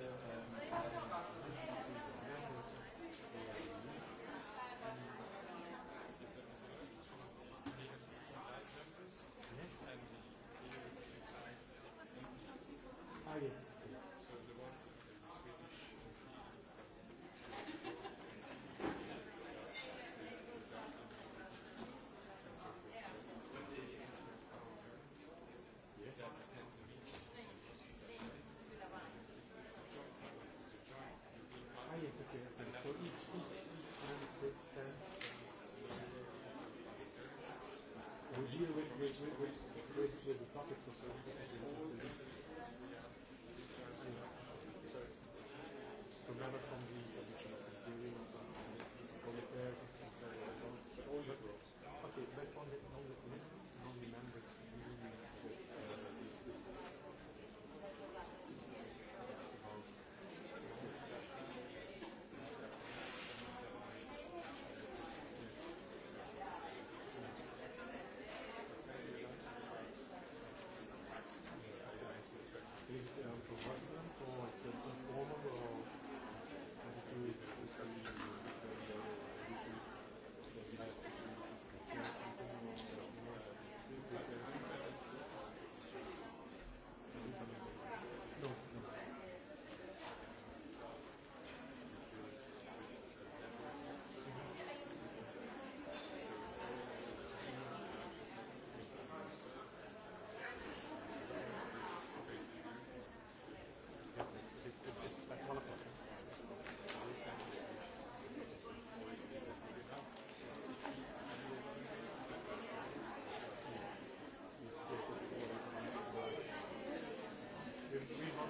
Yes. Ah, yes. We're here with, with, with, with, with, with the topics of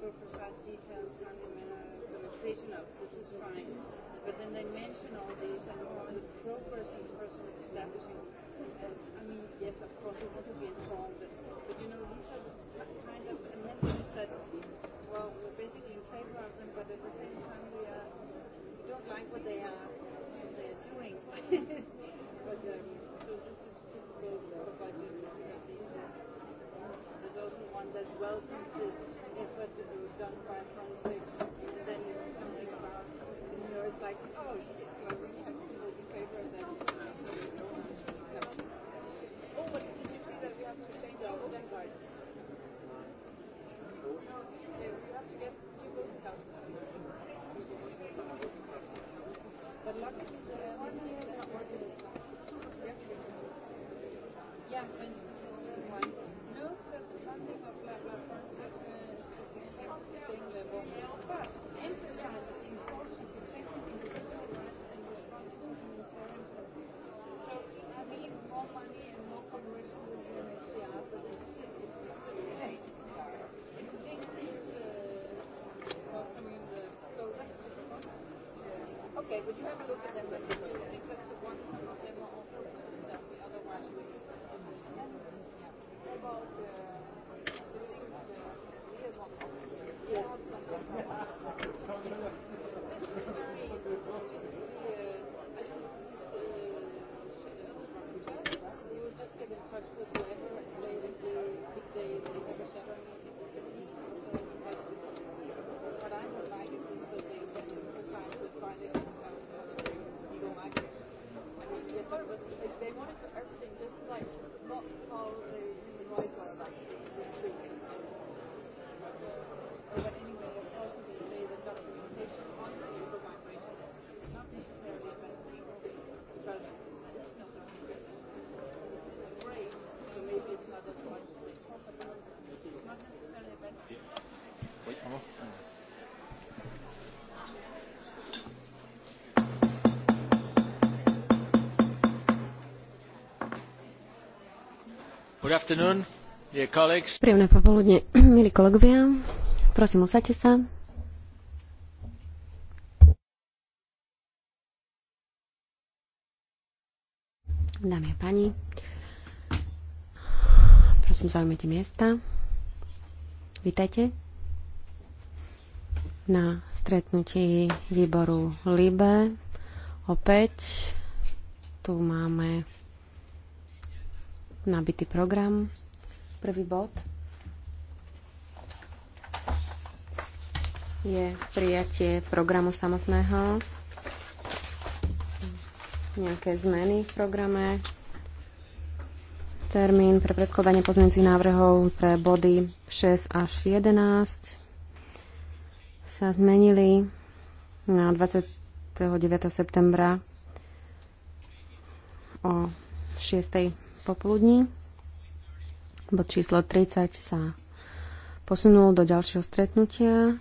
super precise detail time limitation of this is fine. But then they mention all these and all the progress in person establishing. And, I mean, yes, of course, we want to be informed. But, you know, these are the kind of amendments that, well, we're basically in favor of them, but at the same time, we, are, we don't like what they are, what they are doing. but, um, so this is typical of a budget. There's also one that welcomes it It effort done by Frontex, and then it was something about, and you know, it's like, oh shit, well, we have to vote in favor of that. Oh, but did you see that we have to change our voting rights? Yeah, we have to get new voting cards. But luckily, one year um, Príjemné popoludne, milí kolegovia. Prosím, usadte sa. Dámy a páni, prosím, zaujmite miesta. Vítajte na stretnutí výboru LIBE. Opäť tu máme nabitý program. Prvý bod je prijatie programu samotného, nejaké zmeny v programe, termín pre predkladanie pozmeňujúcich návrhov pre body 6 až 11 sa zmenili na 29. septembra o 6 popoludní. Bod číslo 30 sa posunul do ďalšieho stretnutia.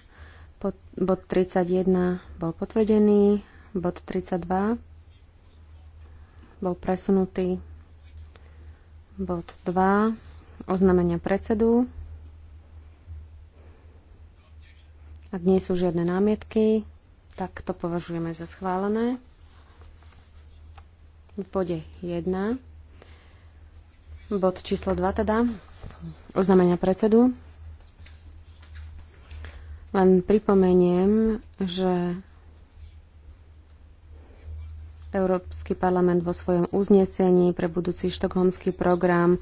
bod 31 bol potvrdený. Bod 32 bol presunutý. Bod 2 oznámenia predsedu. Ak nie sú žiadne námietky, tak to považujeme za schválené. V bode 1 Bod číslo 2 teda, oznámenia predsedu. Len pripomeniem, že Európsky parlament vo svojom uznesení pre budúci štokholmský program e,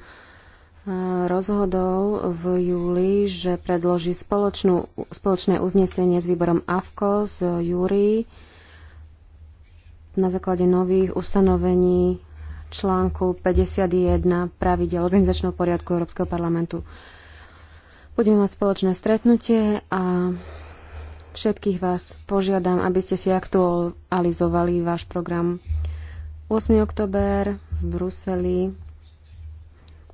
rozhodol v júli, že predloží spoločnú, spoločné uznesenie s výborom AFKO z Júri na základe nových ustanovení článku 51 pravidel organizačného poriadku Európskeho parlamentu. Budeme mať spoločné stretnutie a všetkých vás požiadam, aby ste si aktualizovali váš program. 8. október v Bruseli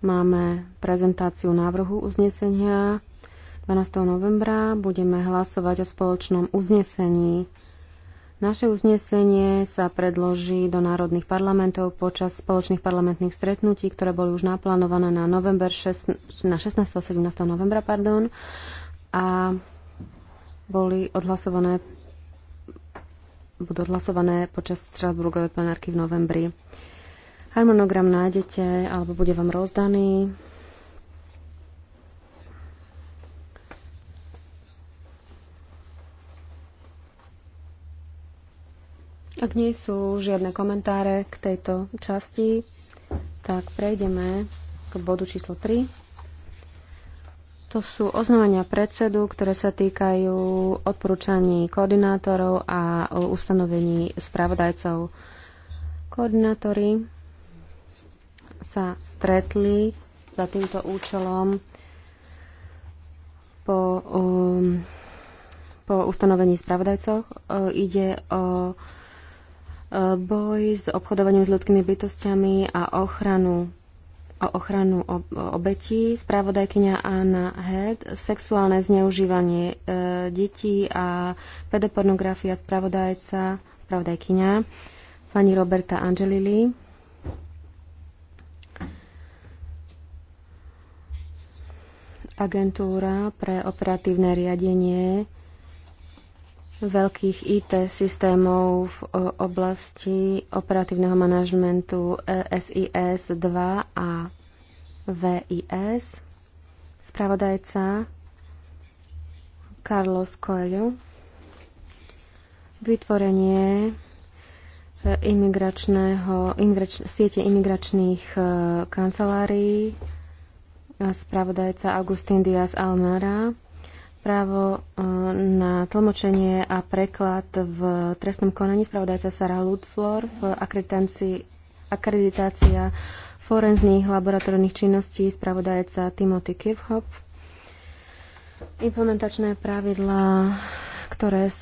máme prezentáciu návrhu uznesenia. 12. novembra budeme hlasovať o spoločnom uznesení naše uznesenie sa predloží do národných parlamentov počas spoločných parlamentných stretnutí, ktoré boli už naplánované na, november 6, na 16. a 17. novembra pardon, a boli odhlasované budú odhlasované počas Strasburgovej plenárky v novembri. Harmonogram nájdete, alebo bude vám rozdaný Ak nie sú žiadne komentáre k tejto časti, tak prejdeme k bodu číslo 3. To sú oznámenia predsedu, ktoré sa týkajú odporúčaní koordinátorov a ustanovení spravodajcov. Koordinátori sa stretli za týmto účelom po, um, po ustanovení spravodajcov. Uh, ide o boj s obchodovaním s ľudskými bytostiami a ochranu o ochranu obetí, správodajkyňa Anna Head, sexuálne zneužívanie e, detí a pedopornografia spravodajca, spravodajkyňa, pani Roberta Angelili. Agentúra pre operatívne riadenie veľkých IT systémov v e, oblasti operatívneho manažmentu SIS e, 2 a VIS. Spravodajca Carlos Coelho. Vytvorenie e, imigračného, imigrač, siete imigračných kancelárií. Spravodajca Agustín Díaz Almera právo e, na tlmočenie a preklad v trestnom konaní spravodajca Sara Ludflor v akreditácia forenzných laboratórnych činností spravodajca Timothy Kirchhoff implementačné pravidlá ktoré e,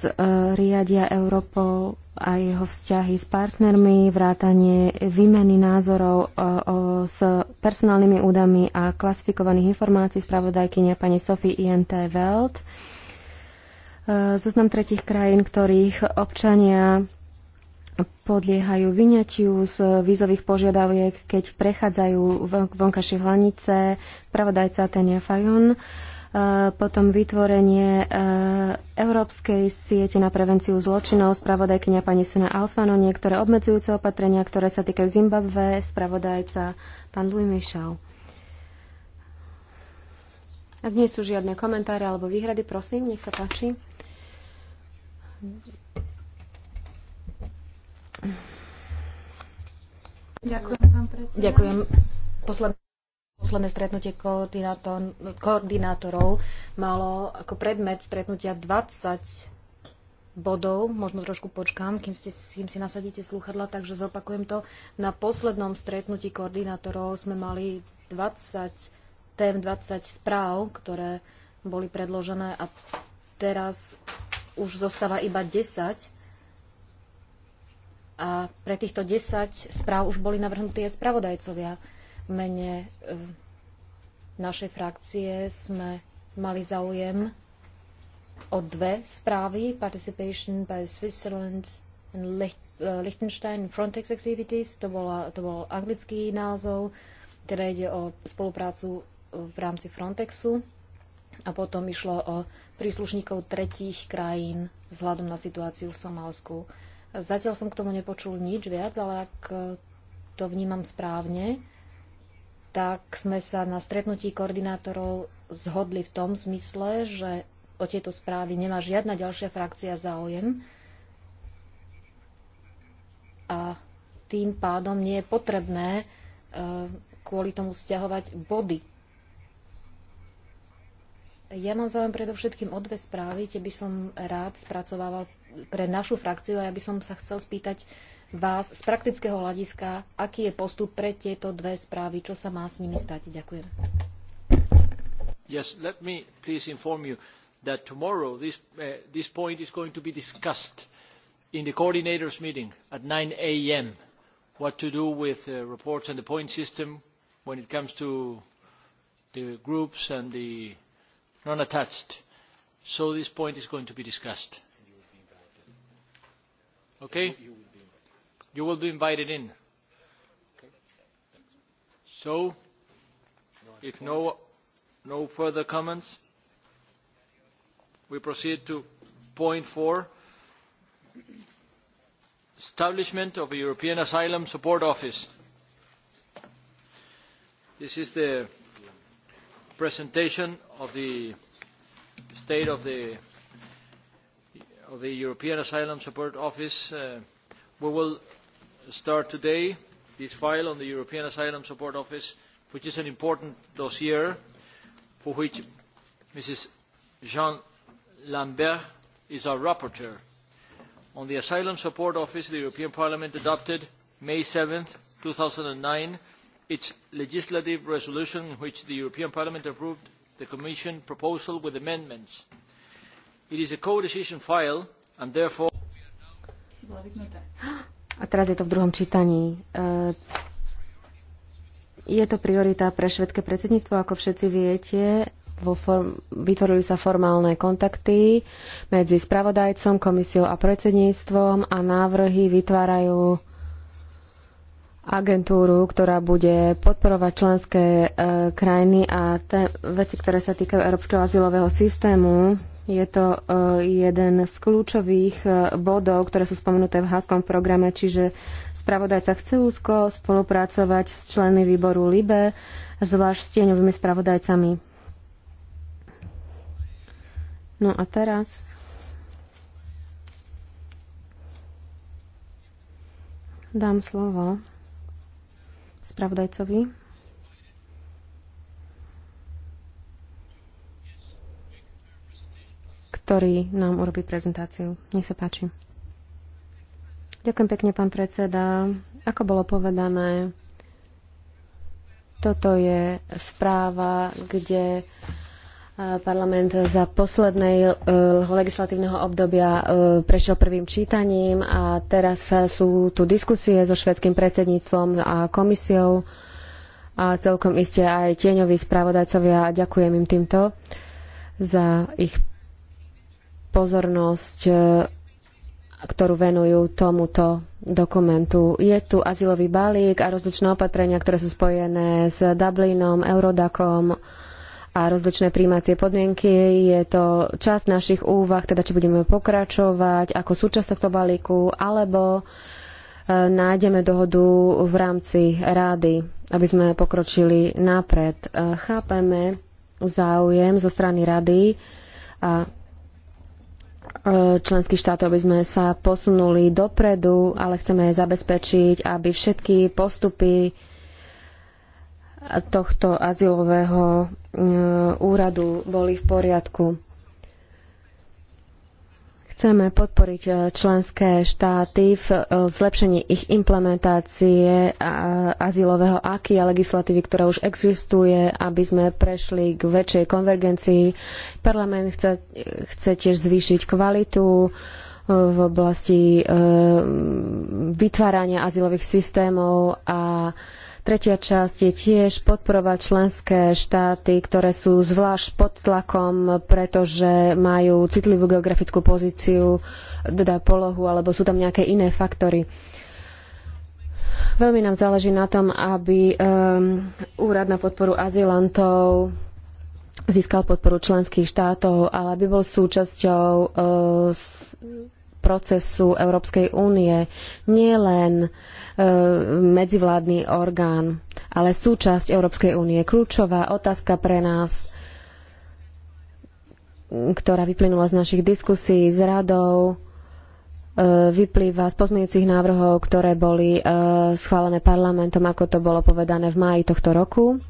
riadia Európou a jeho vzťahy s partnermi, vrátanie výmeny názorov o, e, o, s personálnymi údami a klasifikovaných informácií spravodajkynia pani Sophie INT Welt. E, zoznam tretich krajín, ktorých občania podliehajú vyňatiu z vízových požiadaviek, keď prechádzajú vonkašie hlanice, pravodajca Tania Fajon. Uh, Eh, potom vytvorenie eh, Európskej siete na prevenciu zločinov, spravodajkynia pani Suna Alfano, niektoré obmedzujúce opatrenia, ktoré sa týkajú Zimbabve, spravodajca pán Louis Michel. Ak nie sú žiadne komentáre alebo výhrady, prosím, nech sa páči. Ďakujem, pán predseda. Ďakujem. Posledný. Posledné stretnutie koordinátorov malo ako predmet stretnutia 20 bodov, možno trošku počkám, kým, si, kým si nasadíte slúchadla, takže zopakujem to. Na poslednom stretnutí koordinátorov sme mali 20 tém, 20 správ, ktoré boli predložené a teraz už zostáva iba 10. A pre týchto 10 správ už boli navrhnutí aj spravodajcovia mene e, našej frakcie sme mali záujem o dve správy, Participation by Switzerland and e, Liechtenstein Frontex Activities, to, bola, to bol anglický názov, teda ide o spoluprácu v rámci Frontexu a potom išlo o príslušníkov tretích krajín vzhľadom na situáciu v Somálsku. Zatiaľ som k tomu nepočul nič viac, ale ak to vnímam správne, tak sme sa na stretnutí koordinátorov zhodli v tom zmysle, že o tieto správy nemá žiadna ďalšia frakcia záujem a tým pádom nie je potrebné e, kvôli tomu stiahovať body. Ja mám záujem predovšetkým o dve správy, tie by som rád spracovával pre našu frakciu a ja by som sa chcel spýtať, vás z praktického hľadiska, aký je postup pre tieto dve správy, čo sa má s nimi stať. Ďakujem. Yes, let me please inform you that tomorrow this, uh, this point is going to be discussed in the coordinators meeting at 9 a.m. what to do with uh, reports and the point system when it comes to the groups and the non-attached. So this point is going to be discussed. Okay? You will be invited in. So, if no, no further comments, we proceed to point four, establishment of a European Asylum Support Office. This is the presentation of the state of the, of the European Asylum Support Office. Uh, we will to start today this file on the European Asylum Support Office, which is an important dossier for which Mrs. Jean Lambert is our rapporteur. On the Asylum Support Office, the European Parliament adopted May 7, 2009, its legislative resolution in which the European Parliament approved the Commission proposal with amendments. It is a co-decision file and therefore... A teraz je to v druhom čítaní. E, je to priorita pre švedské predsedníctvo, ako všetci viete. Vo form- vytvorili sa formálne kontakty medzi spravodajcom, komisiou a predsedníctvom a návrhy vytvárajú agentúru, ktorá bude podporovať členské e, krajiny a te veci, ktoré sa týkajú Európskeho azylového systému, je to e, jeden z kľúčových e, bodov, ktoré sú spomenuté v Háskom programe, čiže spravodajca chce úzko spolupracovať s členmi výboru LIBE, zvlášť s tieňovými spravodajcami. No a teraz dám slovo spravodajcovi. ktorý nám urobí prezentáciu. Nech sa páči. Ďakujem pekne, pán predseda. Ako bolo povedané, toto je správa, kde eh, parlament za poslednej eh, legislatívneho obdobia eh, prešiel prvým čítaním a teraz sú tu diskusie so švedským predsedníctvom a komisiou a celkom iste aj tieňoví spravodajcovia a ďakujem im týmto za ich pozornosť, e, ktorú venujú tomuto dokumentu. Je tu azylový balík a rozličné opatrenia, ktoré sú spojené s Dublinom, Eurodakom a rozličné príjmacie podmienky. Je to časť našich úvah, teda či budeme pokračovať ako súčasť tohto balíku, alebo e, nájdeme dohodu v rámci rády, aby sme pokročili napred. E, chápeme záujem zo strany rady a členských štátov, aby sme sa posunuli dopredu, ale chceme zabezpečiť, aby všetky postupy tohto azylového e, úradu boli v poriadku. Chceme podporiť e, členské štáty v e, zlepšení ich implementácie azylového aky a legislatívy, ktorá už existuje, aby sme prešli k väčšej konvergencii. Parlament chce, chce tiež zvýšiť kvalitu e, v oblasti vytvárania azylových systémov a Tretia časť je tiež podporovať členské štáty, ktoré sú zvlášť pod tlakom, pretože majú citlivú geografickú pozíciu, teda polohu, alebo sú tam nejaké iné faktory. Veľmi nám záleží na tom, aby um, úrad na podporu azylantov získal podporu členských štátov, ale aby bol súčasťou uh, procesu Európskej únie. Nie len uh, Eh, medzivládny orgán, ale súčasť Európskej únie. Kľúčová otázka pre nás, ktorá vyplynula z našich diskusí s radou, eh, vyplýva z pozmeňujúcich návrhov, ktoré boli eh, schválené parlamentom, ako to bolo povedané v máji tohto roku.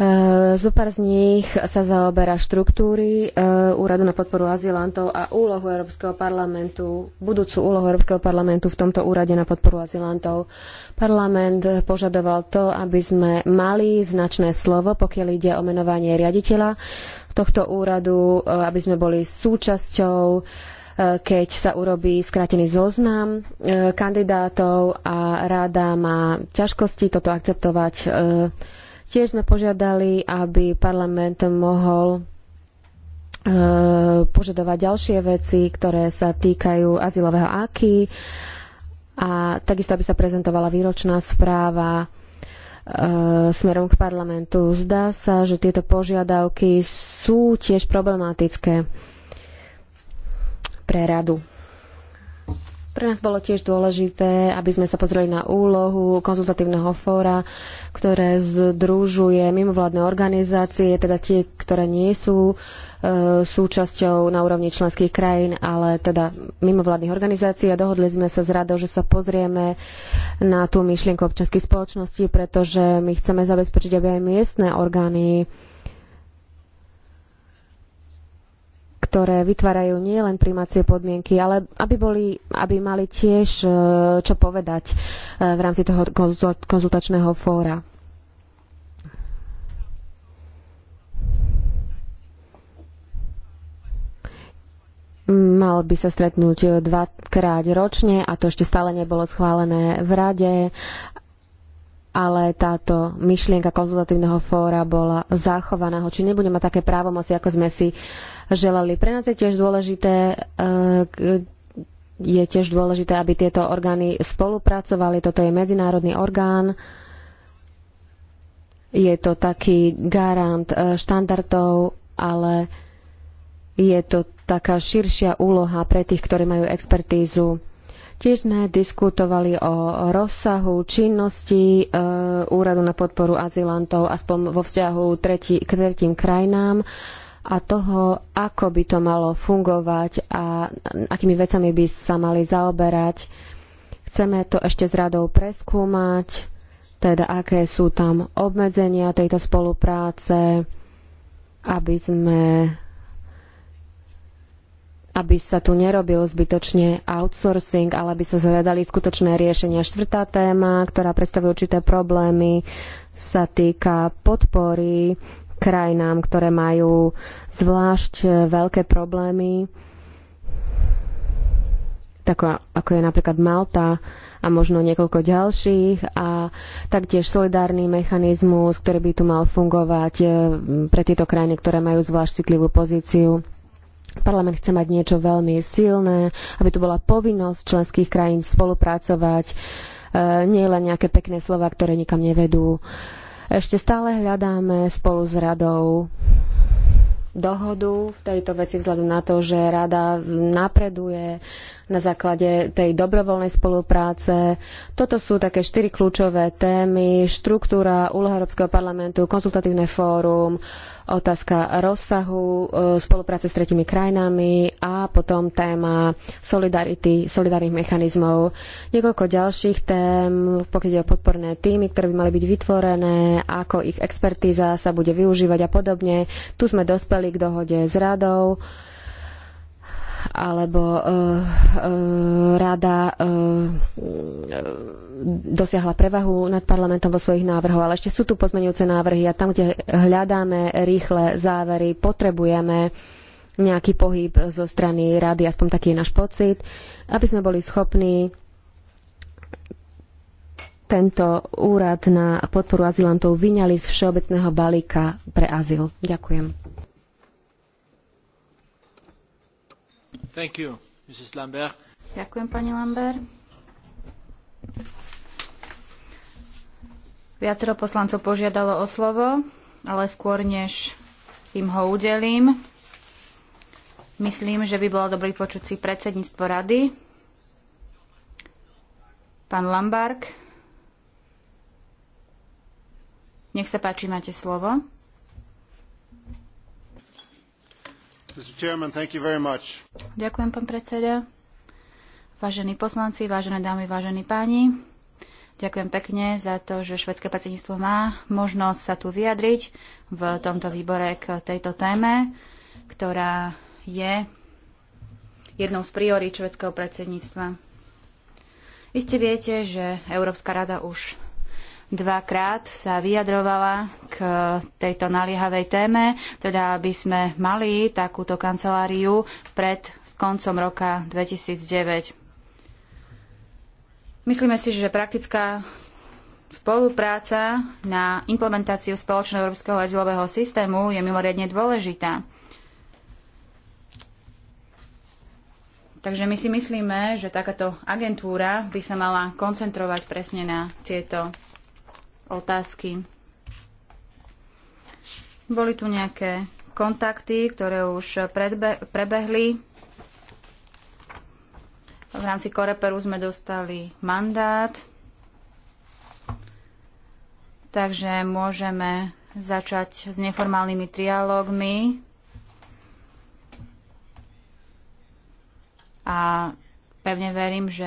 Eh, Zopár z nich sa zaoberá štruktúry eh, Úradu na podporu azylantov a úlohu Európskeho parlamentu, budúcu úlohu Európskeho parlamentu v tomto úrade na podporu azylantov. Parlament požadoval to, aby sme mali značné slovo, pokiaľ ide o menovanie riaditeľa tohto úradu, eh, aby sme boli súčasťou keď sa urobí skrátený zoznam kandidátov a rada má ťažkosti toto akceptovať Tiež sme požiadali, aby parlament mohol e, požadovať ďalšie veci, ktoré sa týkajú azylového AKI a takisto, aby sa prezentovala výročná správa e, smerom k parlamentu. Zdá sa, že tieto požiadavky sú tiež problematické pre radu. Pre nás bolo tiež dôležité, aby sme sa pozreli na úlohu konzultatívneho fóra, ktoré združuje mimovládne organizácie, teda tie, ktoré nie sú e, súčasťou na úrovni členských krajín, ale teda mimovládnych organizácií a dohodli sme sa s radou, že sa pozrieme na tú myšlienku občianskej spoločnosti, pretože my chceme zabezpečiť, aby aj miestne orgány ktoré vytvárajú nielen primacie podmienky, ale aby, boli, aby mali tiež e, čo povedať e, v rámci toho konzultačného fóra. mal by sa stretnúť dvakrát ročne a to ešte stále nebolo schválené v rade, ale táto myšlienka konzultatívneho fóra bola zachovaná, hoči nebude mať také právomoci, ako sme si želali. Pre nás je tiež dôležité e, je tiež dôležité, aby tieto orgány spolupracovali. Toto je medzinárodný orgán. Je to taký garant e, štandardov, ale je to taká širšia úloha pre tých, ktorí majú expertízu. Tiež sme diskutovali o rozsahu činnosti e, Úradu na podporu azylantov aspoň vo vzťahu tretí, k tretím krajinám. E, a toho, ako by to malo fungovať a akými vecami by sa mali zaoberať. Chceme to ešte s radou preskúmať, teda aké sú tam obmedzenia tejto spolupráce, aby sme aby sa tu nerobil zbytočne outsourcing, ale aby sa zvedali skutočné riešenia. Štvrtá téma, ktorá predstavuje určité problémy, sa týka podpory krajinám, ktoré majú zvlášť e, veľké problémy, tako, ako je napríklad Malta a možno niekoľko ďalších a taktiež solidárny mechanizmus, ktorý by tu mal fungovať e, pre tieto krajiny, ktoré majú zvlášť citlivú pozíciu. Parlament chce mať niečo veľmi silné, aby tu bola povinnosť členských krajín spolupracovať, e, nie len nejaké pekné slova, ktoré nikam nevedú. Uh, ešte stále hľadáme spolu s radou dohodu v tejto veci vzhľadu na to, že rada napreduje na základe tej dobrovoľnej spolupráce. Toto sú také štyri kľúčové témy. Štruktúra, úloha Európskeho parlamentu, konzultatívne fórum, otázka rozsahu e, spolupráce s tretimi krajinami a potom téma solidarity, solidárnych mechanizmov. Niekoľko ďalších tém, pokiaľ ide o podporné týmy, ktoré by mali byť vytvorené, ako ich expertíza sa bude využívať a podobne. Tu sme dospeli k dohode s radou alebo eh, eh, rada eh, dosiahla prevahu nad parlamentom vo svojich návrhoch, ale ešte sú tu pozmenujúce návrhy a tam, kde hľadáme rýchle závery, potrebujeme nejaký pohyb zo strany rady, aspoň taký je náš pocit, aby sme boli schopní tento úrad na podporu azylantov vyňali z všeobecného balíka pre azyl. Ďakujem. Thank you, Mrs. Lambert. Ďakujem, pani Lambert. Viacero poslancov požiadalo o slovo, ale skôr než im ho udelím, myslím, že by bolo dobrý počuť si predsedníctvo rady. Pán Lambark, nech sa páči, máte slovo. Ďakujem, pán predseda. Vážení poslanci, vážené dámy, vážení páni, ďakujem pekne za to, že švedské predsedníctvo má možnosť sa tu vyjadriť v tomto výbore k tejto téme, ktorá je jednou z priorít švedského predsedníctva. Iste viete, že Európska rada už dvakrát sa vyjadrovala k tejto naliehavej téme, teda aby sme mali takúto kanceláriu pred koncom roka 2009. Myslíme si, že praktická spolupráca na implementáciu spoločného európskeho azylového systému je mimoriadne dôležitá. Takže my si myslíme, že takáto agentúra by sa mala koncentrovať presne na tieto otázky. Boli tu nejaké kontakty, ktoré už prebehli. V rámci Koreperu sme dostali mandát, takže môžeme začať s neformálnymi trialógmi. A pevne verím, že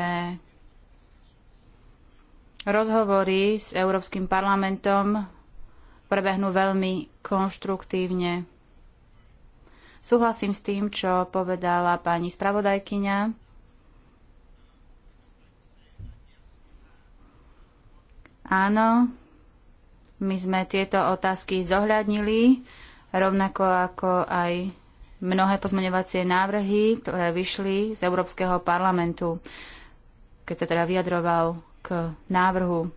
Rozhovory s Európskym parlamentom prebehnú veľmi konštruktívne. Súhlasím s tým, čo povedala pani spravodajkyňa. Áno, my sme tieto otázky zohľadnili, rovnako ako aj mnohé pozmeňovacie návrhy, ktoré vyšli z Európskeho parlamentu, keď sa teda vyjadroval k návrhu.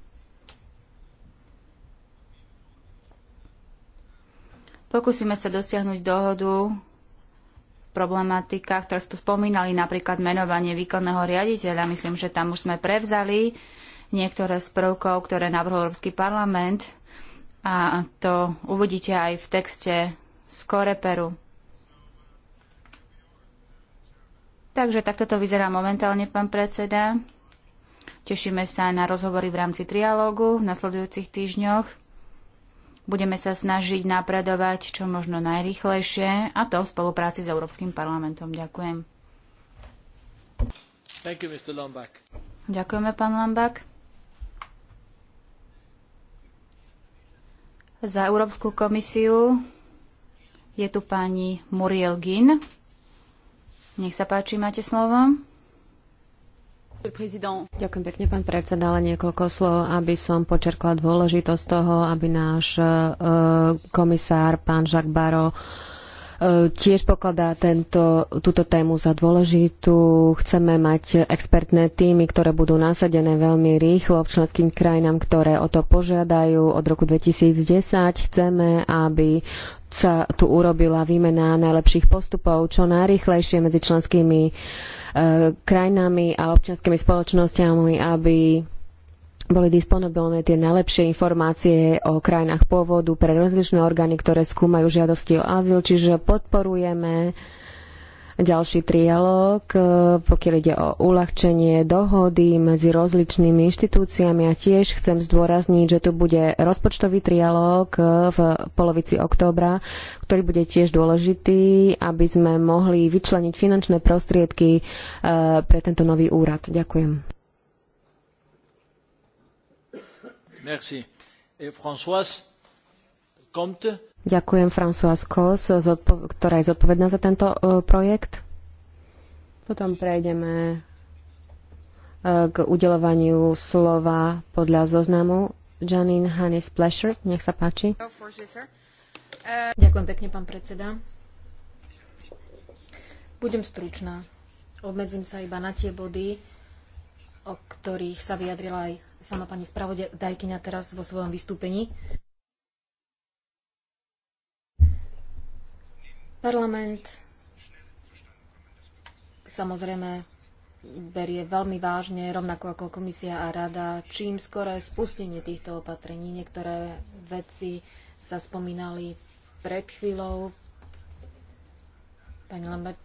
Pokúsime sa dosiahnuť dohodu v problematikách, ktoré ste spomínali, napríklad menovanie výkonného riaditeľa. Myslím, že tam už sme prevzali niektoré z prvkov, ktoré navrhol Európsky parlament a to uvidíte aj v texte z Koreperu. Takže takto to vyzerá momentálne, pán predseda. Tešíme sa na rozhovory v rámci trialógu v nasledujúcich týždňoch. Budeme sa snažiť napredovať čo možno najrychlejšie a to v spolupráci s Európskym parlamentom. Ďakujem. Thank you, Mr. Lombak. Ďakujeme, pán Lambak. Za Európsku komisiu je tu pani Muriel Gin. Nech sa páči, máte slovo. Ďakujem pekne, pán predseda, ale niekoľko slov, aby som počerkla dôležitosť toho, aby náš e, komisár, pán Jacques Baro, e, tiež pokladá tento, túto tému za dôležitú. Chceme mať expertné týmy, ktoré budú nasadené veľmi rýchlo v členským krajinám, ktoré o to požiadajú. Od roku 2010 chceme, aby sa tu urobila výmena najlepších postupov čo najrychlejšie medzi členskými krajinami a občianskými spoločnosťami, aby boli disponibilné tie najlepšie informácie o krajinách pôvodu pre rozličné orgány, ktoré skúmajú žiadosti o azyl, čiže podporujeme uh, ďalší trialóg, e, pokiaľ ide o uľahčenie dohody medzi rozličnými inštitúciami a tiež chcem zdôrazniť, že tu bude rozpočtový trialóg e, v polovici októbra, ktorý bude tiež dôležitý, aby sme mohli vyčleniť finančné prostriedky e, pre tento nový úrad. Ďakujem. Merci. Et Françoise Comte Ďakujem François Kos, ktorá je zodpovedná za tento e, projekt. Potom prejdeme e, k udelovaniu slova podľa zoznamu. Janine Hannes Plesher, nech sa páči. Ďakujem pekne, pán predseda. Budem stručná. Obmedzím sa iba na tie body, o ktorých sa vyjadrila aj sama pani spravodajkyňa teraz vo svojom vystúpení. Parlament samozrejme berie veľmi vážne, rovnako ako komisia a rada, čím skoré spustenie týchto opatrení. Niektoré veci sa spomínali pred chvíľou. Pani Lambert,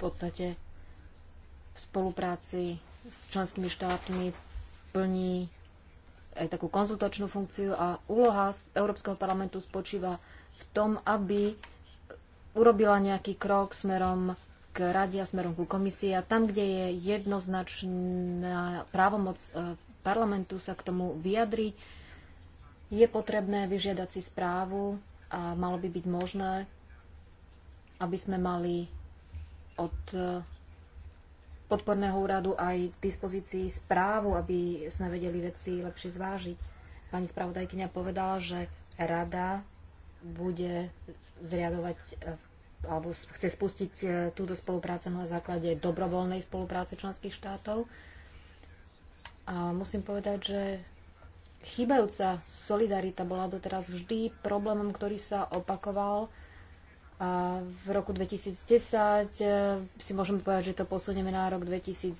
v podstate v spolupráci s členskými štátmi plní aj takú konzultačnú funkciu a úloha Európskeho parlamentu spočíva v tom, aby urobila nejaký krok smerom k rade a smerom ku komisii a tam, kde je jednoznačná právomoc e, parlamentu sa k tomu vyjadri, je potrebné vyžiadať si správu a malo by byť možné, aby sme mali od e, podporného úradu aj k dispozícii správu, aby sme vedeli veci lepšie zvážiť. Pani spravodajkyňa povedala, že rada bude zriadovať e, alebo chce spustiť e, túto spoluprácu na základe dobrovoľnej spolupráce členských štátov. A musím povedať, že chýbajúca solidarita bola doteraz vždy problémom, ktorý sa opakoval. A v roku 2010 e, si môžeme povedať, že to posunieme na rok 2011,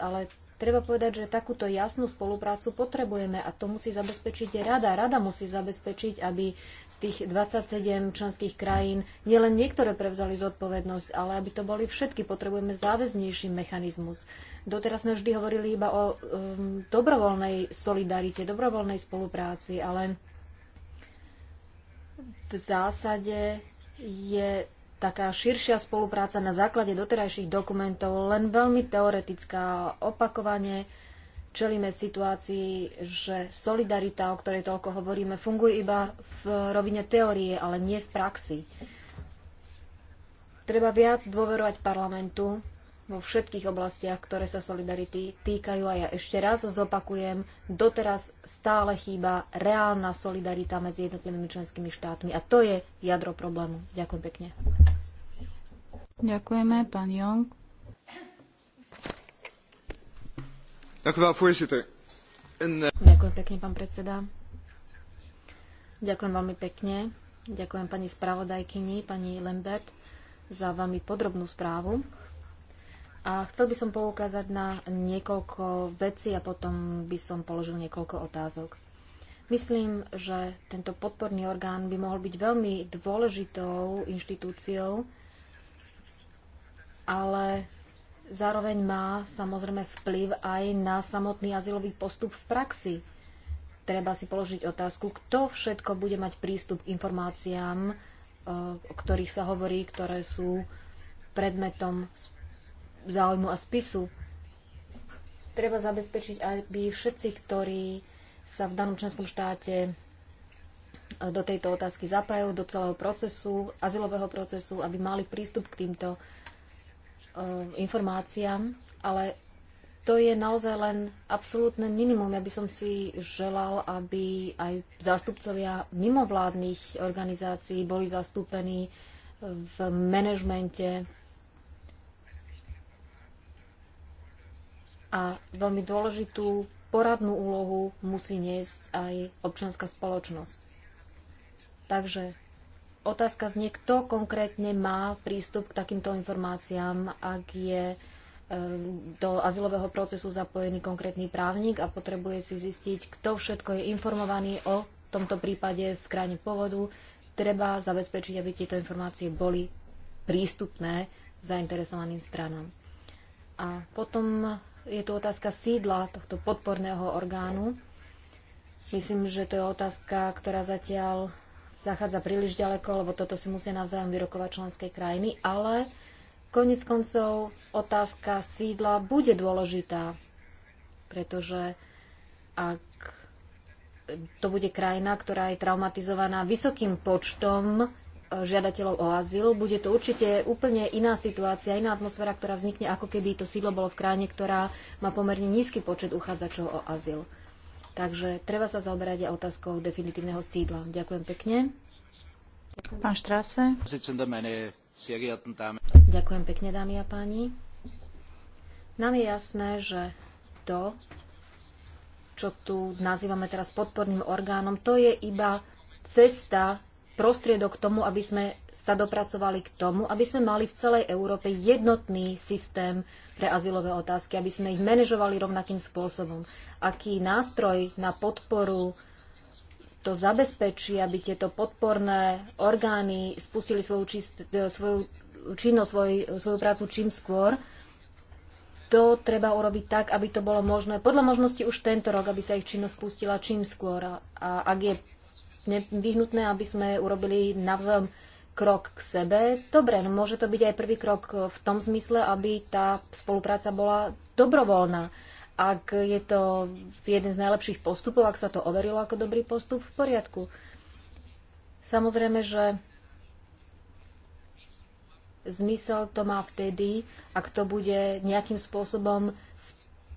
ale Treba povedať, že takúto jasnú spoluprácu potrebujeme a to musí zabezpečiť rada. Rada musí zabezpečiť, aby z tých 27 členských krajín nielen niektoré prevzali zodpovednosť, ale aby to boli všetky. Potrebujeme záväznejší mechanizmus. Doteraz sme vždy hovorili iba o um, dobrovoľnej solidarite, dobrovoľnej spolupráci, ale v zásade je taká širšia spolupráca na základe doterajších dokumentov, len veľmi teoretická. Opakovane čelíme situácii, že solidarita, o ktorej toľko hovoríme, funguje iba v rovine teórie, ale nie v praxi. Treba viac dôverovať parlamentu, vo všetkých oblastiach, ktoré sa solidarity týkajú. A ja ešte raz zopakujem, doteraz stále chýba reálna solidarita medzi jednotlivými členskými štátmi. A to je jadro problému. Ďakujem pekne. Ďakujeme, pán Jong. Eh, Ďakujem pekne, pán predseda. Ďakujem veľmi pekne. Ďakujem pani spravodajkyni, pani Lambert, za veľmi podrobnú správu. A chcel by som poukázať na niekoľko vecí a potom by som položil niekoľko otázok. Myslím, že tento podporný orgán by mohol byť veľmi dôležitou inštitúciou, ale zároveň má samozrejme vplyv aj na samotný azylový postup v praxi. Treba si položiť otázku, kto všetko bude mať prístup k informáciám, eh, o ktorých sa hovorí, ktoré sú predmetom spoločnosti záujmu a spisu. Treba zabezpečiť, aby všetci, ktorí sa v danom členskom štáte e, do tejto otázky zapájajú, do celého procesu, azylového procesu, aby mali prístup k týmto uh, informáciám, ale to je naozaj len absolútne minimum. Ja by som si želal, aby aj zástupcovia mimovládnych organizácií boli zastúpení v manažmente a veľmi dôležitú poradnú úlohu musí niesť aj občianská spoločnosť. Takže otázka znie, kto konkrétne má prístup k takýmto informáciám, ak je e, do azylového procesu zapojený konkrétny právnik a potrebuje si zistiť, kto všetko je informovaný o tomto prípade v krajine pôvodu. Treba zabezpečiť, aby tieto informácie boli prístupné zainteresovaným stranám. A potom je tu otázka sídla tohto podporného orgánu. Myslím, že to je otázka, ktorá zatiaľ zachádza príliš ďaleko, lebo toto si musia navzájom vyrokovať členské krajiny, ale konec koncov otázka sídla bude dôležitá, pretože ak to bude krajina, ktorá je traumatizovaná vysokým počtom žiadateľov o azyl. Bude to určite úplne iná situácia, iná atmosféra, ktorá vznikne, ako keby to sídlo bolo v krajine, ktorá má pomerne nízky počet uchádzačov o azyl. Takže treba sa zaoberať aj otázkou definitívneho sídla. Ďakujem pekne. Pán Štráse. Ďakujem pekne, dámy a páni. Nám je jasné, že to, čo tu nazývame teraz podporným orgánom, to je iba cesta prostriedok k tomu, aby sme sa dopracovali k tomu, aby sme mali v celej Európe jednotný systém pre azylové otázky, aby sme ich manažovali rovnakým spôsobom. Aký nástroj na podporu to zabezpečí, aby tieto podporné orgány spustili svoju, čist, e, svoju činnosť, svoj, svoju prácu čím skôr, to treba urobiť tak, aby to bolo možné podľa možnosti už tento rok, aby sa ich činnosť spustila čím skôr. A ak je nevyhnutné, aby sme urobili navzájom krok k sebe. Dobre, no môže to byť aj prvý krok v tom zmysle, aby tá spolupráca bola dobrovoľná. Ak je to jeden z najlepších postupov, ak sa to overilo ako dobrý postup, v poriadku. Samozrejme, že zmysel to má vtedy, ak to bude nejakým spôsobom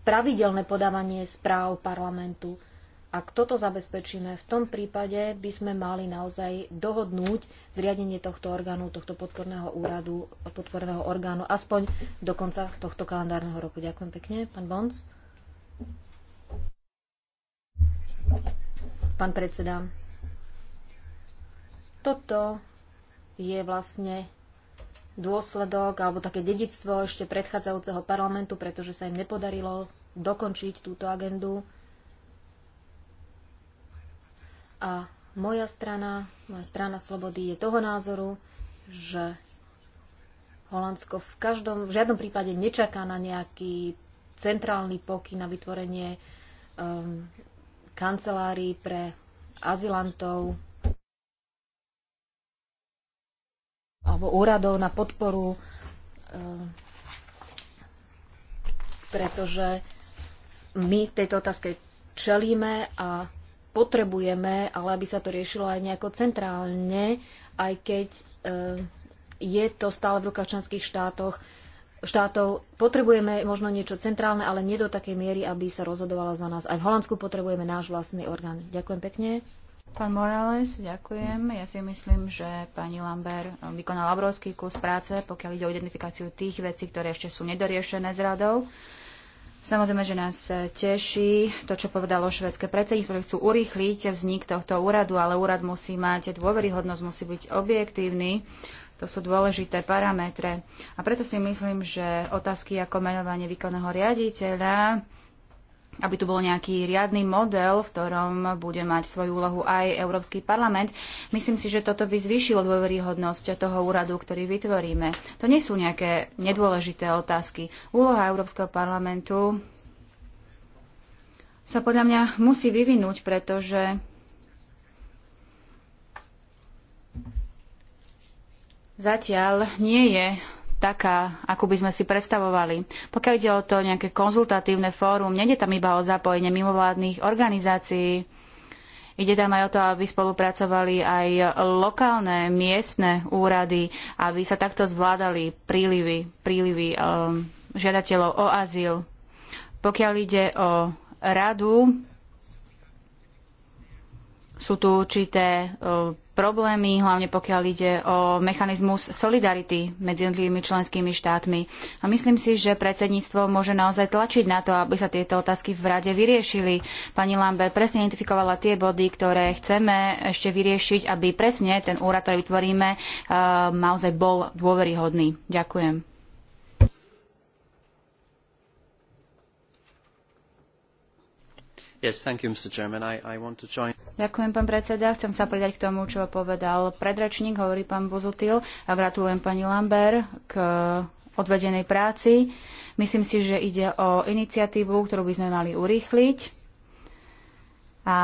pravidelné podávanie správ parlamentu. Ak toto zabezpečíme, v tom prípade by sme mali naozaj dohodnúť zriadenie tohto orgánu, tohto podporného úradu, podporného orgánu, aspoň do konca tohto kalendárneho roku. Ďakujem pekne. Pán Bons? Pán predseda, toto je vlastne dôsledok alebo také dedictvo ešte predchádzajúceho parlamentu, pretože sa im nepodarilo dokončiť túto agendu a moja strana, moja strana slobody je toho názoru, že Holandsko v, každom, v žiadnom prípade nečaká na nejaký centrálny pokyn na vytvorenie um, kancelárií pre azilantov alebo úradov na podporu, um, pretože my v tejto otázke čelíme a potrebujeme, ale aby sa to riešilo aj nejako centrálne, aj keď eh, je to stále v rukách členských štátoch, štátov. Potrebujeme možno niečo centrálne, ale nie do takej miery, aby sa rozhodovalo za nás. Aj v Holandsku potrebujeme náš vlastný orgán. Ďakujem pekne. Pán Morales, ďakujem. Ja si myslím, že pani Lambert eh, vykonala obrovský kus práce, pokiaľ ide o identifikáciu tých vecí, ktoré ešte sú nedoriešené s radou. Samozrejme, že nás teší to, čo povedalo švedské predsedníctvo, že chcú urýchliť vznik tohto úradu, ale úrad musí mať dôveryhodnosť, musí byť objektívny. To sú dôležité parametre. A preto si myslím, že otázky ako menovanie výkonného riaditeľa, aby tu bol nejaký riadny model, v ktorom bude mať svoju úlohu aj Európsky parlament. Myslím si, že toto by zvýšilo dôveryhodnosť toho úradu, ktorý vytvoríme. To nie sú nejaké nedôležité otázky. Úloha Európskeho parlamentu sa podľa mňa musí vyvinúť, pretože zatiaľ nie je taká, akú by sme si predstavovali. Pokiaľ ide o to nejaké konzultatívne fórum, nejde tam iba o zapojenie mimovládnych organizácií, Ide tam aj o to, aby spolupracovali aj lokálne, miestne úrady, aby sa takto zvládali prílivy, prílivy um, žiadateľov o azyl. Pokiaľ ide o radu, sú tu určité um, problémy, hlavne pokiaľ ide o mechanizmus solidarity medzi jednotlivými členskými štátmi. A myslím si, že predsedníctvo môže naozaj tlačiť na to, aby sa tieto otázky v rade vyriešili. Pani Lambert presne identifikovala tie body, ktoré chceme ešte vyriešiť, aby presne ten úrad, ktorý vytvoríme, eh, naozaj bol dôveryhodný. Ďakujem. Ďakujem, pán predseda. Chcem sa pridať k tomu, čo povedal predrečník, hovorí pán Buzutil a gratulujem pani Lambert k odvedenej práci. Myslím si, že ide o iniciatívu, ktorú by sme mali urýchliť a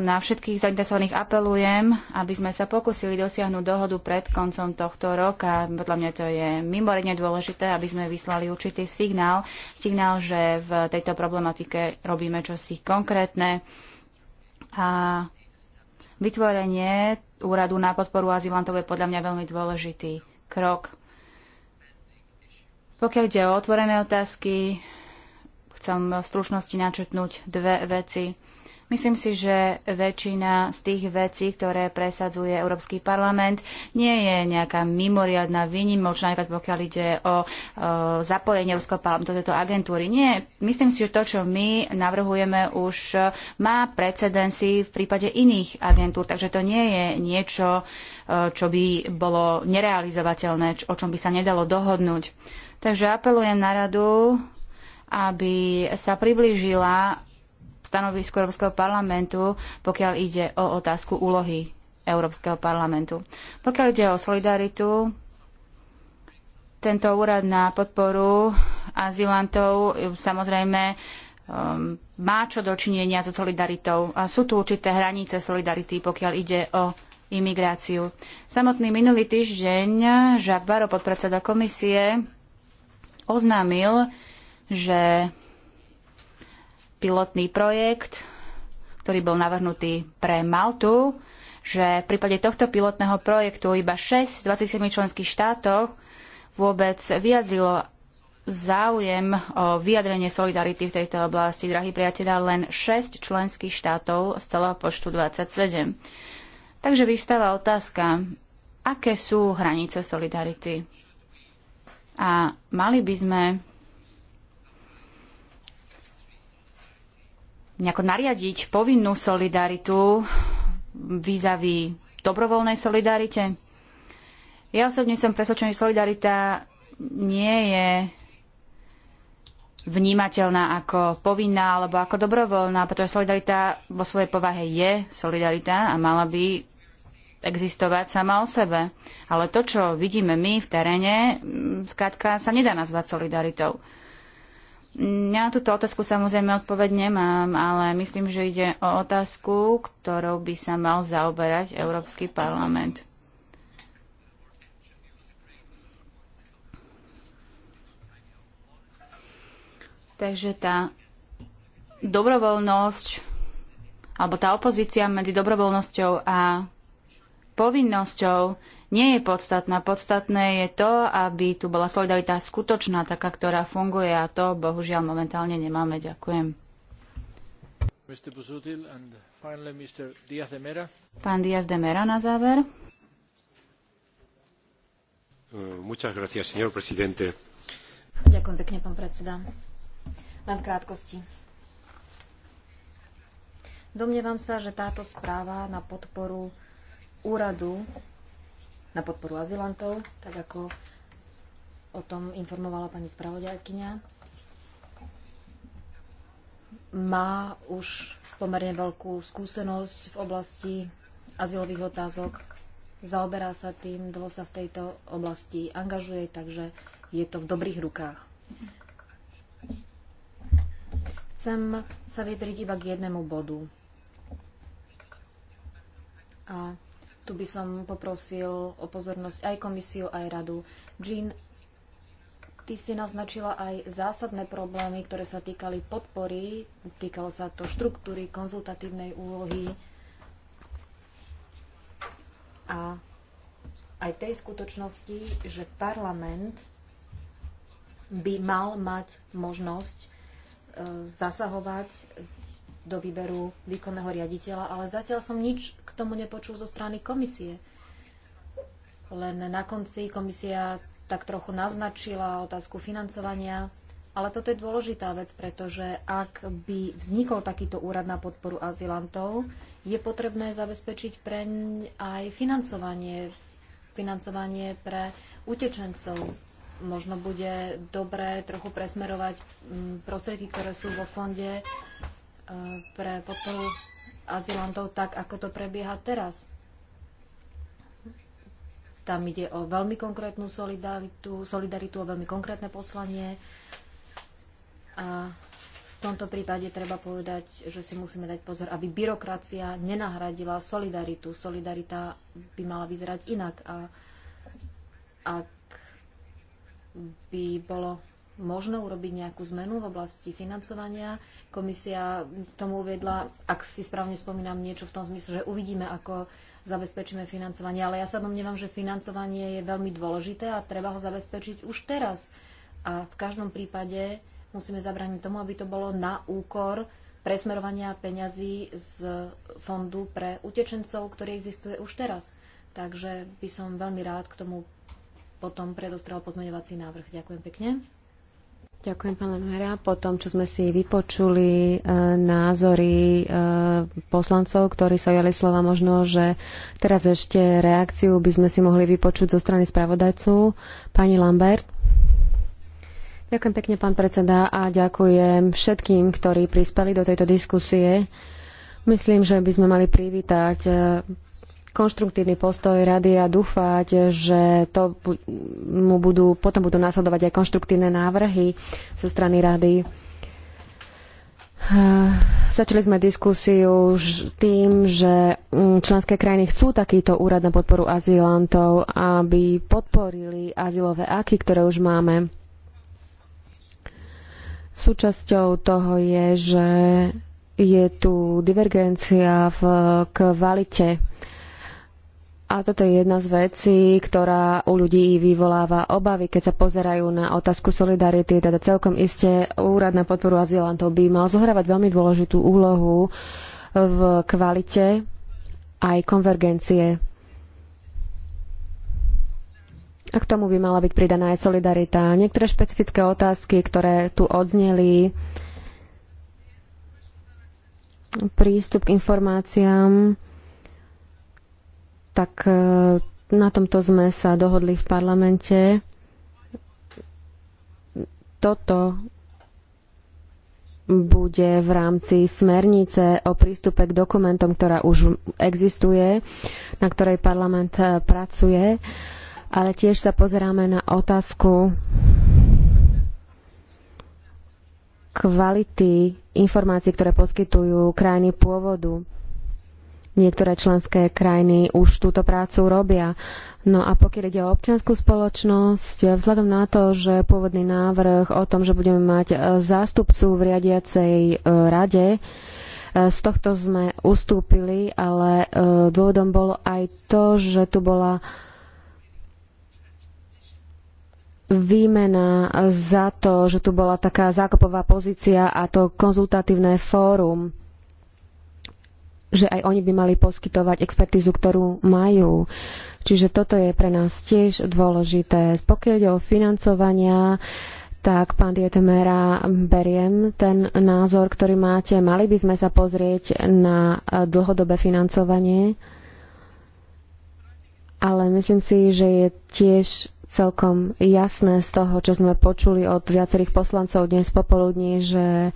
na všetkých zainteresovaných apelujem, aby sme sa pokúsili dosiahnuť dohodu pred koncom tohto roka. Podľa mňa to je mimoriadne dôležité, aby sme vyslali určitý signál. Signál, že v tejto problematike robíme čosi konkrétne. A vytvorenie úradu na podporu azylantov je podľa mňa veľmi dôležitý krok. Pokiaľ ide o otvorené otázky, chcem v stručnosti načetnúť dve veci. Myslím si, že väčšina z tých vecí, ktoré presadzuje Európsky parlament, nie je nejaká mimoriadná výnimočná, napríklad pokiaľ ide o, o e, zapojenie Európskeho parlamentu do tejto agentúry. Nie, myslím si, že to, čo my navrhujeme, už má precedensy v prípade iných agentúr, takže to nie je niečo, e, čo by bolo nerealizovateľné, o čom by sa nedalo dohodnúť. Takže apelujem na radu, aby sa priblížila stanovisku Európskeho parlamentu, pokiaľ ide o otázku úlohy Európskeho parlamentu. Pokiaľ ide o solidaritu, tento úrad na podporu azylantov um, samozrejme um, má čo dočinenia so solidaritou. A sú tu určité hranice solidarity, pokiaľ ide o imigráciu. Samotný minulý týždeň Jacques Baro, podpredseda komisie, oznámil, že pilotný projekt, ktorý bol navrhnutý pre Maltu, že v prípade tohto pilotného projektu iba 6 z 27 členských štátov vôbec vyjadrilo záujem o vyjadrenie solidarity v tejto oblasti, drahí priatelia, len 6 členských štátov z celého počtu 27. Takže vyvstáva otázka, aké sú hranice solidarity? A mali by sme nejako nariadiť povinnú solidaritu výzavy dobrovoľnej solidarite? Ja osobne som presvedčený, že solidarita nie je vnímateľná ako povinná alebo ako dobrovoľná, pretože solidarita vo svojej povahe je solidarita a mala by existovať sama o sebe. Ale to, čo vidíme my v teréne, mm, skrátka sa nedá nazvať solidaritou. Na túto otázku samozrejme odpoveď nemám, ale myslím, že ide o otázku, ktorou by sa mal zaoberať Európsky parlament. Takže tá dobrovoľnosť alebo tá opozícia medzi dobrovoľnosťou a povinnosťou nie je podstatná. Podstatné je to, aby tu bola solidarita skutočná, taká, ktorá funguje a to bohužiaľ momentálne nemáme. Ďakujem. Pán Díaz de Mera na záver. Eh, gracias, Ďakujem pekne, pán predseda. Len v krátkosti. Domnievam sa, že táto správa na podporu úradu na podporu azylantov, tak ako o tom informovala pani spravodajkynia. Má už pomerne veľkú skúsenosť v oblasti azylových otázok, zaoberá sa tým, dlho sa v tejto oblasti angažuje, takže je to v dobrých rukách. Chcem sa vyjadriť iba k jednému bodu. A tu by som poprosil o pozornosť aj komisiu, aj radu. Jean, ty si naznačila aj zásadné problémy, ktoré sa týkali podpory, týkalo sa to štruktúry, konzultatívnej úlohy a aj tej skutočnosti, že parlament by mal mať možnosť e, zasahovať do výberu výkonného riaditeľa, ale zatiaľ som nič k tomu nepočul zo strany komisie. Len na konci komisia tak trochu naznačila otázku financovania, ale toto je dôležitá vec, pretože ak by vznikol takýto úrad na podporu azylantov, je potrebné zabezpečiť preň aj financovanie, financovanie pre utečencov. Možno bude dobré trochu presmerovať mm, prostriedky, ktoré sú vo fonde e, pre podporu azylantov tak, ako to prebieha teraz. Tam ide o veľmi konkrétnu solidaritu, solidaritu o veľmi konkrétne poslanie. A v tomto prípade treba povedať, že si musíme dať pozor, aby byrokracia nenahradila solidaritu. Solidarita by mala vyzerať inak. A ak by bolo možno urobiť nejakú zmenu v oblasti financovania. Komisia tomu uviedla, ak si správne spomínam, niečo v tom zmysle, že uvidíme, ako zabezpečíme financovanie. Ale ja sa domnievam, že financovanie je veľmi dôležité a treba ho zabezpečiť už teraz. A v každom prípade musíme zabrániť tomu, aby to bolo na úkor presmerovania peňazí z fondu pre utečencov, ktorý existuje už teraz. Takže by som veľmi rád k tomu potom predostrel pozmeňovací návrh. Ďakujem pekne. Ďakujem, pán Lemhera. Po tom, čo sme si vypočuli e, názory e, poslancov, ktorí sa jali slova, možno, že teraz ešte reakciu by sme si mohli vypočuť zo strany spravodajcu. Pani Lambert. Ďakujem pekne, pán predseda, a ďakujem všetkým, ktorí prispeli do tejto diskusie. Myslím, že by sme mali privítať e, konštruktívny postoj rady a dúfať, že to mu budú, potom budú následovať aj konštruktívne návrhy zo strany rady. Začali sme diskusiu už tým, že mm, členské krajiny chcú takýto úrad na podporu azylantov, aby podporili azylové aky, ktoré už máme. Súčasťou toho je, že je tu divergencia v kvalite a toto je jedna z vecí, ktorá u ľudí vyvoláva obavy, keď sa pozerajú na otázku solidarity. Teda celkom iste úrad na podporu azylantov by mal zohrávať veľmi dôležitú úlohu v kvalite aj konvergencie. A k tomu by mala byť pridaná aj solidarita. Niektoré špecifické otázky, ktoré tu odzneli, prístup k informáciám, tak e, na tomto sme sa dohodli v parlamente. Toto bude v rámci smernice o prístupe k dokumentom, ktorá už existuje, na ktorej parlament e, pracuje, ale tiež sa pozeráme na otázku kvality informácií, ktoré poskytujú krajiny pôvodu Niektoré členské krajiny už túto prácu robia. No a pokiaľ ide o občianskú spoločnosť, vzhľadom na to, že pôvodný návrh o tom, že budeme mať e, zástupcu v riadiacej e, rade, e, z tohto sme ustúpili, ale dôvodom bolo aj to, že tu bola výmena za to, že tu bola taká zákopová pozícia a to konzultatívne fórum že aj oni by mali poskytovať expertizu, ktorú majú. Čiže toto je pre nás tiež dôležité. Pokiaľ ide o financovania, tak, pán Dietemera, beriem ten názor, ktorý máte. Mali by sme sa pozrieť na e, dlhodobé financovanie, ale myslím si, že je tiež celkom jasné z toho, čo sme počuli od viacerých poslancov dnes popoludní, že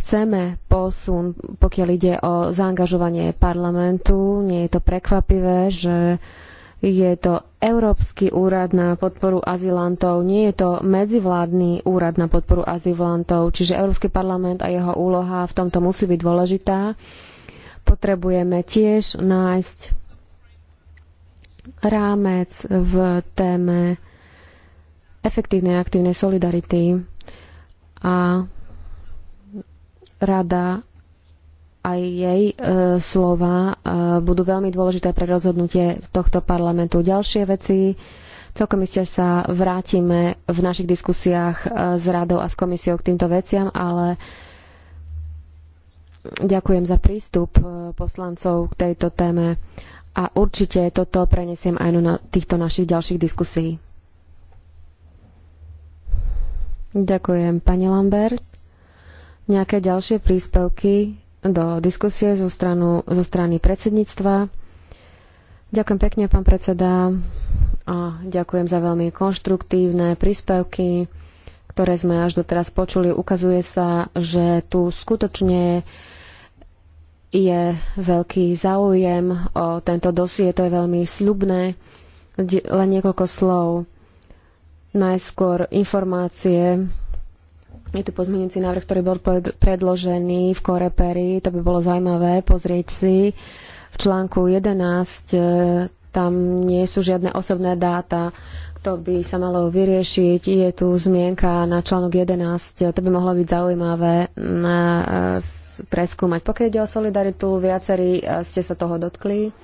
chceme posun, pokiaľ ide o zaangažovanie parlamentu. Nie je to prekvapivé, že je to Európsky úrad na podporu azylantov, nie je to medzivládny úrad na podporu azylantov, čiže Európsky parlament a jeho úloha v tomto musí byť dôležitá. Potrebujeme tiež nájsť rámec v téme efektívnej a aktívnej solidarity a rada aj jej e, slova e, budú veľmi dôležité pre rozhodnutie tohto parlamentu. Ďalšie veci, celkom iste sa vrátime v našich diskusiách e, s radou a s komisiou k týmto veciam, ale ďakujem za prístup e, poslancov k tejto téme a určite toto prenesiem aj na týchto našich ďalších diskusí. Ďakujem, pani Lambert nejaké ďalšie príspevky do diskusie zo, stranu, zo strany predsedníctva. Ďakujem pekne, pán predseda. A ďakujem za veľmi konštruktívne príspevky, ktoré sme až doteraz počuli. Ukazuje sa, že tu skutočne je veľký záujem o tento dosie. To je veľmi sľubné. Len niekoľko slov. Najskôr informácie je tu pozmeňujúci návrh, ktorý bol predložený v Koreperi. To by bolo zaujímavé pozrieť si. V článku 11 e, tam nie sú žiadne osobné dáta. To by sa malo vyriešiť. Je tu zmienka na článok 11. To by mohlo byť zaujímavé na, e, preskúmať. Pokiaľ ide o solidaritu, viacerí e, ste sa toho dotkli.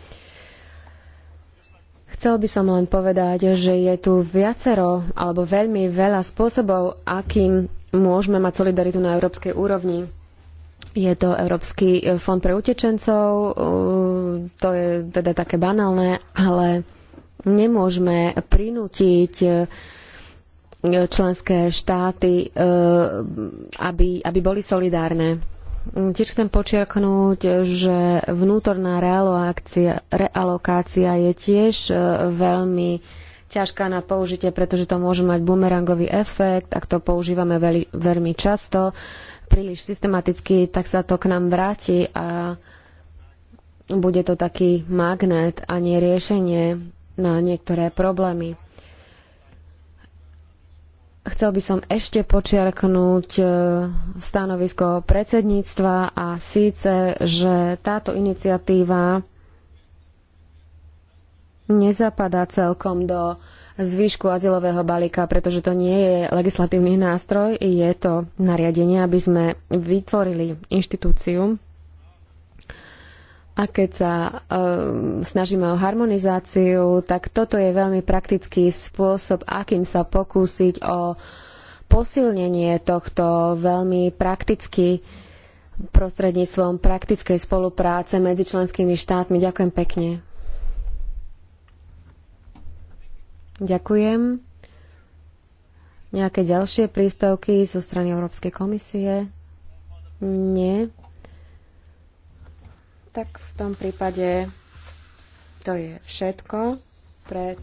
Chcel by som len povedať, že je tu viacero alebo veľmi veľa spôsobov, akým môžeme mať solidaritu na európskej úrovni. Je to Európsky e, fond pre utečencov, e, to je teda také banálne, ale nemôžeme prinútiť e, členské štáty, aby, aby boli solidárne. Tiež chcem počiarknúť, že vnútorná realokácia je tiež veľmi ťažká na použitie, pretože to môže mať bumerangový efekt, ak to používame veľmi, veľmi často, príliš systematicky, tak sa to k nám vráti a bude to taký magnet a nie riešenie na niektoré problémy. Chcel by som ešte počiarknúť e, stanovisko predsedníctva a síce, že táto iniciatíva nezapadá celkom do zvýšku azylového balíka, pretože to nie je legislatívny nástroj, je to nariadenie, aby sme vytvorili inštitúciu. A keď sa um, snažíme o harmonizáciu, tak toto je veľmi praktický spôsob, akým sa pokúsiť o posilnenie tohto veľmi prakticky prostredníctvom praktickej spolupráce medzi členskými štátmi. Ďakujem pekne. Ďakujem. Nejaké ďalšie príspevky zo strany Európskej komisie? Nie. Tak v tom prípade to je všetko pre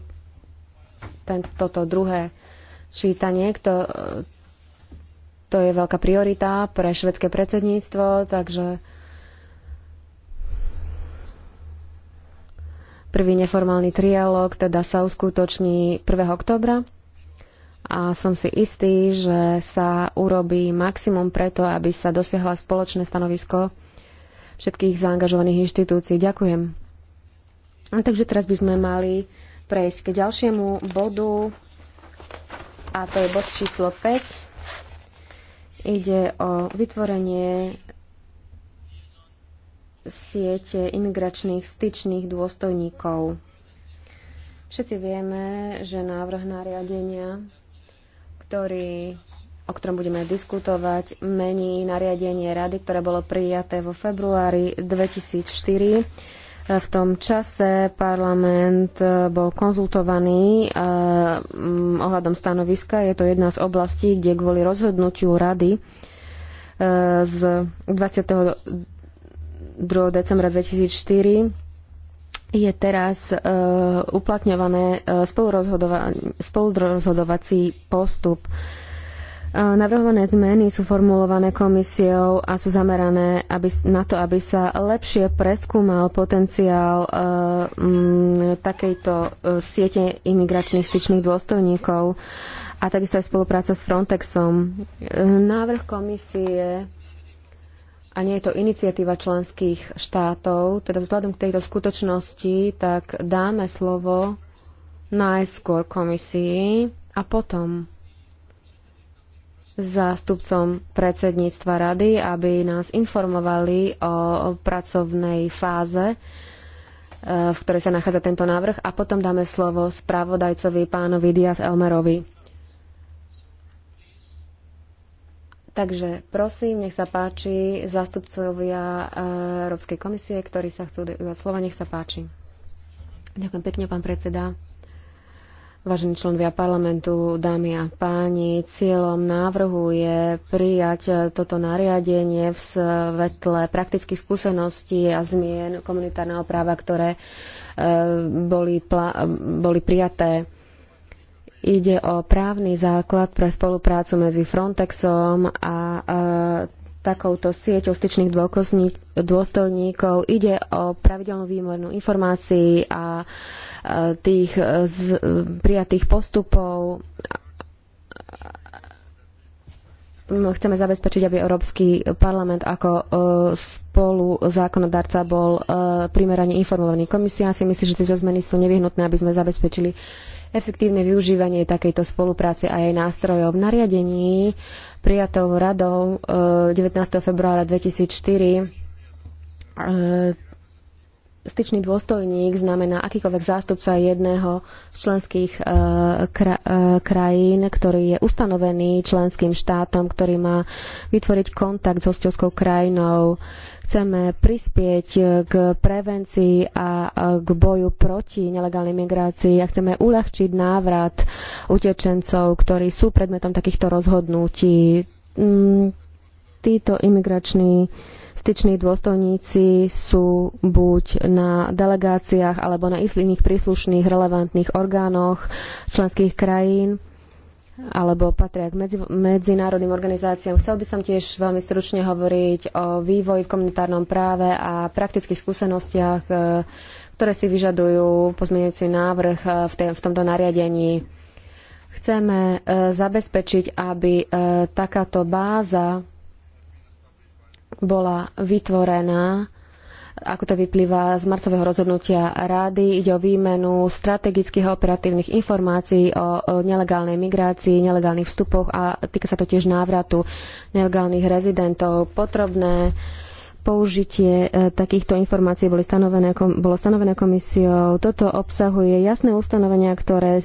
ten, toto druhé čítanie. To, to je veľká priorita pre švedské predsedníctvo, takže Prvý neformálny trialog teda sa uskutoční 1. oktobra a som si istý, že sa urobí maximum preto, aby sa dosiahla spoločné stanovisko všetkých zaangažovaných inštitúcií. Ďakujem. Takže teraz by sme mali prejsť k ďalšiemu bodu a to je bod číslo 5. Ide o vytvorenie siete imigračných styčných dôstojníkov. Všetci vieme, že návrh nariadenia, ktorý, o ktorom budeme diskutovať, mení nariadenie rady, ktoré bolo prijaté vo februári 2004. V tom čase parlament bol konzultovaný eh, mm, ohľadom stanoviska. Je to jedna z oblastí, kde kvôli rozhodnutiu rady eh, z 20. 2. decembra 2004 je teraz e, uplatňované e, spolurozhodovací postup. E, navrhované zmeny sú formulované komisiou a sú zamerané aby, na to, aby sa lepšie preskúmal potenciál e, m, takejto e, siete imigračných styčných dôstojníkov a takisto aj spolupráca s Frontexom. E, návrh komisie a nie je to iniciatíva členských štátov, teda vzhľadom k tejto skutočnosti, tak dáme slovo najskôr komisii a potom zástupcom predsedníctva rady, aby nás informovali o pracovnej fáze, e, v ktorej sa nachádza tento návrh a potom dáme slovo spravodajcovi pánovi Diaz Elmerovi. Takže prosím, nech sa páči zástupcovia e, Európskej komisie, ktorí sa chcú dať slova, nech sa páči. Ďakujem pekne, pán predseda. Vážení členovia parlamentu, dámy a páni, cieľom návrhu je prijať toto nariadenie v svetle praktických skúseností a zmien komunitárneho práva, ktoré e, boli, boli prijaté Ide o právny základ pre spoluprácu medzi Frontexom a e, takouto sieťou styčných dôstojníkov. Ide o pravidelnú výmenu informácií a e, tých e, prijatých postupov. Chceme zabezpečiť, aby Európsky parlament ako spolu zákonodarca bol primerane informovaný. Komisia si myslí, že tieto zmeny sú nevyhnutné, aby sme zabezpečili efektívne využívanie takejto spolupráce a jej nástrojov. V nariadení prijatou radou 19. E, februára 2004 e, styčný dôstojník znamená akýkoľvek zástupca jedného z členských e, kra, e, krajín, ktorý je ustanovený členským štátom, ktorý má vytvoriť kontakt s hostovskou krajinou chceme prispieť eh, k prevencii a eh, k boju proti nelegálnej migrácii a chceme uľahčiť návrat utečencov, ktorí sú predmetom takýchto rozhodnutí. Mm, títo imigrační styční dôstojníci sú buď na delegáciách alebo na istých príslušných relevantných orgánoch členských krajín alebo patria k medzi, medzinárodným organizáciám. Chcel by som tiež veľmi stručne hovoriť o vývoji v komunitárnom práve a praktických skúsenostiach, e, ktoré si vyžadujú pozmeňujúci návrh e, v, te, v tomto nariadení. Chceme e, zabezpečiť, aby takáto báza bola vytvorená ako to vyplýva z marcového rozhodnutia rády. Ide o výmenu strategických a operatívnych informácií o, nelegálnej migrácii, nelegálnych vstupoch a týka sa to tiež návratu nelegálnych rezidentov. Potrebné použitie e, takýchto informácií boli stanovené, bolo stanovené komisiou. Toto obsahuje jasné ustanovenia, ktoré e,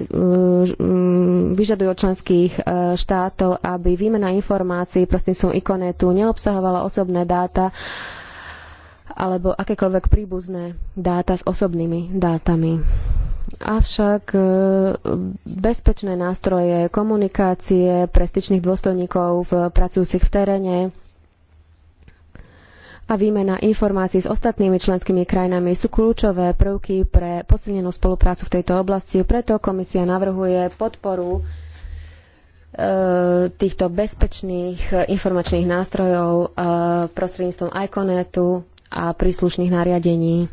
vyžadujú od členských e, štátov, aby výmena informácií prostredníctvom ikonetu neobsahovala osobné dáta alebo akékoľvek príbuzné dáta s osobnými dátami. Avšak e, bezpečné nástroje komunikácie prestičných dôstojníkov pracujúcich v teréne a výmena informácií s ostatnými členskými krajinami sú kľúčové prvky pre posilnenú spoluprácu v tejto oblasti. Preto komisia navrhuje podporu e, týchto bezpečných informačných nástrojov e, prostredníctvom ICONETu a príslušných nariadení.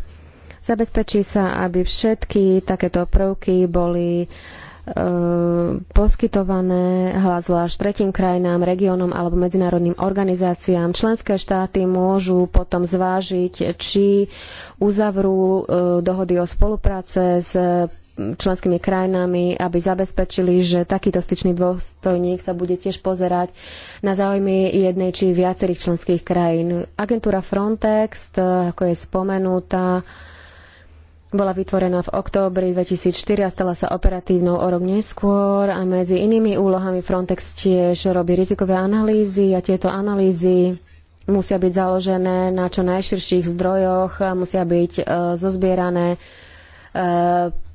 Zabezpečí sa, aby všetky takéto prvky boli e, poskytované hlas zvlášť tretím krajinám, regiónom alebo medzinárodným organizáciám. Členské štáty môžu potom zvážiť, či uzavrú e, dohody o spolupráce s členskými krajinami, aby zabezpečili, že takýto styčný dôstojník sa bude tiež pozerať na záujmy jednej či viacerých členských krajín. Agentúra Frontex, eh, ako je spomenutá, bola vytvorená v októbri 2004 a stala sa operatívnou o rok neskôr a medzi inými úlohami Frontex tiež robí rizikové analýzy a tieto analýzy musia byť založené na čo najširších zdrojoch, musia byť e, zozbierané e,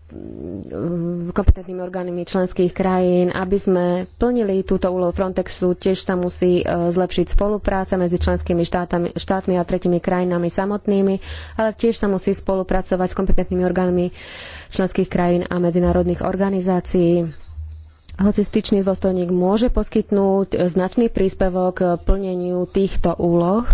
E, kompetentnými orgánmi členských krajín, aby sme plnili túto úlohu Frontexu. Tiež sa musí e, zlepšiť spolupráca medzi členskými štátami, štátmi a tretimi krajinami samotnými, ale tiež sa musí spolupracovať s kompetentnými orgánmi členských krajín a medzinárodných organizácií. Hoci styčný dôstojník môže poskytnúť značný príspevok k plneniu týchto úloh,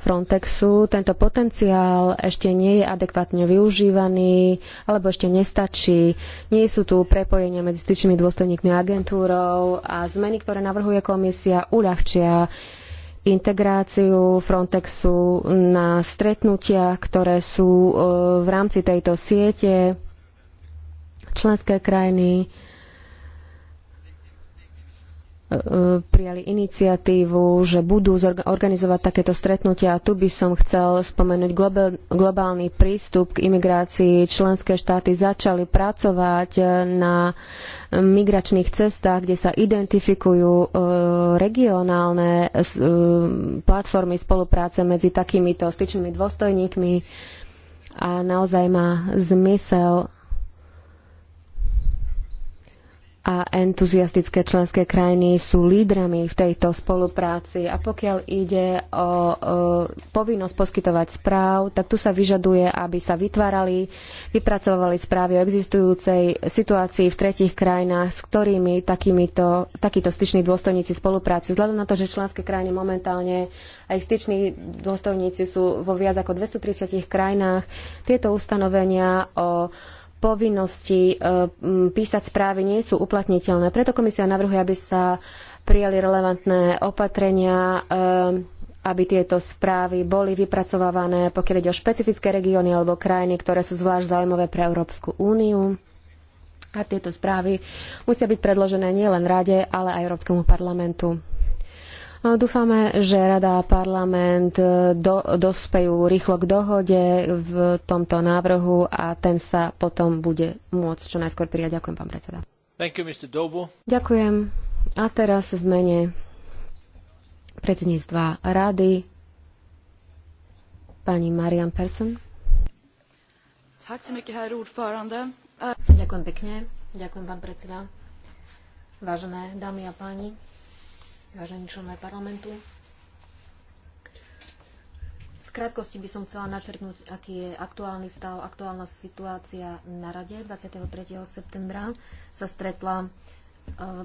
Frontexu. Tento potenciál ešte nie je adekvátne využívaný alebo ešte nestačí. Nie sú tu prepojenia medzi styčnými dôstojníkmi agentúrov a zmeny, ktoré navrhuje komisia, uľahčia integráciu Frontexu na stretnutia, ktoré sú e, v rámci tejto siete členské krajiny prijali iniciatívu, že budú organizovať takéto stretnutia. Tu by som chcel spomenúť globálny prístup k imigrácii. Členské štáty začali pracovať e, na e, migračných cestách, kde sa identifikujú e, regionálne platformy spolupráce medzi takýmito styčnými dôstojníkmi a naozaj má zmysel a entuziastické členské krajiny sú lídrami v tejto spolupráci. A pokiaľ ide o, o povinnosť poskytovať správ, tak tu sa vyžaduje, aby sa vytvárali, vypracovali správy o existujúcej situácii v tretich krajinách, s ktorými takýmito, takíto styční dôstojníci spoluprácu. Vzhľadom na to, že členské krajiny momentálne a ich styční dôstojníci sú vo viac ako 230 krajinách, tieto ustanovenia o povinnosti e, písať správy nie sú uplatniteľné. Preto komisia navrhuje, aby sa prijali relevantné opatrenia, e, aby tieto správy boli vypracovávané, pokiaľ ide o špecifické regióny alebo krajiny, ktoré sú zvlášť zaujímavé pre Európsku úniu. A tieto správy musia byť predložené nielen Rade, ale aj Európskemu parlamentu. No, dúfame, že Rada a parlament e, do, dospejú rýchlo k dohode v tomto návrhu a ten sa potom bude môcť čo najskôr prijať. Ďakujem, pán predseda. You, Ďakujem. A teraz v mene predsedníctva Rady pani Marian Persson. Ďakujem pekne. Ďakujem, pán predseda. Vážené dámy a páni, vážení členové parlamentu. V krátkosti by som chcela načrtnúť, aký je aktuálny stav, aktuálna situácia na rade. 23. septembra sa stretla e,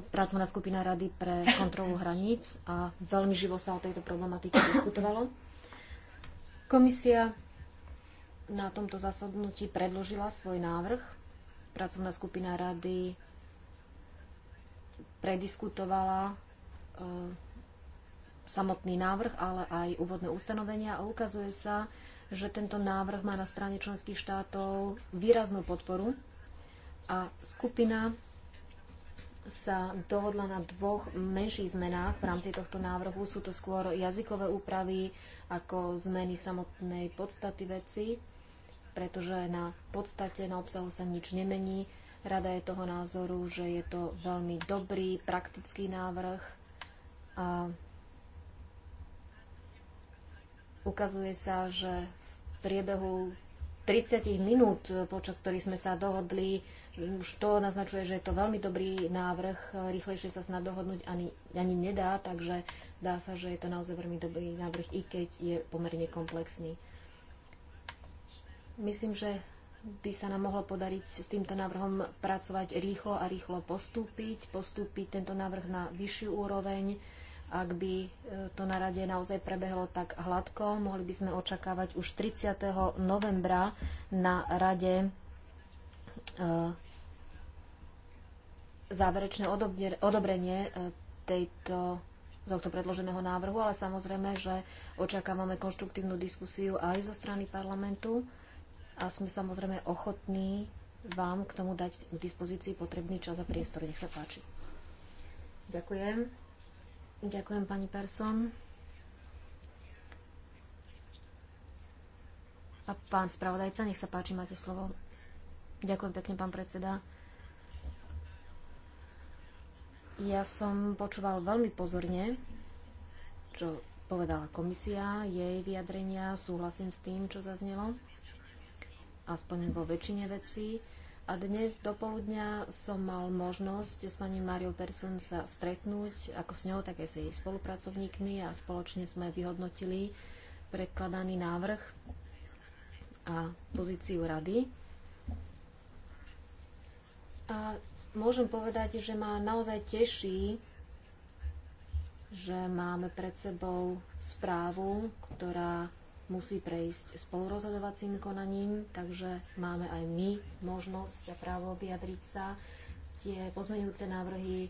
pracovná skupina Rady pre kontrolu hraníc a veľmi živo sa o tejto problematike diskutovalo. Komisia na tomto zasadnutí predložila svoj návrh. Pracovná skupina Rady prediskutovala E, samotný návrh, ale aj úvodné ustanovenia a ukazuje sa, že tento návrh má na strane členských štátov výraznú podporu a skupina sa dohodla na dvoch menších zmenách v rámci tohto návrhu. Sú to skôr jazykové úpravy ako zmeny samotnej podstaty veci, pretože na podstate, na obsahu sa nič nemení. Rada je toho názoru, že je to veľmi dobrý, praktický návrh a ukazuje sa, že v priebehu 30 minút, počas ktorých sme sa dohodli, už to naznačuje, že je to veľmi dobrý návrh, rýchlejšie sa snad dohodnúť ani, ani nedá, takže dá sa, že je to naozaj veľmi dobrý návrh, i keď je pomerne komplexný. Myslím, že by sa nám mohlo podariť s týmto návrhom pracovať rýchlo a rýchlo postúpiť, postúpiť tento návrh na vyššiu úroveň ak by e, to na rade naozaj prebehlo tak hladko, mohli by sme očakávať už 30. novembra na rade e, záverečné odobrenie e, tejto, tohto predloženého návrhu, ale samozrejme, že očakávame konštruktívnu diskusiu aj zo strany parlamentu a sme samozrejme ochotní vám k tomu dať k dispozícii potrebný čas a priestor. Nech sa páči. Ďakujem. Ďakujem, pani Person. A pán spravodajca, nech sa páči, máte slovo. Ďakujem pekne, pán predseda. Ja som počúval veľmi pozorne, čo povedala komisia, jej vyjadrenia, súhlasím s tým, čo zaznelo, aspoň vo väčšine vecí. A dnes do poludnia som mal možnosť s pani Mariou Persson sa stretnúť, ako s ňou, tak aj s jej spolupracovníkmi a spoločne sme vyhodnotili predkladaný návrh a pozíciu rady. A môžem povedať, že ma naozaj teší, že máme pred sebou správu, ktorá musí prejsť spolurozhodovacím konaním, takže máme aj my možnosť a právo vyjadriť sa. Tie pozmeňujúce návrhy e,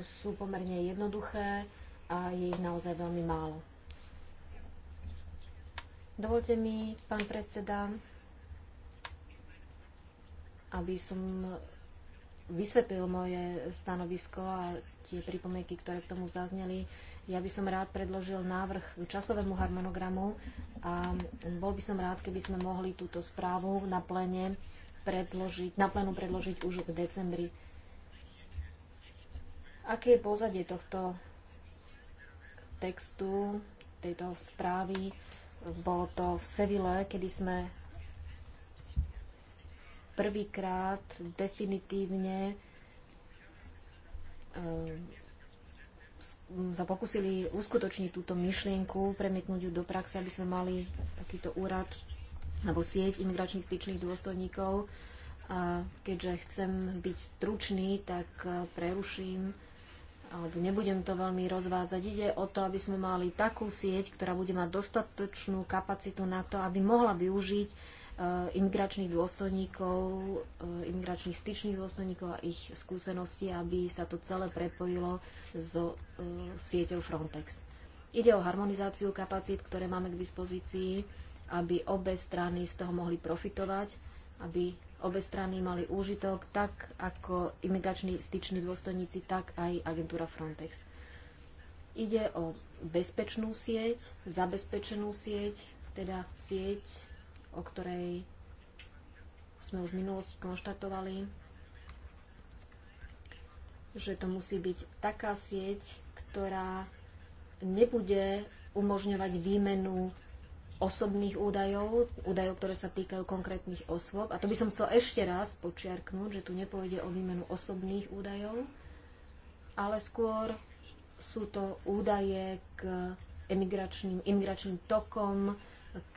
sú pomerne jednoduché a je ich naozaj veľmi málo. Dovolte mi, pán predseda, aby som vysvetlil moje stanovisko a tie pripomienky, ktoré k tomu zazneli. Ja by som rád predložil návrh k časovému harmonogramu a bol by som rád, keby sme mohli túto správu na plene predložiť, na plenu predložiť už v decembri. Aké je pozadie tohto textu, tejto správy? Bolo to v Sevile, kedy sme prvýkrát definitívne sa pokusili uskutočniť túto myšlienku, premietnúť ju do praxe, aby sme mali takýto úrad alebo sieť imigračných styčných dôstojníkov. A keďže chcem byť stručný, tak e, preruším alebo nebudem to veľmi rozvádzať. Ide o to, aby sme mali takú sieť, ktorá bude mať dostatočnú kapacitu na to, aby mohla využiť Eh, imigračných dôstojníkov, eh, imigračných styčných dôstojníkov a ich skúsenosti, aby sa to celé prepojilo so eh, sieťou Frontex. Ide o harmonizáciu kapacít, ktoré máme k dispozícii, aby obe strany z toho mohli profitovať, aby obe strany mali úžitok, tak ako imigrační styční dôstojníci, tak aj agentúra Frontex. Ide o bezpečnú sieť, zabezpečenú sieť, teda sieť o ktorej sme už v minulosti konštatovali, že to musí byť taká sieť, ktorá nebude umožňovať výmenu osobných údajov, údajov, ktoré sa týkajú konkrétnych osôb. A to by som chcel ešte raz počiarknúť, že tu nepôjde o výmenu osobných údajov, ale skôr sú to údaje k emigračným, imigračným tokom,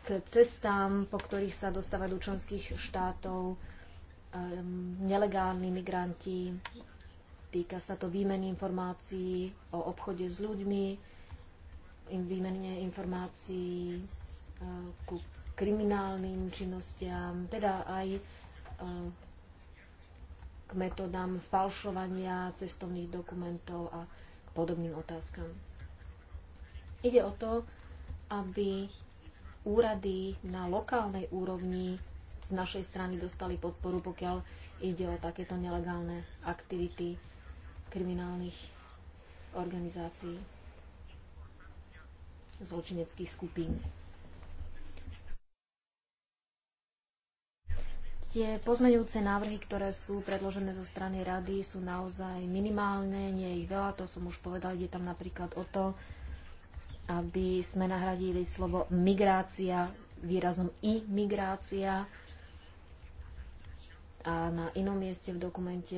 k cestám, po ktorých sa dostávajú do členských štátov nelegálni migranti. Týka sa to výmeny informácií o obchode s ľuďmi, výmene informácií eh, ku kriminálnym činnostiam, teda aj eh, k metodám falšovania cestovných dokumentov a k podobným otázkam. Ide o to, aby úrady na lokálnej úrovni z našej strany dostali podporu, pokiaľ ide o takéto nelegálne aktivity kriminálnych organizácií, zločineckých skupín. Tie pozmeňujúce návrhy, ktoré sú predložené zo strany rady, sú naozaj minimálne, nie je ich veľa, to som už povedal, ide tam napríklad o to, aby sme nahradili slovo migrácia výrazom i migrácia. A na inom mieste v dokumente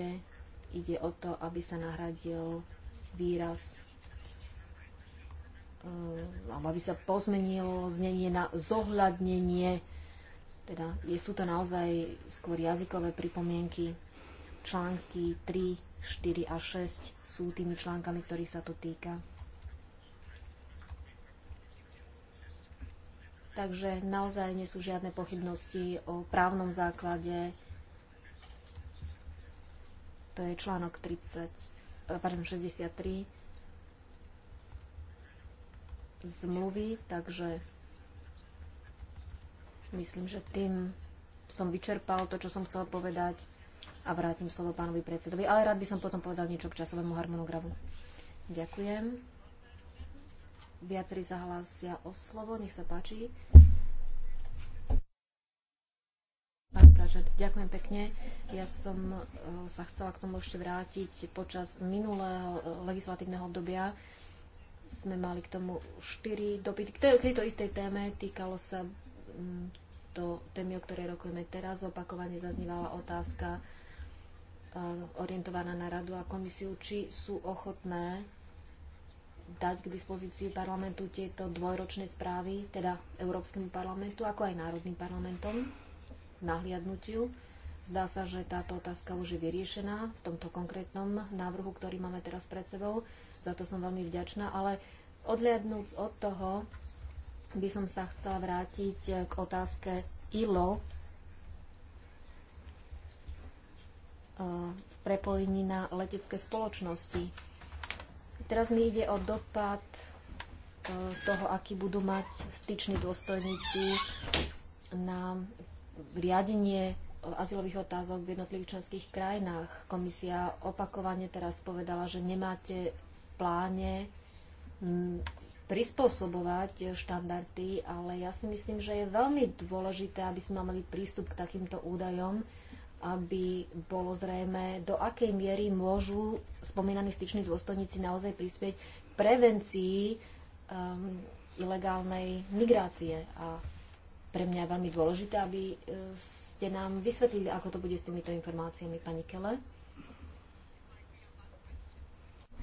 ide o to, aby sa nahradil výraz e, alebo aby sa pozmenilo znenie na zohľadnenie, teda je, sú to naozaj skôr jazykové pripomienky. Články 3, 4 a 6 sú tými článkami, ktorých sa to týka. Takže naozaj nie sú žiadne pochybnosti o právnom základe. To je článok 30, eh, pardon, 63 zmluvy, takže myslím, že tým som vyčerpal to, čo som chcel povedať a vrátim slovo pánovi predsedovi. Ale rád by som potom povedal niečo k časovému harmonogramu. Ďakujem. Viacerí zahlásia o slovo. Nech sa páči. Pán ďakujem pekne. Ja som e, sa chcela k tomu ešte vrátiť. Počas minulého e, legislatívneho obdobia sme mali k tomu štyri dopyty. K tejto istej téme týkalo sa mm, to témy, o ktorej rokujeme teraz. Opakovane zaznívala otázka e, orientovaná na radu a komisiu, či sú ochotné dať k dispozícii parlamentu tieto dvojročné správy, teda Európskemu parlamentu, ako aj Národným parlamentom, nahliadnutiu. Zdá sa, že táto otázka už je vyriešená v tomto konkrétnom návrhu, ktorý máme teraz pred sebou. Za to som veľmi vďačná, ale odliadnúc od toho, by som sa chcela vrátiť k otázke ILO eh, v prepojení na letecké spoločnosti Teraz mi ide o dopad e, toho, aký budú mať styční dôstojníci na riadenie azylových otázok v jednotlivých členských krajinách. Komisia opakovane teraz povedala, že nemáte v pláne prispôsobovať štandardy, ale ja si myslím, že je veľmi dôležité, aby sme mali prístup k takýmto údajom, aby bolo zrejme, do akej miery môžu spomínaní styční dôstojníci naozaj prispieť prevencii um, ilegálnej migrácie. A pre mňa je veľmi dôležité, aby e, ste nám vysvetlili, ako to bude s týmito informáciami, pani Kele.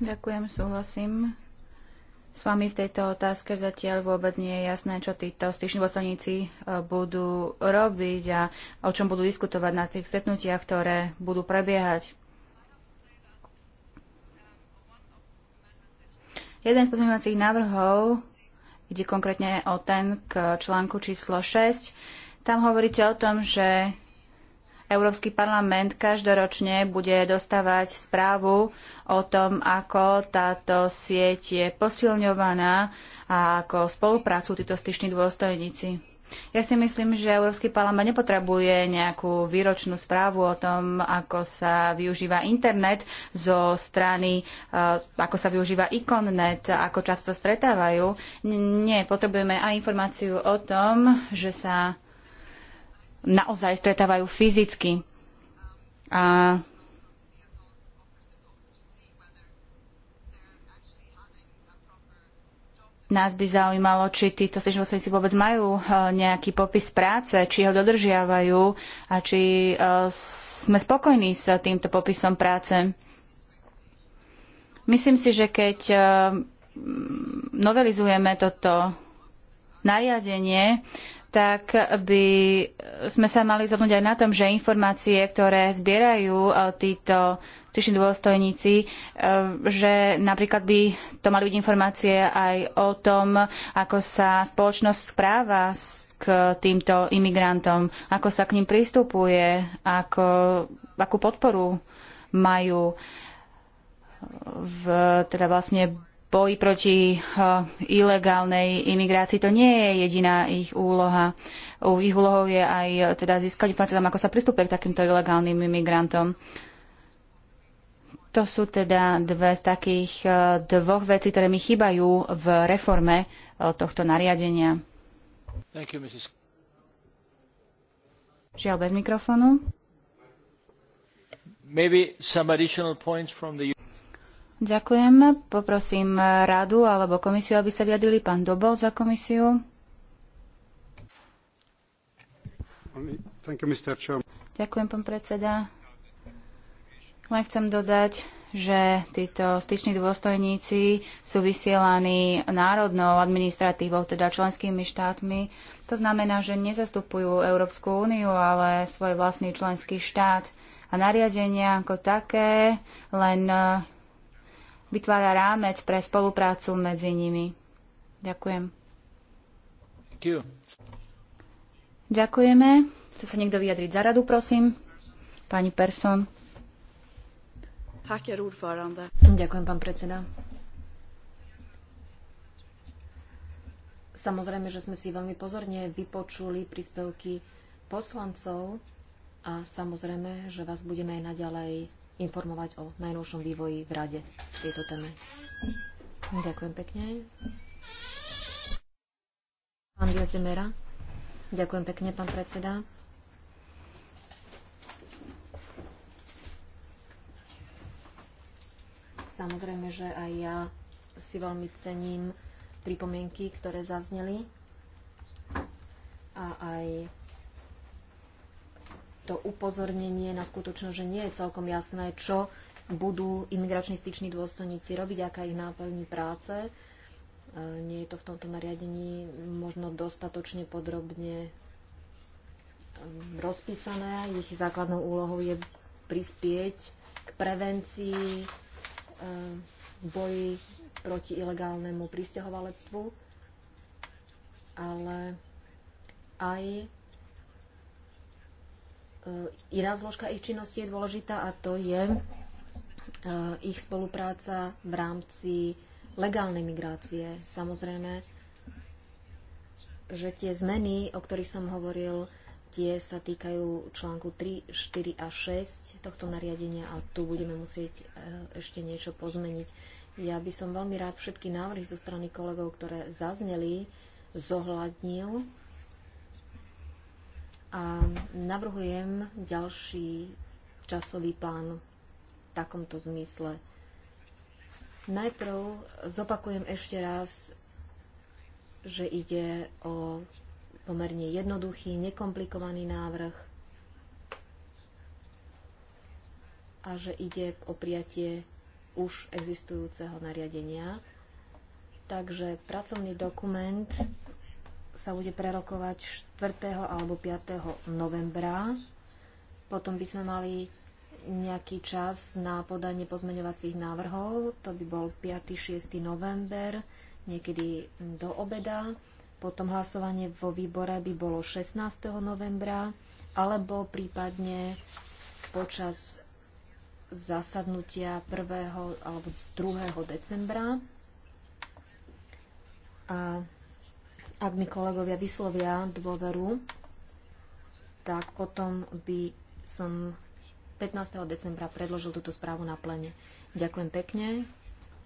Ďakujem, súhlasím s vami v tejto otázke zatiaľ vôbec nie je jasné, čo títo styční dôstojníci e, budú robiť a o čom budú diskutovať na tých stretnutiach, ktoré budú prebiehať. Jeden z pozmeňovacích návrhov ide konkrétne o ten k článku číslo 6. Tam hovoríte o tom, že Európsky parlament každoročne bude dostávať správu o tom, ako táto sieť je posilňovaná a ako spoluprácu títo styční dôstojníci. Ja si myslím, že Európsky parlament nepotrebuje nejakú výročnú správu o tom, ako sa využíva internet zo strany, eh, ako sa využíva ikonnet, ako často stretávajú. Nie, potrebujeme aj informáciu o tom, že sa naozaj stretávajú fyzicky. A nás by zaujímalo, či títo sťažovateľníci vôbec majú e, nejaký popis práce, či ho dodržiavajú a či e, sme spokojní s týmto popisom práce. Myslím si, že keď e, novelizujeme toto nariadenie, tak by sme sa mali zhodnúť aj na tom, že informácie, ktoré zbierajú e, títo styční dôstojníci, e, že napríklad by to mali byť informácie aj o tom, ako sa spoločnosť správa k týmto imigrantom, ako sa k ním pristupuje, ako, akú podporu majú v teda vlastne boji proti eh, ilegálnej imigrácii. To nie je jediná ich úloha. Ich úlohou je aj eh, teda získať informácie ako sa pristúpe k takýmto ilegálnym imigrantom. To sú teda dve z takých eh, dvoch vecí, ktoré mi chýbajú v reforme tohto nariadenia. Thank you, Mrs. Žiaľ bez mikrofónu. Maybe some additional points from the Ďakujem. Poprosím radu alebo komisiu, aby sa vyjadili Pán Dobol za komisiu. You, Ďakujem, pán predseda. Len chcem dodať, že títo styční dôstojníci sú vysielaní národnou administratívou, teda členskými štátmi. To znamená, že nezastupujú Európsku úniu, ale svoj vlastný členský štát. A nariadenia ako také len vytvára rámec pre spoluprácu medzi nimi. Ďakujem. Ďakujeme. Chce sa niekto vyjadriť za radu, prosím? Pani Person. Ďakujem, pán predseda. Samozrejme, že sme si veľmi pozorne vypočuli príspevky poslancov a samozrejme, že vás budeme aj naďalej informovať o najnovšom vývoji v rade v tejto téme. Ďakujem pekne. Pán Diaz Ďakujem pekne, pán predseda. Samozrejme, že aj ja si veľmi cením pripomienky, ktoré zazneli a aj to upozornenie na skutočnosť, že nie je celkom jasné, čo budú imigrační styční dôstojníci robiť, aká ich náplní práce. E, nie je to v tomto nariadení možno dostatočne podrobne e, rozpísané. Ich základnou úlohou je prispieť k prevencii, e, boji proti ilegálnemu pristahovalectvu, ale aj E, iná zložka ich činnosti je dôležitá a to je e, ich spolupráca v rámci legálnej migrácie. Samozrejme, že tie zmeny, o ktorých som hovoril, tie sa týkajú článku 3, 4 a 6 tohto nariadenia a tu budeme musieť e, ešte niečo pozmeniť. Ja by som veľmi rád všetky návrhy zo strany kolegov, ktoré zazneli, zohľadnil a navrhujem ďalší časový plán v takomto zmysle. Najprv zopakujem ešte raz, že ide o pomerne jednoduchý, nekomplikovaný návrh a že ide o prijatie už existujúceho nariadenia. Takže pracovný dokument sa bude prerokovať 4. alebo 5. novembra. Potom by sme mali nejaký čas na podanie pozmeňovacích návrhov. To by bol 5. 6. november, niekedy do obeda. Potom hlasovanie vo výbore by bolo 16. novembra alebo prípadne počas zasadnutia 1. alebo 2. decembra. A ak mi kolegovia vyslovia dôveru, tak potom by som 15. decembra predložil túto správu na plene. Ďakujem pekne.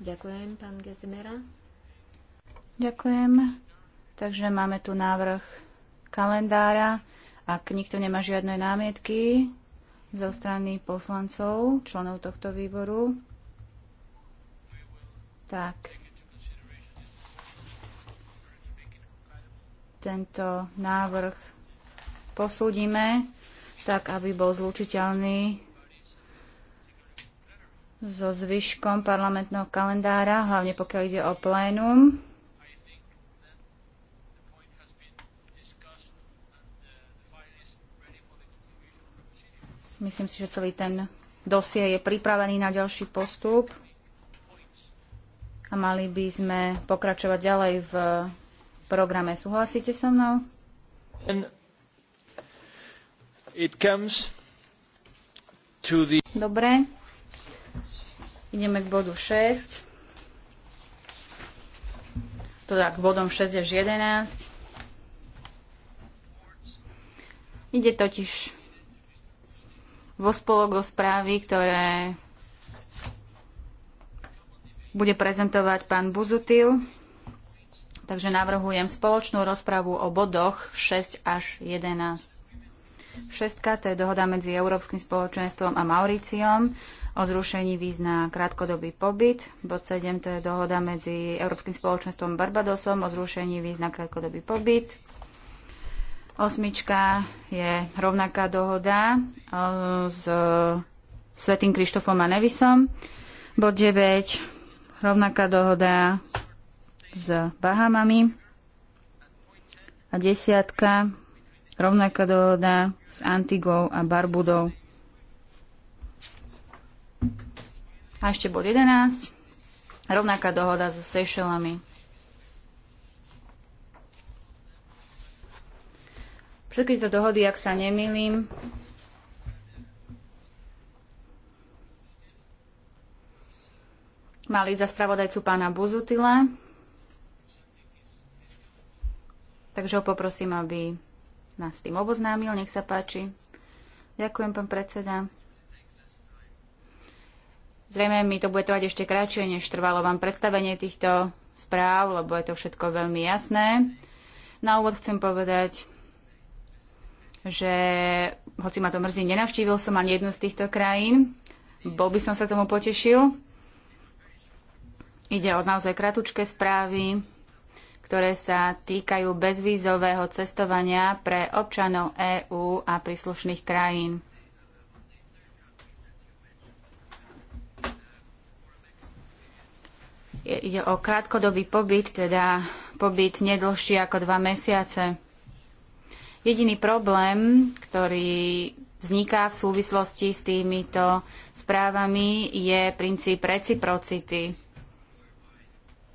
Ďakujem, pán Gezimera. Ďakujem. Takže máme tu návrh kalendára. Ak nikto nemá žiadne námietky zo strany poslancov, členov tohto výboru, tak tento návrh posúdime tak, aby bol zlučiteľný so zvyškom parlamentného kalendára, hlavne pokiaľ ide o plénum. Myslím si, že celý ten dosie je pripravený na ďalší postup a mali by sme pokračovať ďalej v programe. Súhlasíte so mnou? Dobre. Ideme k bodu 6. Teda k bodom 6 až 11. Ide totiž vo spolok do správy, ktoré bude prezentovať pán Buzutil Takže navrhujem spoločnú rozpravu o bodoch 6 až 11. Šestka to je dohoda medzi Európskym spoločenstvom a Mauriciom o zrušení víz na krátkodobý pobyt. Bod 7 to je dohoda medzi Európskym spoločenstvom Barbadosom o zrušení víz na krátkodobý pobyt. Osmička je rovnaká dohoda e, s Svetým Krištofom a Nevisom. Bod 9 rovnaká dohoda s Bahamami a desiatka rovnaká dohoda s Antigou a Barbudou. A ešte bod 11. Rovnaká dohoda so Seychellami. Všetky tieto dohody, ak sa nemýlim, mali za spravodajcu pána Buzutila. Takže ho poprosím, aby nás s tým oboznámil. Nech sa páči. Ďakujem, pán predseda. Zrejme mi to bude trvať ešte kratšie, než trvalo vám predstavenie týchto správ, lebo je to všetko veľmi jasné. Na úvod chcem povedať, že hoci ma to mrzí, nenavštívil som ani jednu z týchto krajín. Bol by som sa tomu potešil. Ide o naozaj kratučké správy, ktoré sa týkajú bezvízového cestovania pre občanov EÚ a príslušných krajín. Ide o krátkodobý pobyt, teda pobyt nedlhší ako dva mesiace. Jediný problém, ktorý vzniká v súvislosti s týmito správami, je princíp reciprocity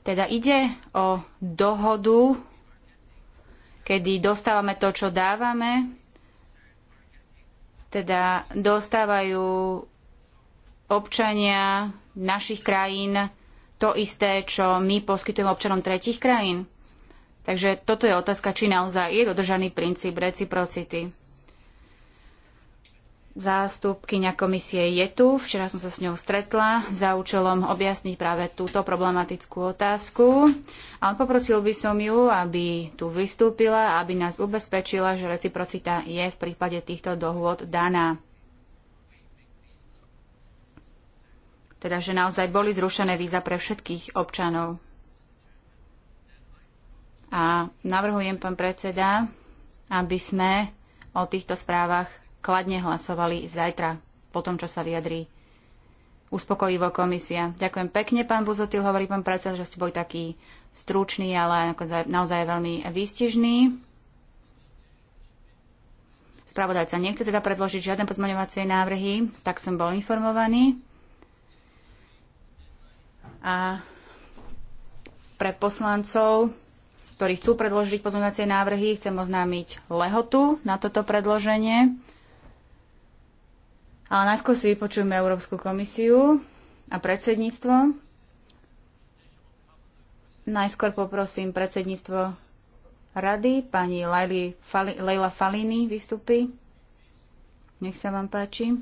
teda ide o dohodu, kedy dostávame to, čo dávame, teda dostávajú občania našich krajín to isté, čo my poskytujeme občanom tretich krajín. Takže toto je otázka, či naozaj je dodržaný princíp reciprocity. Zástupkyňa komisie je tu, včera som sa s ňou stretla za účelom objasniť práve túto problematickú otázku. A poprosil by som ju, aby tu vystúpila, a aby nás ubezpečila, že reciprocita je v prípade týchto dohôd daná. Teda, že naozaj boli zrušené víza pre všetkých občanov. A navrhujem, pán predseda, aby sme o týchto správach kladne hlasovali zajtra, po tom, čo sa vyjadrí uspokojivo komisia. Ďakujem pekne, pán Buzotil, hovorí pán predseda, že ste boli taký stručný, ale naozaj veľmi výstižný. Spravodajca nechce teda predložiť žiadne pozmaňovacie návrhy, tak som bol informovaný. A pre poslancov, ktorí chcú predložiť pozmaňovacie návrhy, chcem oznámiť lehotu na toto predloženie. Ale najskôr si vypočujeme Európsku komisiu a predsedníctvo. Najskôr poprosím predsedníctvo rady, pani Fali, Leila Falini vystupí. Nech sa vám páči.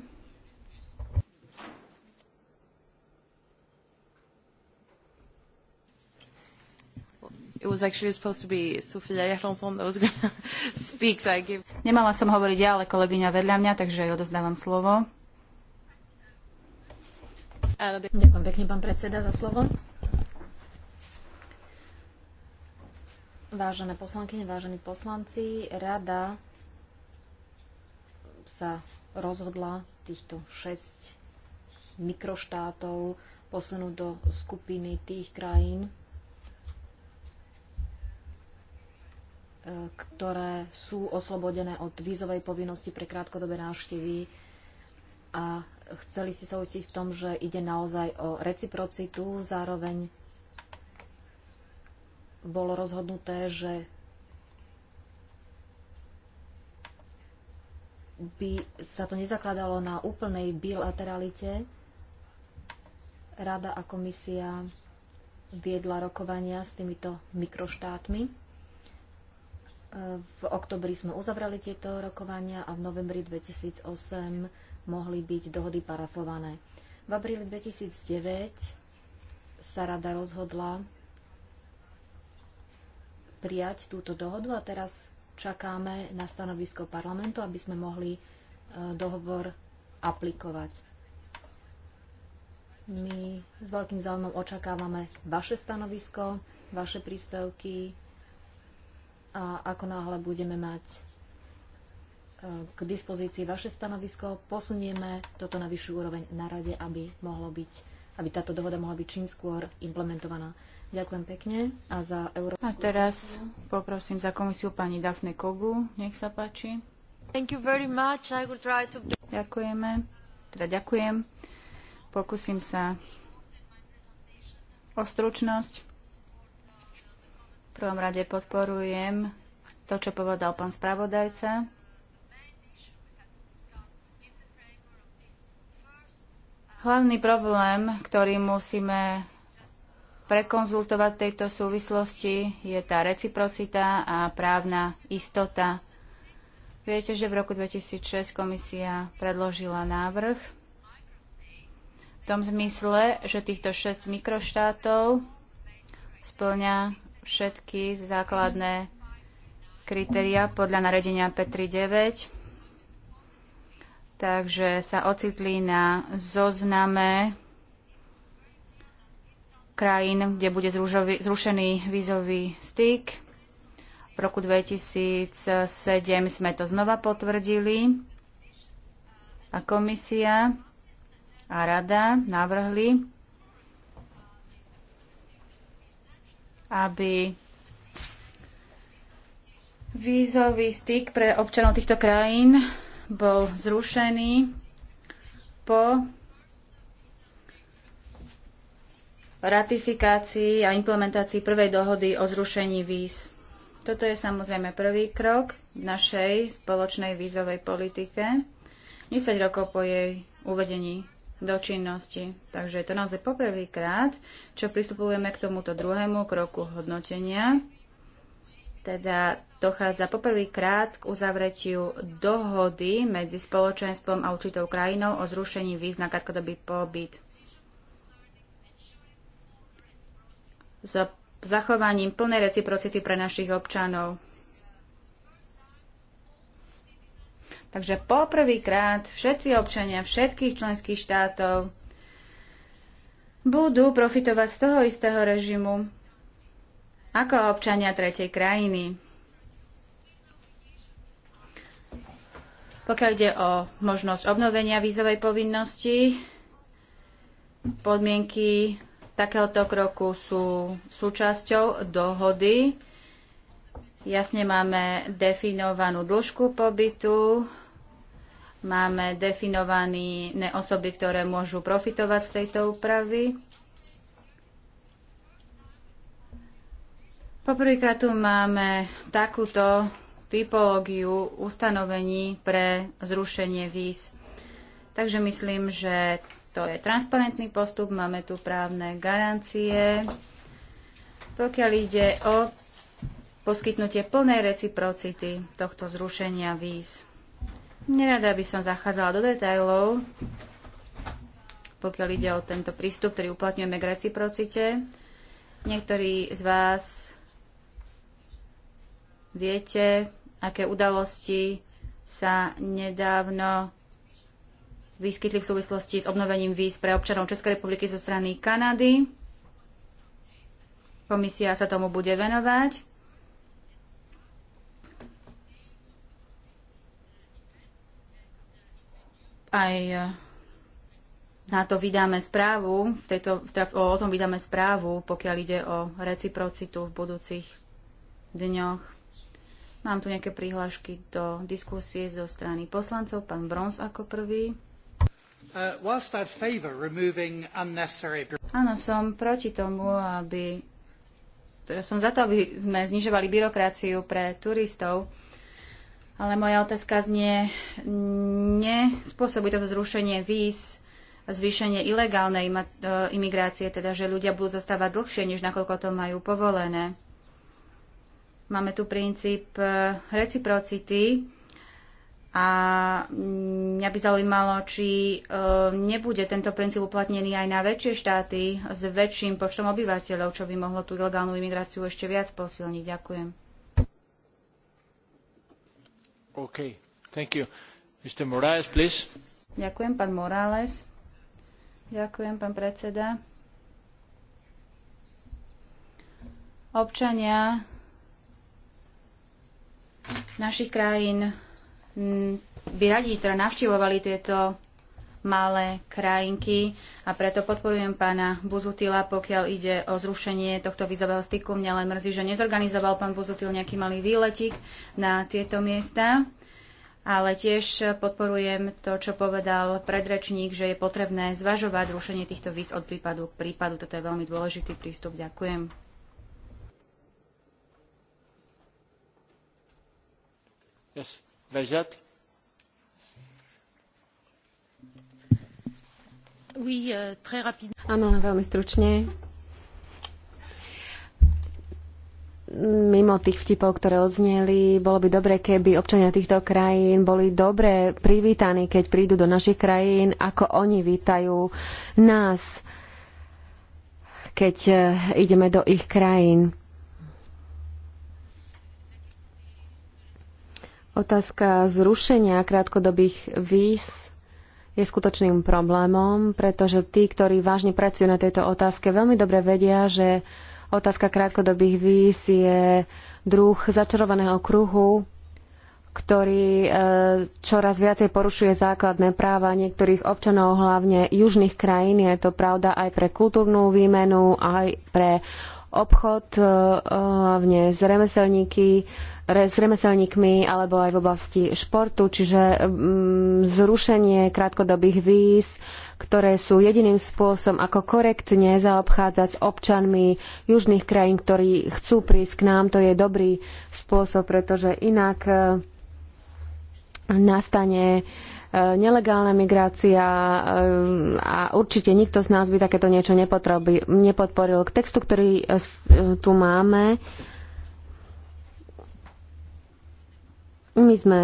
It was actually supposed to be Sofia Jarlonson that was going to speak, so I give... Nemala som hovoriť ja, ale kolegyňa vedľa mňa, takže jej odovzdávam slovo. Ďakujem pekne, pán predseda, za slovo. Vážené poslankyne, vážení poslanci, rada sa rozhodla týchto 6 mikroštátov posunúť do skupiny tých krajín, e, ktoré sú oslobodené od vízovej povinnosti pre krátkodobé návštevy a Chceli ste sa uistiť v tom, že ide naozaj o reciprocitu. Zároveň bolo rozhodnuté, že by sa to nezakladalo na úplnej bilateralite. Rada a komisia viedla rokovania s týmito mikroštátmi. V oktobri sme uzavrali tieto rokovania a v novembri 2008 mohli byť dohody parafované. V apríli 2009 sa rada rozhodla prijať túto dohodu a teraz čakáme na stanovisko parlamentu, aby sme mohli e, dohovor aplikovať. My s veľkým záujmom očakávame vaše stanovisko, vaše príspevky a ako náhle budeme mať k dispozícii vaše stanovisko, posunieme toto na vyššiu úroveň na rade, aby, mohlo byť, aby táto dohoda mohla byť čím skôr implementovaná. Ďakujem pekne a za Európsku... A teraz poprosím za komisiu pani Dafne Kogu, nech sa páči. Thank you very much. I will try to... Ďakujeme. Teda ďakujem. Pokúsim sa o stručnosť. V prvom rade podporujem to, čo povedal pán spravodajca Hlavný problém, ktorý musíme prekonzultovať v tejto súvislosti, je tá reciprocita a právna istota. Viete, že v roku 2006 komisia predložila návrh v tom zmysle, že týchto 6 mikroštátov splňa všetky základné kritéria podľa naredenia P39 takže sa ocitli na zozname krajín, kde bude zrušený vízový styk. V roku 2007 sme to znova potvrdili a komisia a rada navrhli, aby vízový styk pre občanov týchto krajín bol zrušený po ratifikácii a implementácii prvej dohody o zrušení víz. Toto je samozrejme prvý krok v našej spoločnej vízovej politike, 10 rokov po jej uvedení do činnosti. Takže je to naozaj poprvýkrát, čo pristupujeme k tomuto druhému kroku hodnotenia teda dochádza poprvýkrát k uzavretiu dohody medzi spoločenstvom a určitou krajinou o zrušení víz na krátkodobý pobyt. S zachovaním plnej reciprocity pre našich občanov. Takže poprvýkrát všetci občania všetkých členských štátov budú profitovať z toho istého režimu ako občania tretej krajiny. Pokiaľ ide o možnosť obnovenia vízovej povinnosti, podmienky takéhoto kroku sú súčasťou dohody. Jasne máme definovanú dĺžku pobytu, máme definované osoby, ktoré môžu profitovať z tejto úpravy. Poprvýkrát tu máme takúto typológiu ustanovení pre zrušenie víz. Takže myslím, že to je transparentný postup, máme tu právne garancie. Pokiaľ ide o poskytnutie plnej reciprocity tohto zrušenia víz. Nerada by som zachádzala do detajlov, pokiaľ ide o tento prístup, ktorý uplatňujeme k reciprocite. Niektorí z vás Viete, aké udalosti sa nedávno vyskytli v súvislosti s obnovením víz pre občanov Českej republiky zo strany Kanady. Komisia sa tomu bude venovať. Aj eh, na to vydáme správu, v tejto, v, o tom vydáme správu, pokiaľ ide o reciprocitu v budúcich dňoch. Mám tu nejaké prihlášky do diskusie zo strany poslancov. Pán Brons ako prvý. Uh, Áno, som proti tomu, aby... Teda som za to, aby sme znižovali byrokraciu pre turistov. Ale moja otázka znie, nespôsobí to zrušenie víz zvýšenie ilegálnej uh, imigrácie, teda že ľudia budú zostávať dlhšie, než nakoľko to majú povolené. Máme tu princíp e, reciprocity a mňa by zaujímalo, či e, nebude tento princíp uplatnený aj na väčšie štáty s väčším počtom obyvateľov, čo by mohlo tú ilegálnu imigráciu ešte viac posilniť. Ďakujem. Mr. Morales, Ďakujem, pán Morales. Ďakujem, pán predseda. Občania našich krajín by radi teda navštivovali tieto malé krajinky a preto podporujem pána Buzutila, pokiaľ ide o zrušenie tohto vízového styku. Mňa len mrzí, že nezorganizoval pán Buzutil nejaký malý výletik na tieto miesta, ale tiež podporujem to, čo povedal predrečník, že je potrebné zvažovať zrušenie týchto víz od prípadu k prípadu. Toto je veľmi dôležitý prístup. Ďakujem. Euh, Áno, veľmi stručne. mimo tých vtipov, ktoré odzneli, bolo by dobre, keby občania týchto krajín boli dobre privítaní, keď prídu do našich krajín, ako oni vítajú nás, keď eh, ideme do ich krajín. Otázka zrušenia krátkodobých víz je skutočným problémom, pretože tí, ktorí vážne pracujú na tejto otázke, veľmi dobre vedia, že otázka krátkodobých víz je druh začarovaného kruhu, ktorý e, čoraz viacej porušuje základné práva niektorých občanov, hlavne južných krajín. Je to pravda aj pre kultúrnu výmenu, aj pre obchod, e, e, hlavne s remeselníky, s remeselníkmi alebo aj v oblasti športu, čiže mm, zrušenie krátkodobých víz, ktoré sú jediným spôsobom, ako korektne zaobchádzať s občanmi južných krajín, ktorí chcú prísť k nám. To je dobrý spôsob, pretože inak e, nastane E, nelegálna migrácia e, a určite nikto z nás by takéto niečo nepodporil. K textu, ktorý e, tu máme, my sme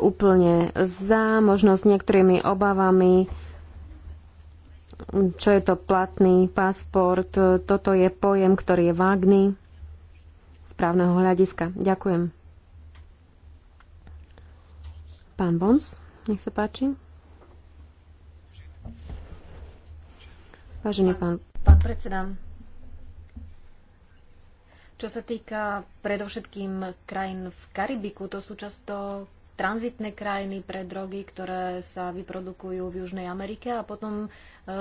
úplne za, možno s niektorými obavami, čo je to platný pasport. Toto je pojem, ktorý je vágný z právneho hľadiska. Ďakujem. Pán Bons? Nech sa páči. Vážený pán... Pán predseda, čo sa týka predovšetkým krajín v Karibiku, to sú často tranzitné krajiny pre drogy, ktoré sa vyprodukujú v Južnej Amerike a potom e,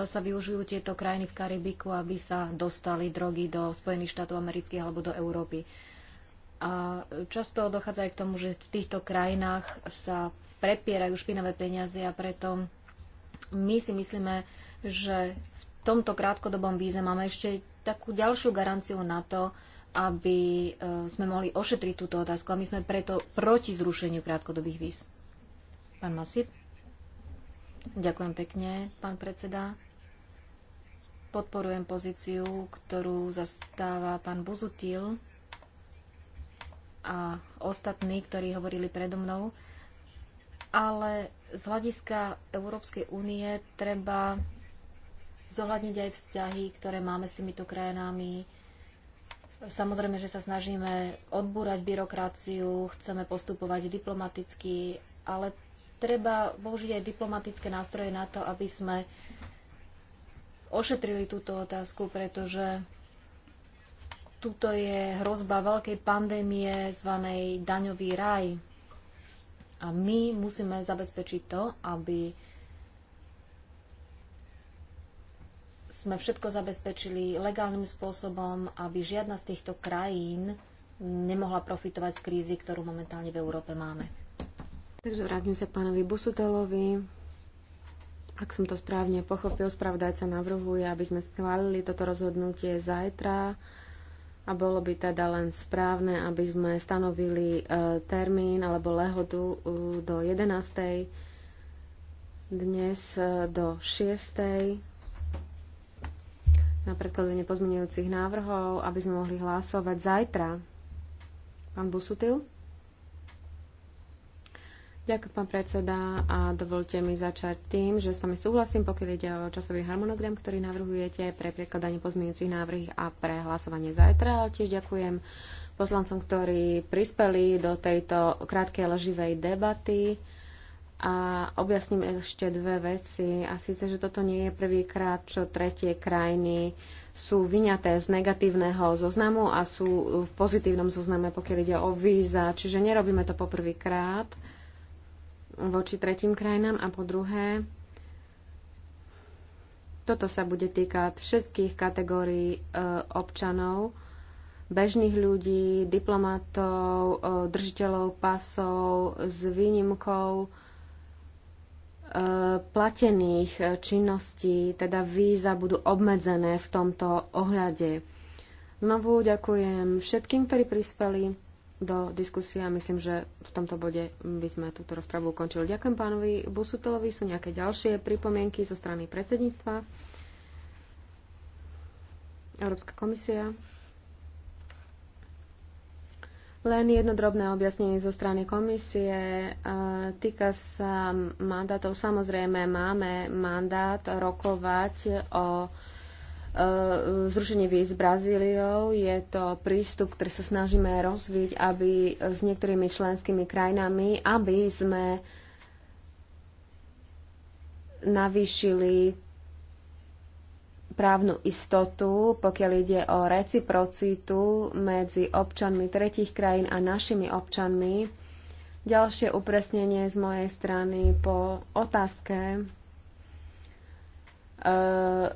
sa využijú tieto krajiny v Karibiku, aby sa dostali drogy do Spojených štátov amerických alebo do Európy. A často dochádza aj k tomu, že v týchto krajinách sa prepierajú špinavé peniaze a preto my si myslíme, že v tomto krátkodobom víze máme ešte takú ďalšiu garanciu na to, aby e, sme mohli ošetriť túto otázku a my sme preto proti zrušeniu krátkodobých víz. Pán Masip? Ďakujem pekne, pán predseda. Podporujem pozíciu, ktorú zastáva pán Buzutil a ostatní, ktorí hovorili predo mnou ale z hľadiska Európskej únie treba zohľadniť aj vzťahy, ktoré máme s týmito krajinami. Samozrejme, že sa snažíme odbúrať byrokraciu, chceme postupovať diplomaticky, ale treba použiť aj diplomatické nástroje na to, aby sme ošetrili túto otázku, pretože tuto je hrozba veľkej pandémie zvanej daňový raj. A my musíme zabezpečiť to, aby sme všetko zabezpečili legálnym spôsobom, aby žiadna z týchto krajín nemohla profitovať z krízy, ktorú momentálne v Európe máme. Takže vrátim sa pánovi Busutelovi. Ak som to správne pochopil, spravodajca navrhuje, aby sme schválili toto rozhodnutie zajtra a bolo by teda len správne, aby sme stanovili e, termín alebo lehodu do 11. dnes e, do 6. na predkladenie pozmenujúcich návrhov, aby sme mohli hlasovať zajtra. Pán Busutil? Ďakujem, pán predseda, a dovolte mi začať tým, že s vami súhlasím, pokiaľ ide o časový harmonogram, ktorý navrhujete pre prekladanie pozmeňujúcich návrhov a pre hlasovanie zajtra. Ale tiež ďakujem poslancom, ktorí prispeli do tejto krátkej leživej debaty. A objasním ešte dve veci. A síce, že toto nie je prvýkrát, čo tretie krajiny sú vyňaté z negatívneho zoznamu a sú v pozitívnom zozname, pokiaľ ide o víza. Čiže nerobíme to poprvýkrát voči tretím krajinám a po druhé, toto sa bude týkať všetkých kategórií e, občanov, bežných ľudí, diplomatov, e, držiteľov pasov s výnimkou e, platených e, činností, teda víza budú obmedzené v tomto ohľade. Znovu ďakujem všetkým, ktorí prispeli do diskusie a myslím, že v tomto bode by sme túto rozpravu ukončili. Ďakujem pánovi Busutelovi. Sú nejaké ďalšie pripomienky zo strany predsedníctva? Európska komisia. Len jedno drobné objasnenie zo strany komisie. E, týka sa mandátov. Samozrejme, máme mandát rokovať o Eh, zrušenie víz s Brazíliou. Je to prístup, ktorý sa snažíme rozviť, aby s niektorými členskými krajinami, aby sme navýšili právnu istotu, pokiaľ ide o reciprocitu medzi občanmi tretich krajín a našimi občanmi. Ďalšie upresnenie z mojej strany po otázke Eh,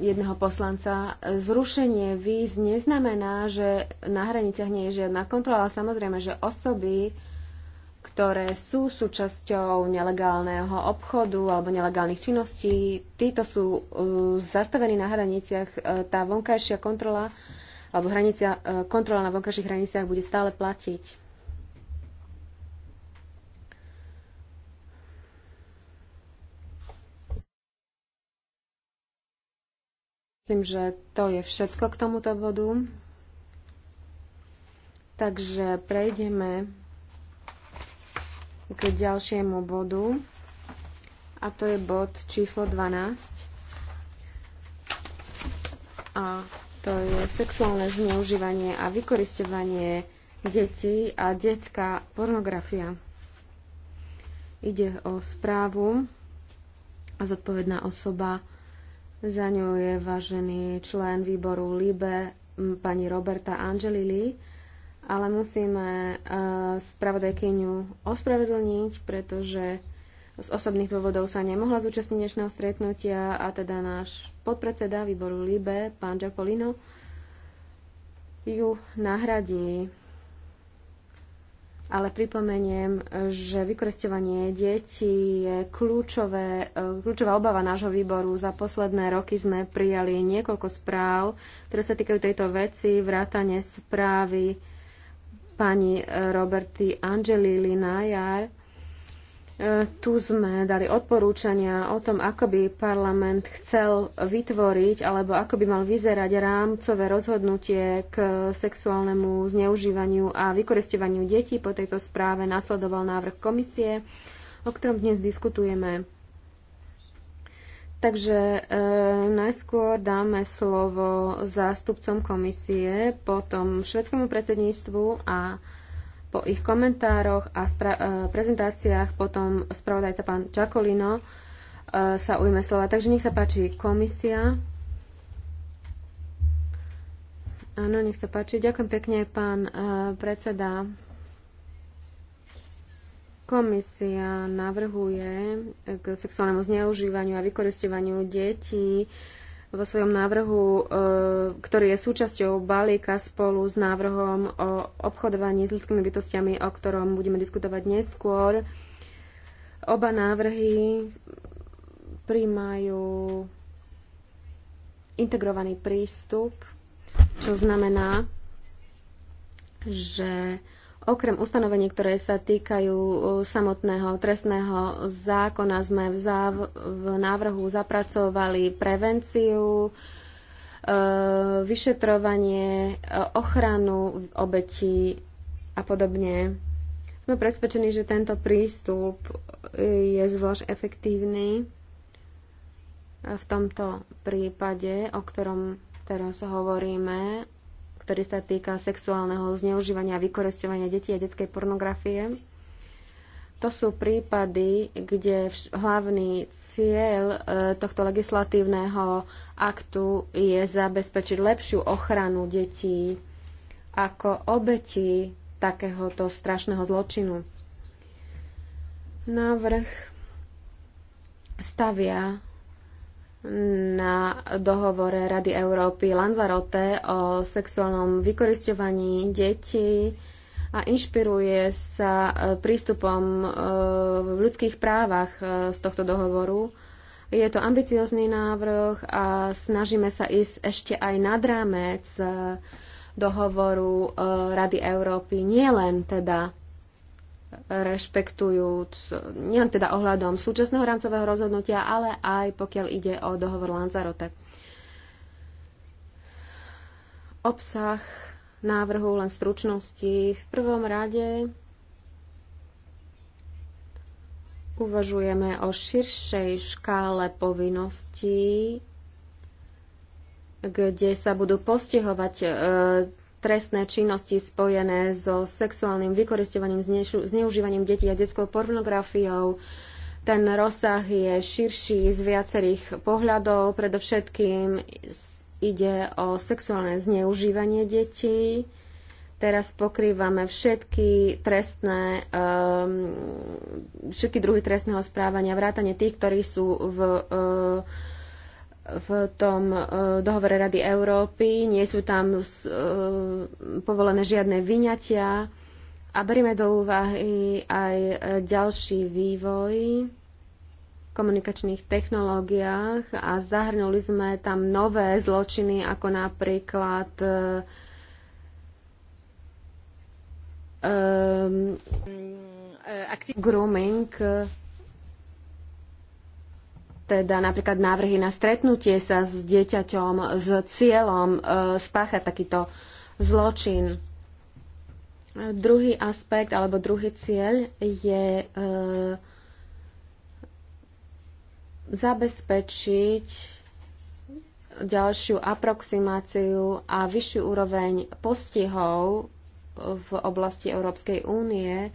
jedného poslanca. Zrušenie víz neznamená, že na hraniciach nie je žiadna kontrola, ale samozrejme, že osoby, ktoré sú súčasťou nelegálneho obchodu alebo nelegálnych činností, títo sú eh, zastavení na hraniciach. Eh, tá vonkajšia kontrola alebo hranica, kontrola na vonkajších hraniciach bude stále platiť. Myslím, že to je všetko k tomuto bodu. Takže prejdeme k ďalšiemu bodu a to je bod číslo 12 a to je sexuálne zneužívanie a vykoristovanie detí a detská pornografia. Ide o správu a zodpovedná osoba za ňou je vážený člen výboru LIBE pani Roberta Angelili, ale musíme e, spravodajkyňu ospravedlniť, pretože z osobných dôvodov sa nemohla zúčastniť dnešného stretnutia a teda náš podpredseda výboru LIBE, pán Giacolino, ju nahradí ale pripomeniem, že vykoristovanie detí je kľúčové, eh, kľúčová obava nášho výboru. Za posledné roky sme prijali niekoľko správ, ktoré sa týkajú tejto veci, vrátane správy pani Roberty Angelili Najar. E, tu sme dali odporúčania o tom, ako by parlament chcel vytvoriť alebo ako by mal vyzerať rámcové rozhodnutie k sexuálnemu zneužívaniu a vykoristovaniu detí. Po tejto správe nasledoval návrh komisie, o ktorom dnes diskutujeme. Takže e, najskôr dáme slovo zástupcom komisie, potom švedskému predsedníctvu a po ich komentároch a e, prezentáciách potom spravodajca pán Čakolino e, sa ujme slova. Takže nech sa páči komisia. Áno, nech sa páči. Ďakujem pekne, pán e, predseda. Komisia navrhuje k sexuálnemu zneužívaniu a vykoristovaniu detí vo svojom návrhu, e, ktorý je súčasťou balíka spolu s návrhom o obchodovaní s ľudskými bytostiami, o ktorom budeme diskutovať neskôr. Oba návrhy príjmajú integrovaný prístup, čo znamená, že Okrem ustanovení, ktoré sa týkajú uh, samotného trestného zákona, sme v, záv- v návrhu zapracovali prevenciu, e, vyšetrovanie, e, ochranu obetí a podobne. Sme presvedčení, že tento prístup je zvlášť efektívny v tomto prípade, o ktorom teraz hovoríme, ktorý sa týka sexuálneho zneužívania a vykoresťovania detí a detskej pornografie. To sú prípady, kde hlavný cieľ e, tohto legislatívneho aktu je zabezpečiť lepšiu ochranu detí ako obeti takéhoto strašného zločinu. Návrh stavia na dohovore Rady Európy Lanzarote o sexuálnom vykoristovaní detí a inšpiruje sa e, prístupom e, v ľudských právach e, z tohto dohovoru. Je to ambiciózny návrh a snažíme sa ísť ešte aj nad rámec dohovoru Rady Európy, nielen teda rešpektujúc nielen teda ohľadom súčasného rámcového rozhodnutia, ale aj pokiaľ ide o dohovor Lanzarote. Obsah návrhu len stručnosti. V prvom rade uvažujeme o širšej škále povinností, kde sa budú postihovať e, trestné činnosti spojené so sexuálnym vykoristovaním, zneužívaním detí a detskou pornografiou. Ten rozsah je širší z viacerých pohľadov. Predovšetkým ide o sexuálne zneužívanie detí. Teraz pokrývame všetky trestné, ehm, všetky druhy trestného správania, vrátane tých, ktorí sú v ehm, v tom e, dohovore Rady Európy, nie sú tam e, povolené žiadne vyňatia a berieme do úvahy aj e, ďalší vývoj v komunikačných technológiách a zahrnuli sme tam nové zločiny, ako napríklad um, grooming, teda napríklad návrhy na stretnutie sa s dieťaťom s cieľom e, spáchať takýto zločin. Druhý aspekt alebo druhý cieľ je e, zabezpečiť ďalšiu aproximáciu a vyššiu úroveň postihov v oblasti Európskej únie.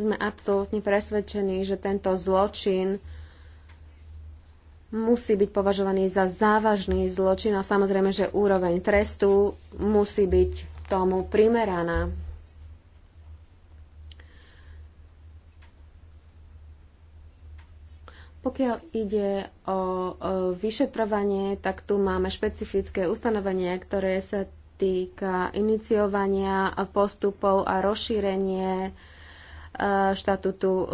Sme absolútne presvedčení, že tento zločin musí byť považovaný za závažný zločin a samozrejme, že úroveň trestu musí byť tomu primeraná. Pokiaľ ide o, vyšetrovanie, tak tu máme špecifické ustanovenie, ktoré sa týka iniciovania postupov a rozšírenie e, štatútu e,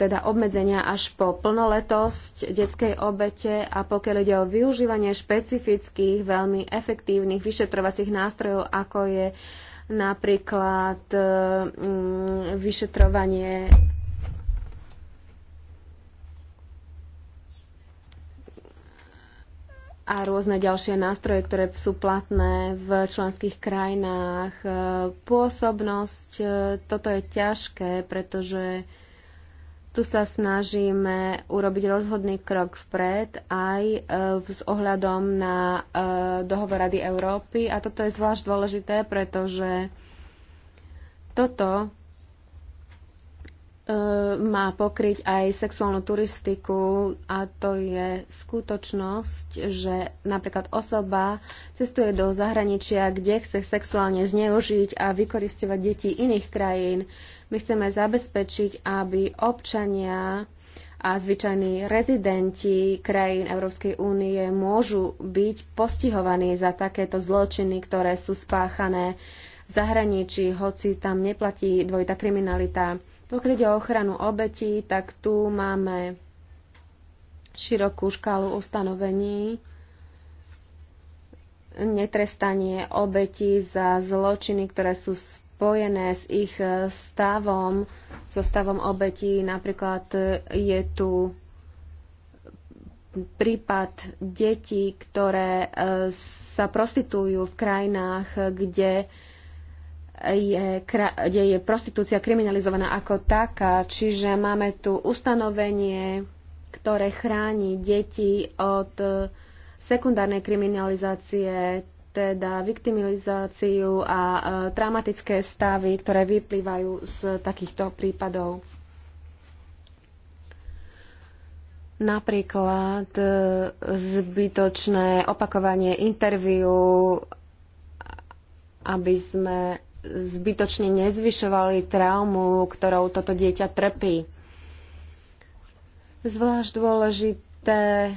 teda obmedzenia až po plnoletosť detskej obete a pokiaľ ide o využívanie špecifických, veľmi efektívnych vyšetrovacích nástrojov, ako je napríklad e, mm, vyšetrovanie a rôzne ďalšie nástroje, ktoré sú platné v členských krajinách. E, pôsobnosť, e, toto je ťažké, pretože tu sa snažíme urobiť rozhodný krok vpred aj e, s ohľadom na e, dohovor Rady Európy. A toto je zvlášť dôležité, pretože toto e, má pokryť aj sexuálnu turistiku a to je skutočnosť, že napríklad osoba cestuje do zahraničia, kde chce sexuálne zneužiť a vykoristovať deti iných krajín. My chceme zabezpečiť, aby občania a zvyčajní rezidenti krajín Európskej únie môžu byť postihovaní za takéto zločiny, ktoré sú spáchané v zahraničí, hoci tam neplatí dvojitá kriminalita. Pokiaľ ide o ochranu obetí, tak tu máme širokú škálu ustanovení netrestanie obetí za zločiny, ktoré sú spáchané spojené s ich e, stavom, so stavom obetí. Napríklad e, je tu prípad detí, ktoré e, sa prostitujú v krajinách, kde je, kde je prostitúcia kriminalizovaná ako taká. Čiže máme tu ustanovenie, ktoré chráni deti od sekundárnej kriminalizácie teda viktimizáciu a traumatické stavy, ktoré vyplývajú z takýchto prípadov. Napríklad e, zbytočné opakovanie interviu, aby sme zbytočne nezvyšovali traumu, ktorou toto dieťa trpí. Zvlášť dôležité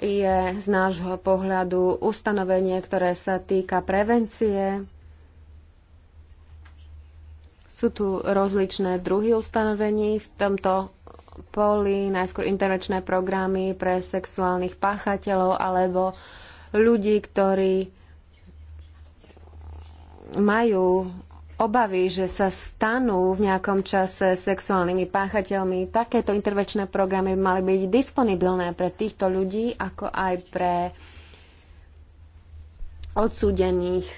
je z nášho pohľadu ustanovenie, ktoré sa týka prevencie. Sú tu rozličné druhy ustanovení v tomto poli, najskôr intervenčné programy pre sexuálnych páchateľov alebo ľudí, ktorí majú obavy, že sa stanú v nejakom čase sexuálnymi páchateľmi. Takéto intervenčné programy by mali byť disponibilné pre týchto ľudí, ako aj pre odsúdených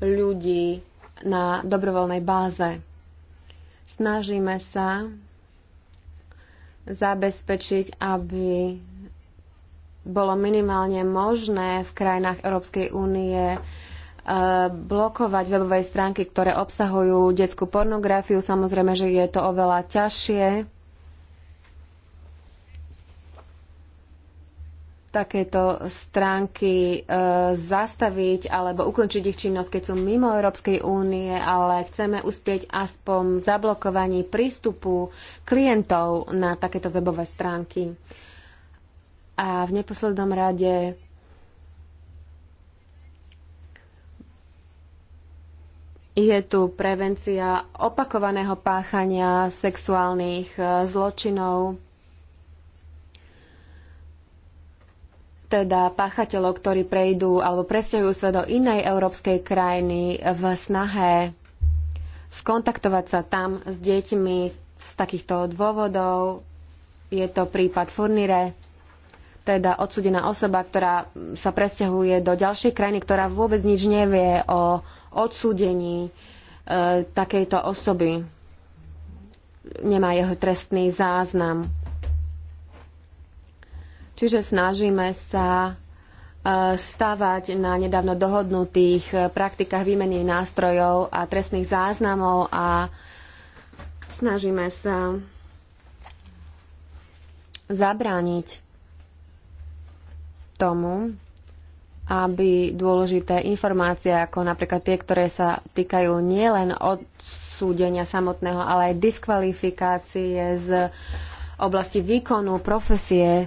ľudí na dobrovoľnej báze. Snažíme sa zabezpečiť, aby bolo minimálne možné v krajinách Európskej únie blokovať webové stránky, ktoré obsahujú detskú pornografiu. Samozrejme, že je to oveľa ťažšie. takéto stránky e, zastaviť alebo ukončiť ich činnosť, keď sú mimo Európskej únie, ale chceme uspieť aspoň v zablokovaní prístupu klientov na takéto webové stránky. A v neposlednom rade Je tu prevencia opakovaného páchania sexuálnych e, zločinov, teda páchateľov, ktorí prejdú alebo presťahujú sa do inej európskej krajiny v snahe skontaktovať sa tam s deťmi z takýchto dôvodov. Je to prípad Furnire teda odsudená osoba, ktorá sa presťahuje do ďalšej krajiny, ktorá vôbec nič nevie o odsúdení e, takejto osoby. Nemá jeho trestný záznam. Čiže snažíme sa stávať e, stavať na nedávno dohodnutých e, praktikách výmeny nástrojov a trestných záznamov a snažíme sa zabrániť tomu, aby dôležité informácie, ako napríklad tie, ktoré sa týkajú nielen odsúdenia samotného, ale aj diskvalifikácie z oblasti výkonu profesie, e,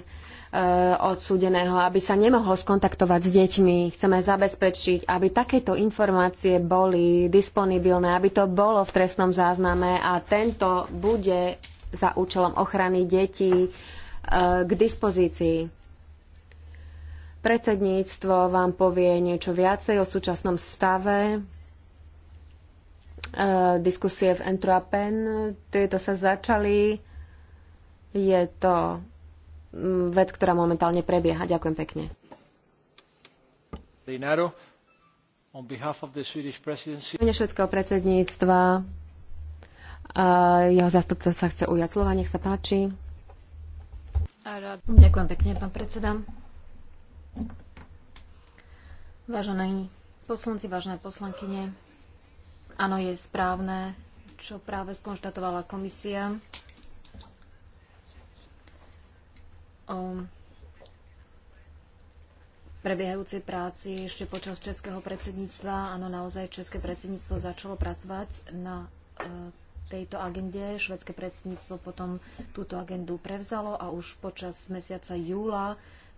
odsúdeného, aby sa nemohol skontaktovať s deťmi. Chceme zabezpečiť, aby takéto informácie boli disponibilné, aby to bolo v trestnom zázname a tento bude za účelom ochrany detí e, k dispozícii. Predsedníctvo vám povie niečo viacej o súčasnom stave e, diskusie v Entroapen. Tieto sa začali. Je to mm, vec, ktorá momentálne prebieha. Ďakujem pekne. Mene švedského predsedníctva e, jeho zastupca sa chce ujať slova. Nech sa páči. Ďakujem pekne, pán predseda. Vážení poslanci, vážené poslankyne, áno, je správne, čo práve skonštatovala komisia. O prebiehajúcej práci ešte počas českého predsedníctva. Áno, naozaj české predsedníctvo začalo pracovať na e, tejto agende. Švedské predsedníctvo potom túto agendu prevzalo a už počas mesiaca júla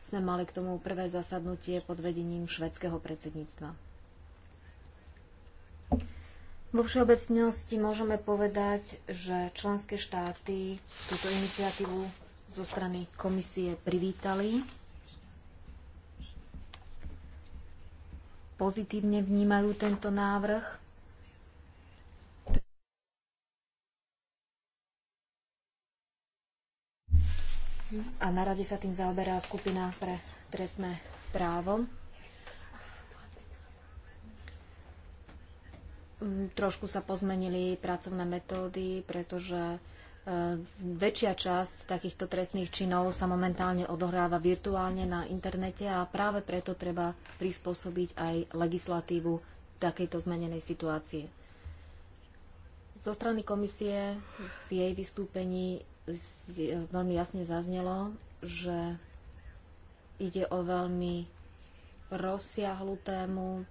sme mali k tomu prvé zasadnutie pod vedením švedského predsedníctva. Vo všeobecnosti môžeme povedať, že členské štáty túto iniciatívu zo strany komisie privítali. Pozitívne vnímajú tento návrh a na rade sa tým zaoberá skupina pre trestné právo. Mm, trošku sa pozmenili pracovné metódy, pretože e, väčšia časť takýchto trestných činov sa momentálne odohráva virtuálne na internete a práve preto treba prispôsobiť aj legislatívu takejto zmenenej situácie. Zo strany komisie v jej vystúpení veľmi jasne zaznelo, že ide o veľmi rozsiahlu tému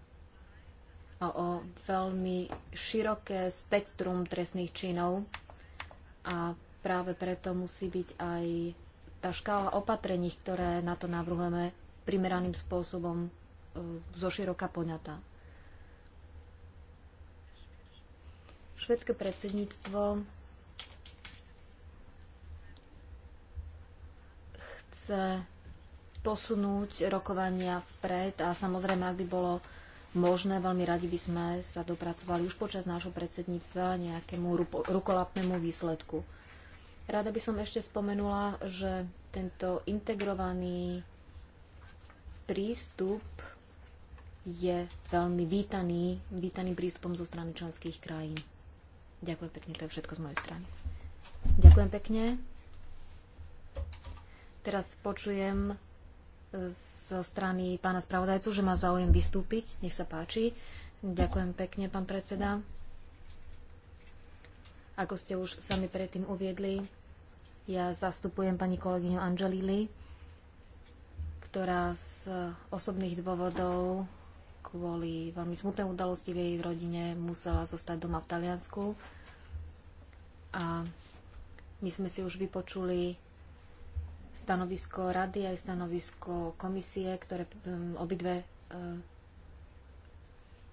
a o veľmi široké spektrum trestných činov a práve preto musí byť aj tá škála opatrení, ktoré na to navrhujeme, primeraným spôsobom e, zoširoka poňatá. Švedské predsedníctvo chce posunúť rokovania vpred a samozrejme, ak by bolo možné, veľmi radi by sme sa dopracovali už počas nášho predsedníctva nejakému rukolapnému výsledku. Rada by som ešte spomenula, že tento integrovaný prístup je veľmi vítaný, vítaným prístupom zo strany členských krajín. Ďakujem pekne, to je všetko z mojej strany. Ďakujem pekne. Teraz počujem zo strany pána spravodajcu, že má záujem vystúpiť. Nech sa páči. Ďakujem pekne, pán predseda. Ako ste už sami predtým uviedli, ja zastupujem pani kolegyňu Angelili, ktorá z osobných dôvodov kvôli veľmi smutnej udalosti v jej rodine musela zostať doma v Taliansku. A my sme si už vypočuli stanovisko rady aj stanovisko komisie, ktoré um, obidve uh,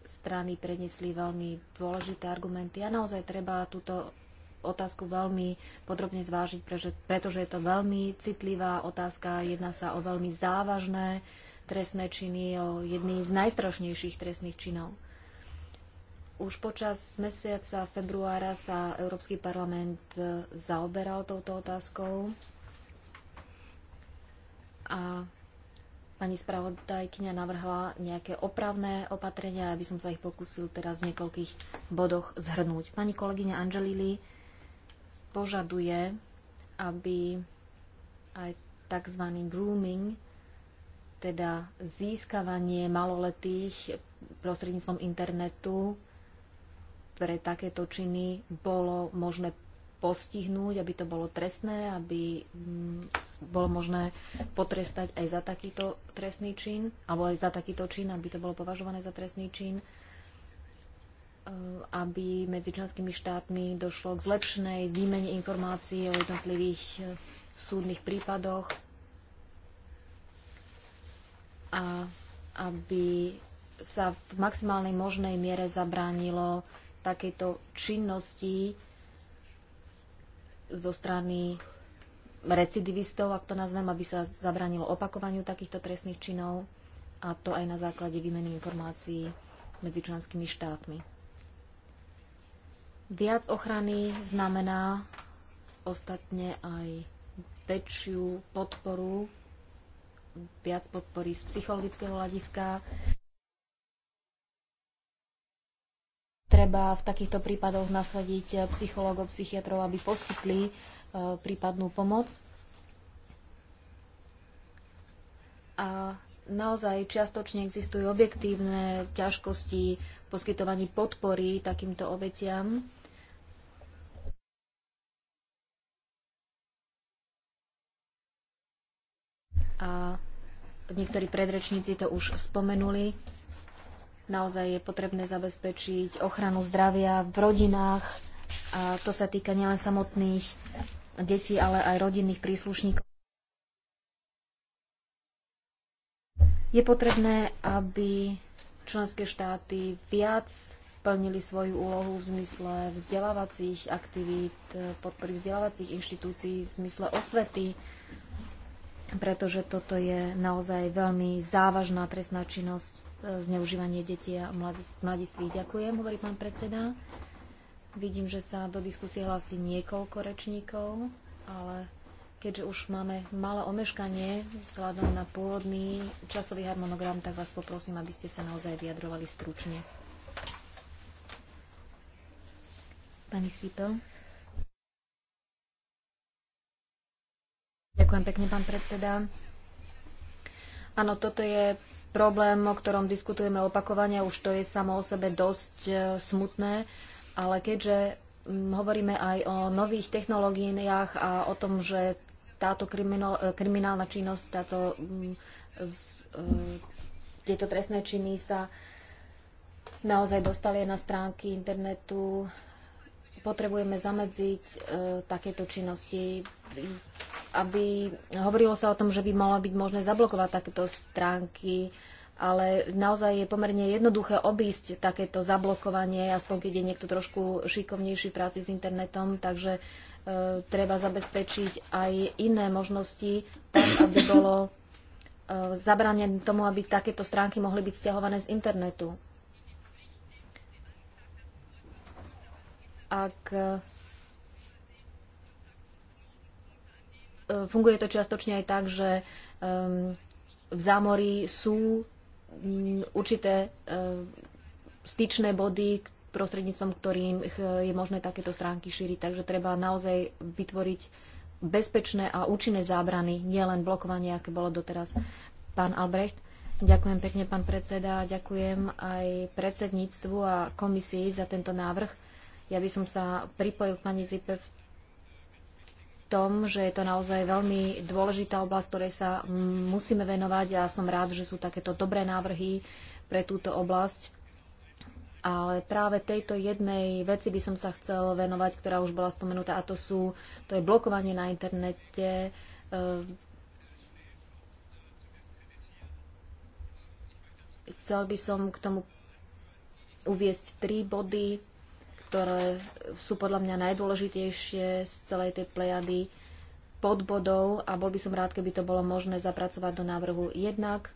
strany predniesli veľmi dôležité argumenty a naozaj treba túto otázku veľmi podrobne zvážiť, pretože je to veľmi citlivá otázka, jedná sa o veľmi závažné trestné činy, o jedný z najstrašnejších trestných činov. Už počas mesiaca februára sa Európsky parlament uh, zaoberal touto otázkou a pani spravodajkyňa navrhla nejaké opravné opatrenia, aby som sa ich pokusil teraz v niekoľkých bodoch zhrnúť. Pani kolegyňa Angelili požaduje, aby aj tzv. grooming, teda získavanie maloletých prostredníctvom internetu pre takéto činy bolo možné postihnúť, aby to bolo trestné, aby mm, bolo možné potrestať aj za takýto trestný čin, alebo aj za takýto čin, aby to bolo považované za trestný čin, e, aby medzi členskými štátmi došlo k zlepšenej výmene informácií o jednotlivých e, súdnych prípadoch a aby sa v maximálnej možnej miere zabránilo takéto činnosti, zo strany recidivistov, ak to nazvem, aby sa zabránilo opakovaniu takýchto trestných činov a to aj na základe výmeny informácií medzi členskými štátmi. Viac ochrany znamená ostatne aj väčšiu podporu, viac podpory z psychologického hľadiska, treba v takýchto prípadoch nasadiť eh, psychológov, psychiatrov, aby poskytli eh, prípadnú pomoc. A naozaj čiastočne existujú objektívne ťažkosti poskytovaní podpory takýmto obetiam. A niektorí predrečníci to už spomenuli. Naozaj je potrebné zabezpečiť ochranu zdravia v rodinách. A to sa týka nielen samotných detí, ale aj rodinných príslušníkov. Je potrebné, aby členské štáty viac plnili svoju úlohu v zmysle vzdelávacích aktivít, podpory vzdelávacích inštitúcií, v zmysle osvety, pretože toto je naozaj veľmi závažná trestná činnosť zneužívanie detí a mladistvých. Ďakujem, hovorí pán predseda. Vidím, že sa do diskusie hlási niekoľko rečníkov, ale keďže už máme malé omeškanie vzhľadom na pôvodný časový harmonogram, tak vás poprosím, aby ste sa naozaj vyjadrovali stručne. Pani Sipel. Ďakujem pekne, pán predseda. Áno, toto je problém, o ktorom diskutujeme opakovane, už to je samo o sebe dosť e, smutné, ale keďže hovoríme aj o nových technológiách a o tom, že táto kriminál, e, kriminálna činnosť, táto, e, tieto trestné činy sa naozaj dostali na stránky internetu, potrebujeme zamedziť e, takéto činnosti, aby hovorilo sa o tom, že by malo byť možné zablokovať takéto stránky, ale naozaj je pomerne jednoduché obísť takéto zablokovanie, aspoň keď je niekto trošku šikovnejší v práci s internetom, takže e, treba zabezpečiť aj iné možnosti, tak aby bolo e, zabranené tomu, aby takéto stránky mohli byť stiahované z internetu. ak e, funguje to čiastočne aj tak, že v zámorí sú určité e, styčné body, prostredníctvom ktorým e, je možné takéto stránky šíriť. Takže treba naozaj vytvoriť bezpečné a účinné zábrany, nielen blokovanie, aké bolo doteraz. Pán Albrecht, ďakujem pekne, pán predseda, ďakujem aj predsedníctvu a komisii za tento návrh ja by som sa pripojil k pani Zipe v tom, že je to naozaj veľmi dôležitá oblasť, ktorej sa musíme venovať a som rád, že sú takéto dobré návrhy pre túto oblasť. Ale práve tejto jednej veci by som sa chcel venovať, ktorá už bola spomenutá, a to, sú, to je blokovanie na internete. Ehm, chcel by som k tomu uviesť tri body ktoré sú podľa mňa najdôležitejšie z celej tej plejady podbodov a bol by som rád, keby to bolo možné zapracovať do návrhu jednak.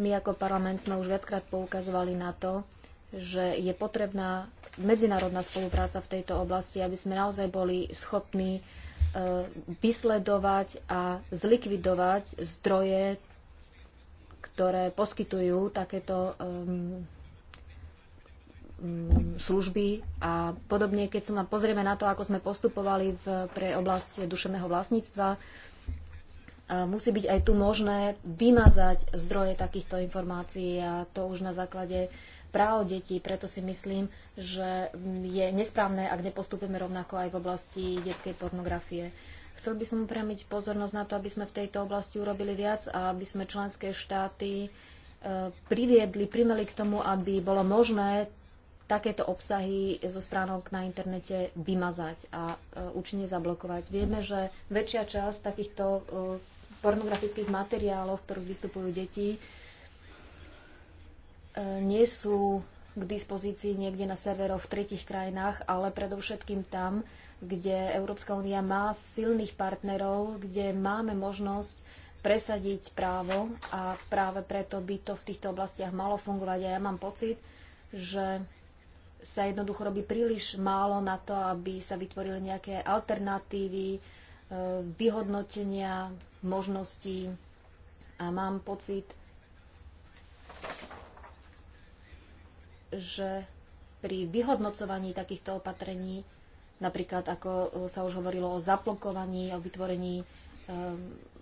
My ako parlament sme už viackrát poukazovali na to, že je potrebná medzinárodná spolupráca v tejto oblasti, aby sme naozaj boli schopní e, vysledovať a zlikvidovať zdroje, ktoré poskytujú takéto um, Mm, služby a podobne. Keď sa pozrieme na to, ako sme postupovali v, pre oblasť duševného vlastníctva, musí byť aj tu možné vymazať zdroje takýchto informácií a to už na základe práv detí. Preto si myslím, že je nesprávne, ak nepostupujeme rovnako aj v oblasti detskej pornografie. Chcel by som upriamiť pozornosť na to, aby sme v tejto oblasti urobili viac a aby sme členské štáty e, priviedli, primeli k tomu, aby bolo možné takéto obsahy zo stránok na internete vymazať a e, účinne zablokovať. Vieme, že väčšia časť takýchto e, pornografických materiálov, v ktorých vystupujú deti, e, nie sú k dispozícii niekde na severoch v tretich krajinách, ale predovšetkým tam, kde Európska únia má silných partnerov, kde máme možnosť presadiť právo a práve preto by to v týchto oblastiach malo fungovať. A ja mám pocit, že sa jednoducho robí príliš málo na to, aby sa vytvorili nejaké alternatívy, e, vyhodnotenia možností a mám pocit, že pri vyhodnocovaní takýchto opatrení, napríklad ako sa už hovorilo o zaplokovaní o vytvorení e,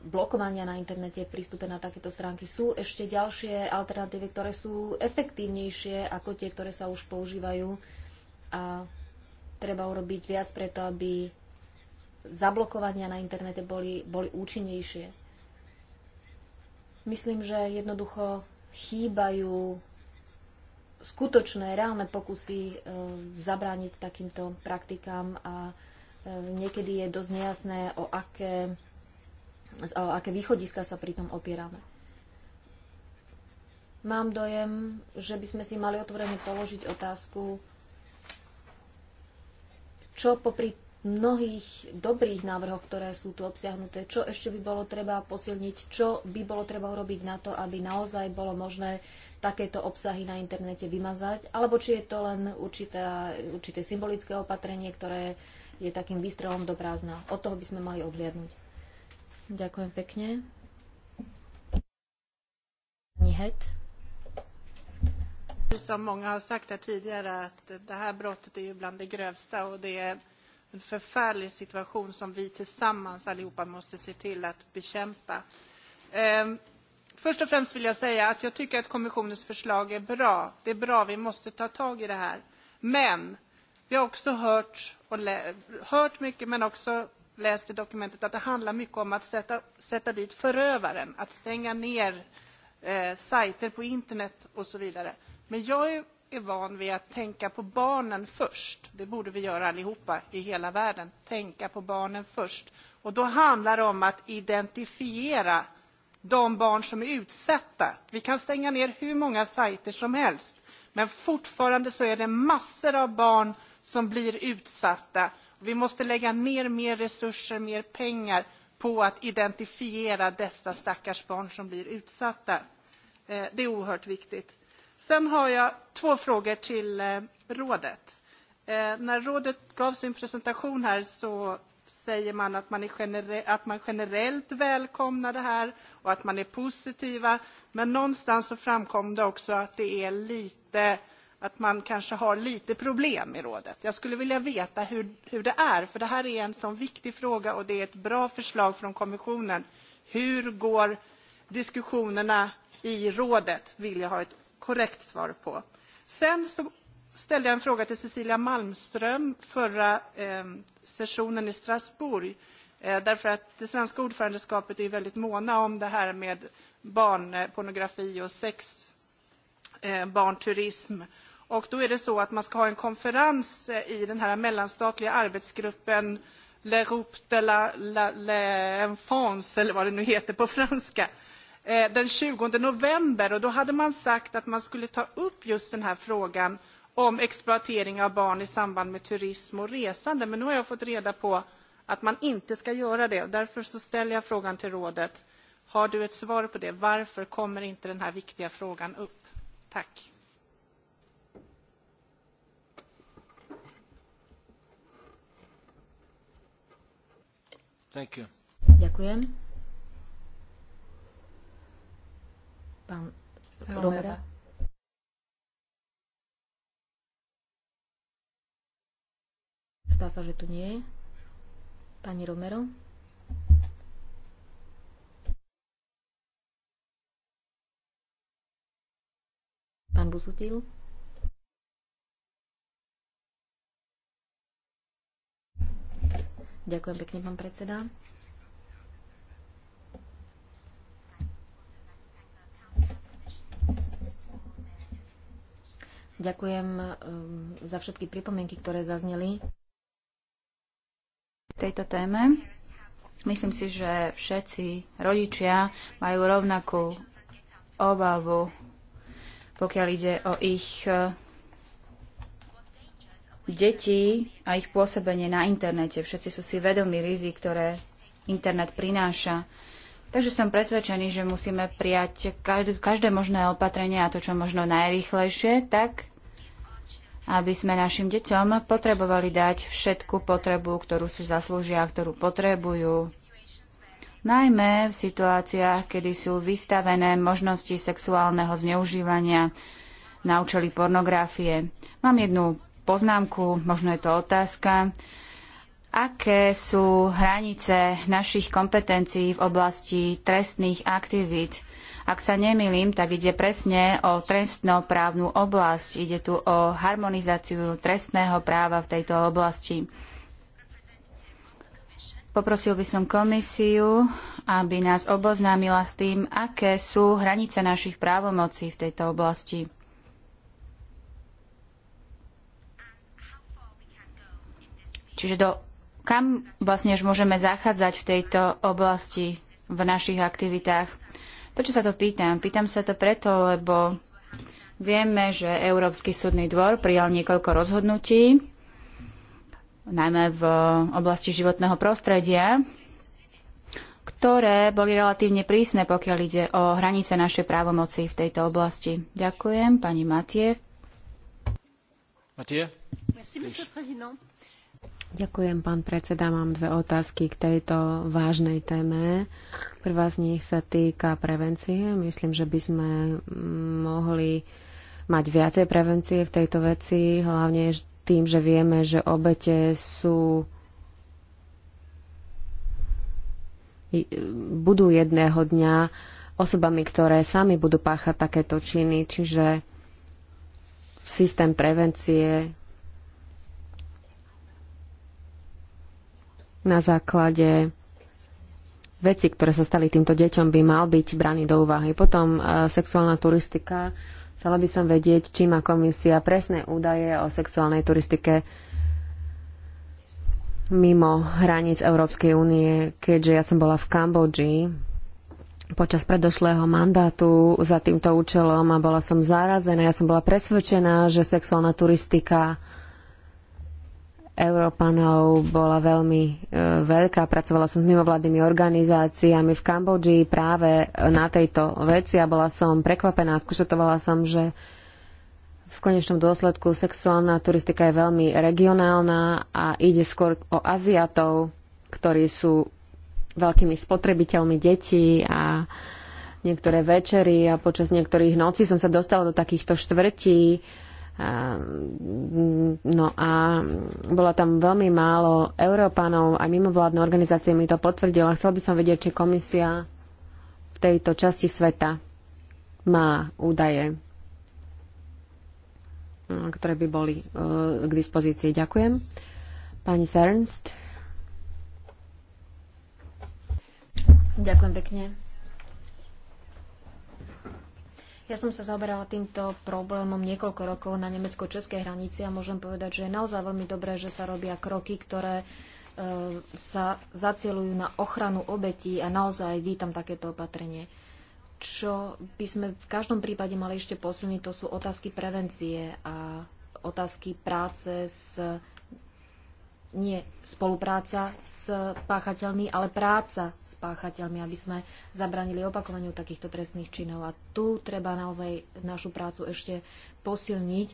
blokovania na internete, prístupe na takéto stránky. Sú ešte ďalšie alternatívy, ktoré sú efektívnejšie ako tie, ktoré sa už používajú a treba urobiť viac preto, aby zablokovania na internete boli, boli účinnejšie. Myslím, že jednoducho chýbajú skutočné, reálne pokusy e, zabrániť takýmto praktikám a e, niekedy je dosť nejasné, o aké o aké východiska sa pri tom opierame. Mám dojem, že by sme si mali otvorene položiť otázku, čo popri mnohých dobrých návrhoch, ktoré sú tu obsiahnuté, čo ešte by bolo treba posilniť, čo by bolo treba urobiť na to, aby naozaj bolo možné takéto obsahy na internete vymazať, alebo či je to len určité, určité symbolické opatrenie, ktoré je takým výstrelom do prázdna. Od toho by sme mali odliadnúť. Ďakujem pekne. Pani Het. Som många har sagt här tidigare att det här brottet är ju bland det grövsta och det är en förfärlig situation som vi tillsammans allihopa måste se till att bekämpa. Ehm, först och främst vill jag säga att jag tycker att kommissionens förslag är bra. Det är bra, vi måste ta tag i det här. Men vi har också hört, och hört mycket men också läst i dokumentet att det handlar mycket om att sätta, sätta dit förövaren, att stänga ner eh, sajter på internet och så vidare. Men jag är, är van vid att tänka på barnen först. Det borde vi göra allihopa i hela världen. Tänka på barnen först. Och då handlar det om att identifiera de barn som är utsatta. Vi kan stänga ner hur många sajter som helst. Men fortfarande så är det massor av barn som blir utsatta Vi måste lägga mer, mer resurser, mer pengar på att identifiera dessa stackars barn som blir utsatta. Eh, det är oerhört viktigt. Sen har jag två frågor till eh, rådet. Eh, när rådet gav sin presentation här så säger man att man, är genere att man generellt välkomnar det här och att man är positiva. Men någonstans så framkom det också att det är lite eh, att man kanske har lite problem i rådet. Jag skulle vilja veta hur, hur det är, för det här är en sån viktig fråga och det är ett bra förslag från kommissionen. Hur går diskussionerna i rådet? vill jag ha ett korrekt svar på. Sen så ställde jag en fråga till Cecilia Malmström förra eh, sessionen i Strasbourg. Eh, därför att det svenska ordförandeskapet är väldigt måna om det här med barnpornografi och sex, eh, barnturism. Eh, Och då är det så att man ska ha en konferens eh, i den här mellanstatliga arbetsgruppen Le Roupe de la, la, la Enfance, eller vad det nu heter på franska, eh, den 20 november. Och då hade man sagt att man skulle ta upp just den här frågan om exploatering av barn i samband med turism och resande. Men nu har jag fått reda på att man inte ska göra det. Och därför så ställer jag frågan till rådet. Har du ett svar på det? Varför kommer inte den här viktiga frågan upp? Tack. Thank you. Ďakujem. Pán Romera. Zdá sa, že tu nie je. Pani Romero. Pán Busutil. Ďakujem pekne, pán predseda. Ďakujem um, za všetky pripomienky, ktoré zazneli. V tejto téme myslím si, že všetci rodičia majú rovnakú obavu, pokiaľ ide o ich detí a ich pôsobenie na internete. Všetci sú si vedomi rizí, ktoré internet prináša. Takže som presvedčený, že musíme prijať každé možné opatrenie a to, čo možno najrychlejšie, tak aby sme našim deťom potrebovali dať všetku potrebu, ktorú si zaslúžia, ktorú potrebujú. Najmä v situáciách, kedy sú vystavené možnosti sexuálneho zneužívania na účely pornografie. Mám jednu poznámku, možno je to otázka. Aké sú hranice našich kompetencií v oblasti trestných aktivít? Ak sa nemýlim, tak ide presne o trestnoprávnu oblasť. Ide tu o harmonizáciu trestného práva v tejto oblasti. Poprosil by som komisiu, aby nás oboznámila s tým, aké sú hranice našich právomocí v tejto oblasti. Čiže do, kam vlastne už môžeme zachádzať v tejto oblasti v našich aktivitách? Prečo sa to pýtam? Pýtam sa to preto, lebo vieme, že Európsky súdny dvor prijal niekoľko rozhodnutí, najmä v oblasti životného prostredia, ktoré boli relatívne prísne, pokiaľ ide o hranice našej právomoci v tejto oblasti. Ďakujem, pani Matie. Matie? Merci, Ďakujem, pán predseda. Mám dve otázky k tejto vážnej téme. Prvá z nich sa týka prevencie. Myslím, že by sme mm, mohli mať viacej prevencie v tejto veci, hlavne tým, že vieme, že obete sú e, budú jedného dňa osobami, ktoré sami budú páchať takéto činy, čiže systém prevencie na základe veci, ktoré sa stali týmto deťom, by mal byť braný do úvahy. Potom e, sexuálna turistika. Chcela by som vedieť, či má komisia presné údaje o sexuálnej turistike mimo hraníc Európskej únie, keďže ja som bola v Kambodži počas predošlého mandátu za týmto účelom a bola som zarazená. Ja som bola presvedčená, že sexuálna turistika Európanov bola veľmi e, veľká. Pracovala som s mimovládnymi organizáciami v Kambodži práve na tejto veci a bola som prekvapená. Kúšetovala som, že v konečnom dôsledku sexuálna turistika je veľmi regionálna a ide skôr o Aziatov, ktorí sú veľkými spotrebiteľmi detí a niektoré večery a počas niektorých nocí som sa dostala do takýchto štvrtí, Ehm, no a bola tam veľmi málo Európanov, aj mimovládne organizácie mi to potvrdila. Chcel by som vedieť, či komisia v tejto časti sveta má údaje, ehm, ktoré by boli ehm, k dispozícii. Ďakujem. Pani Sernst. Ďakujem pekne. Ja som sa zaoberala týmto problémom niekoľko rokov na nemecko-českej hranici a môžem povedať, že je naozaj veľmi dobré, že sa robia kroky, ktoré e, sa zacielujú na ochranu obetí a naozaj vítam takéto opatrenie. Čo by sme v každom prípade mali ešte posilniť, to sú otázky prevencie a otázky práce s nie spolupráca s páchateľmi, ale práca s páchateľmi, aby sme zabranili opakovaniu takýchto trestných činov. A tu treba naozaj našu prácu ešte posilniť,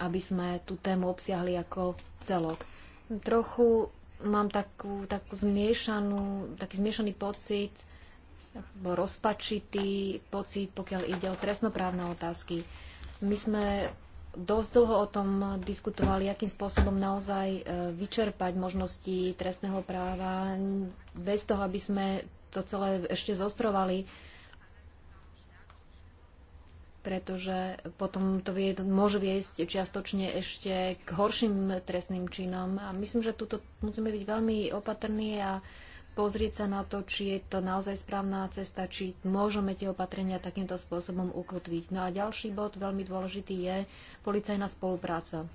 aby sme tú tému obsiahli ako celok. Trochu mám takú, takú zmiešanú, taký zmiešaný pocit, rozpačitý pocit, pokiaľ ide o trestnoprávne otázky. My sme dosť dlho o tom diskutovali, akým spôsobom naozaj e, vyčerpať možnosti trestného práva bez toho, aby sme to celé ešte zostrovali, pretože potom to vie, môže viesť čiastočne ešte k horším trestným činom. A myslím, že tuto musíme byť veľmi opatrní a pozrieť sa na to, či je to naozaj správna cesta, či môžeme tie opatrenia takýmto spôsobom ukotviť. No a ďalší bod, veľmi dôležitý, je policajná spolupráca.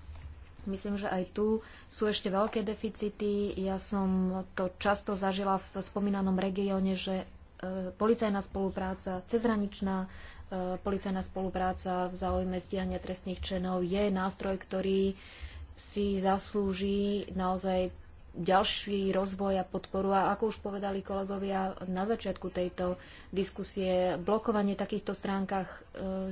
Myslím, že aj tu sú ešte veľké deficity. Ja som to často zažila v spomínanom regióne, že e, policajná spolupráca, cezhraničná e, policajná spolupráca v záujme stíhania trestných členov je nástroj, ktorý si zaslúži naozaj ďalší rozvoj a podporu. A ako už povedali kolegovia na začiatku tejto diskusie, blokovanie takýchto stránkach e,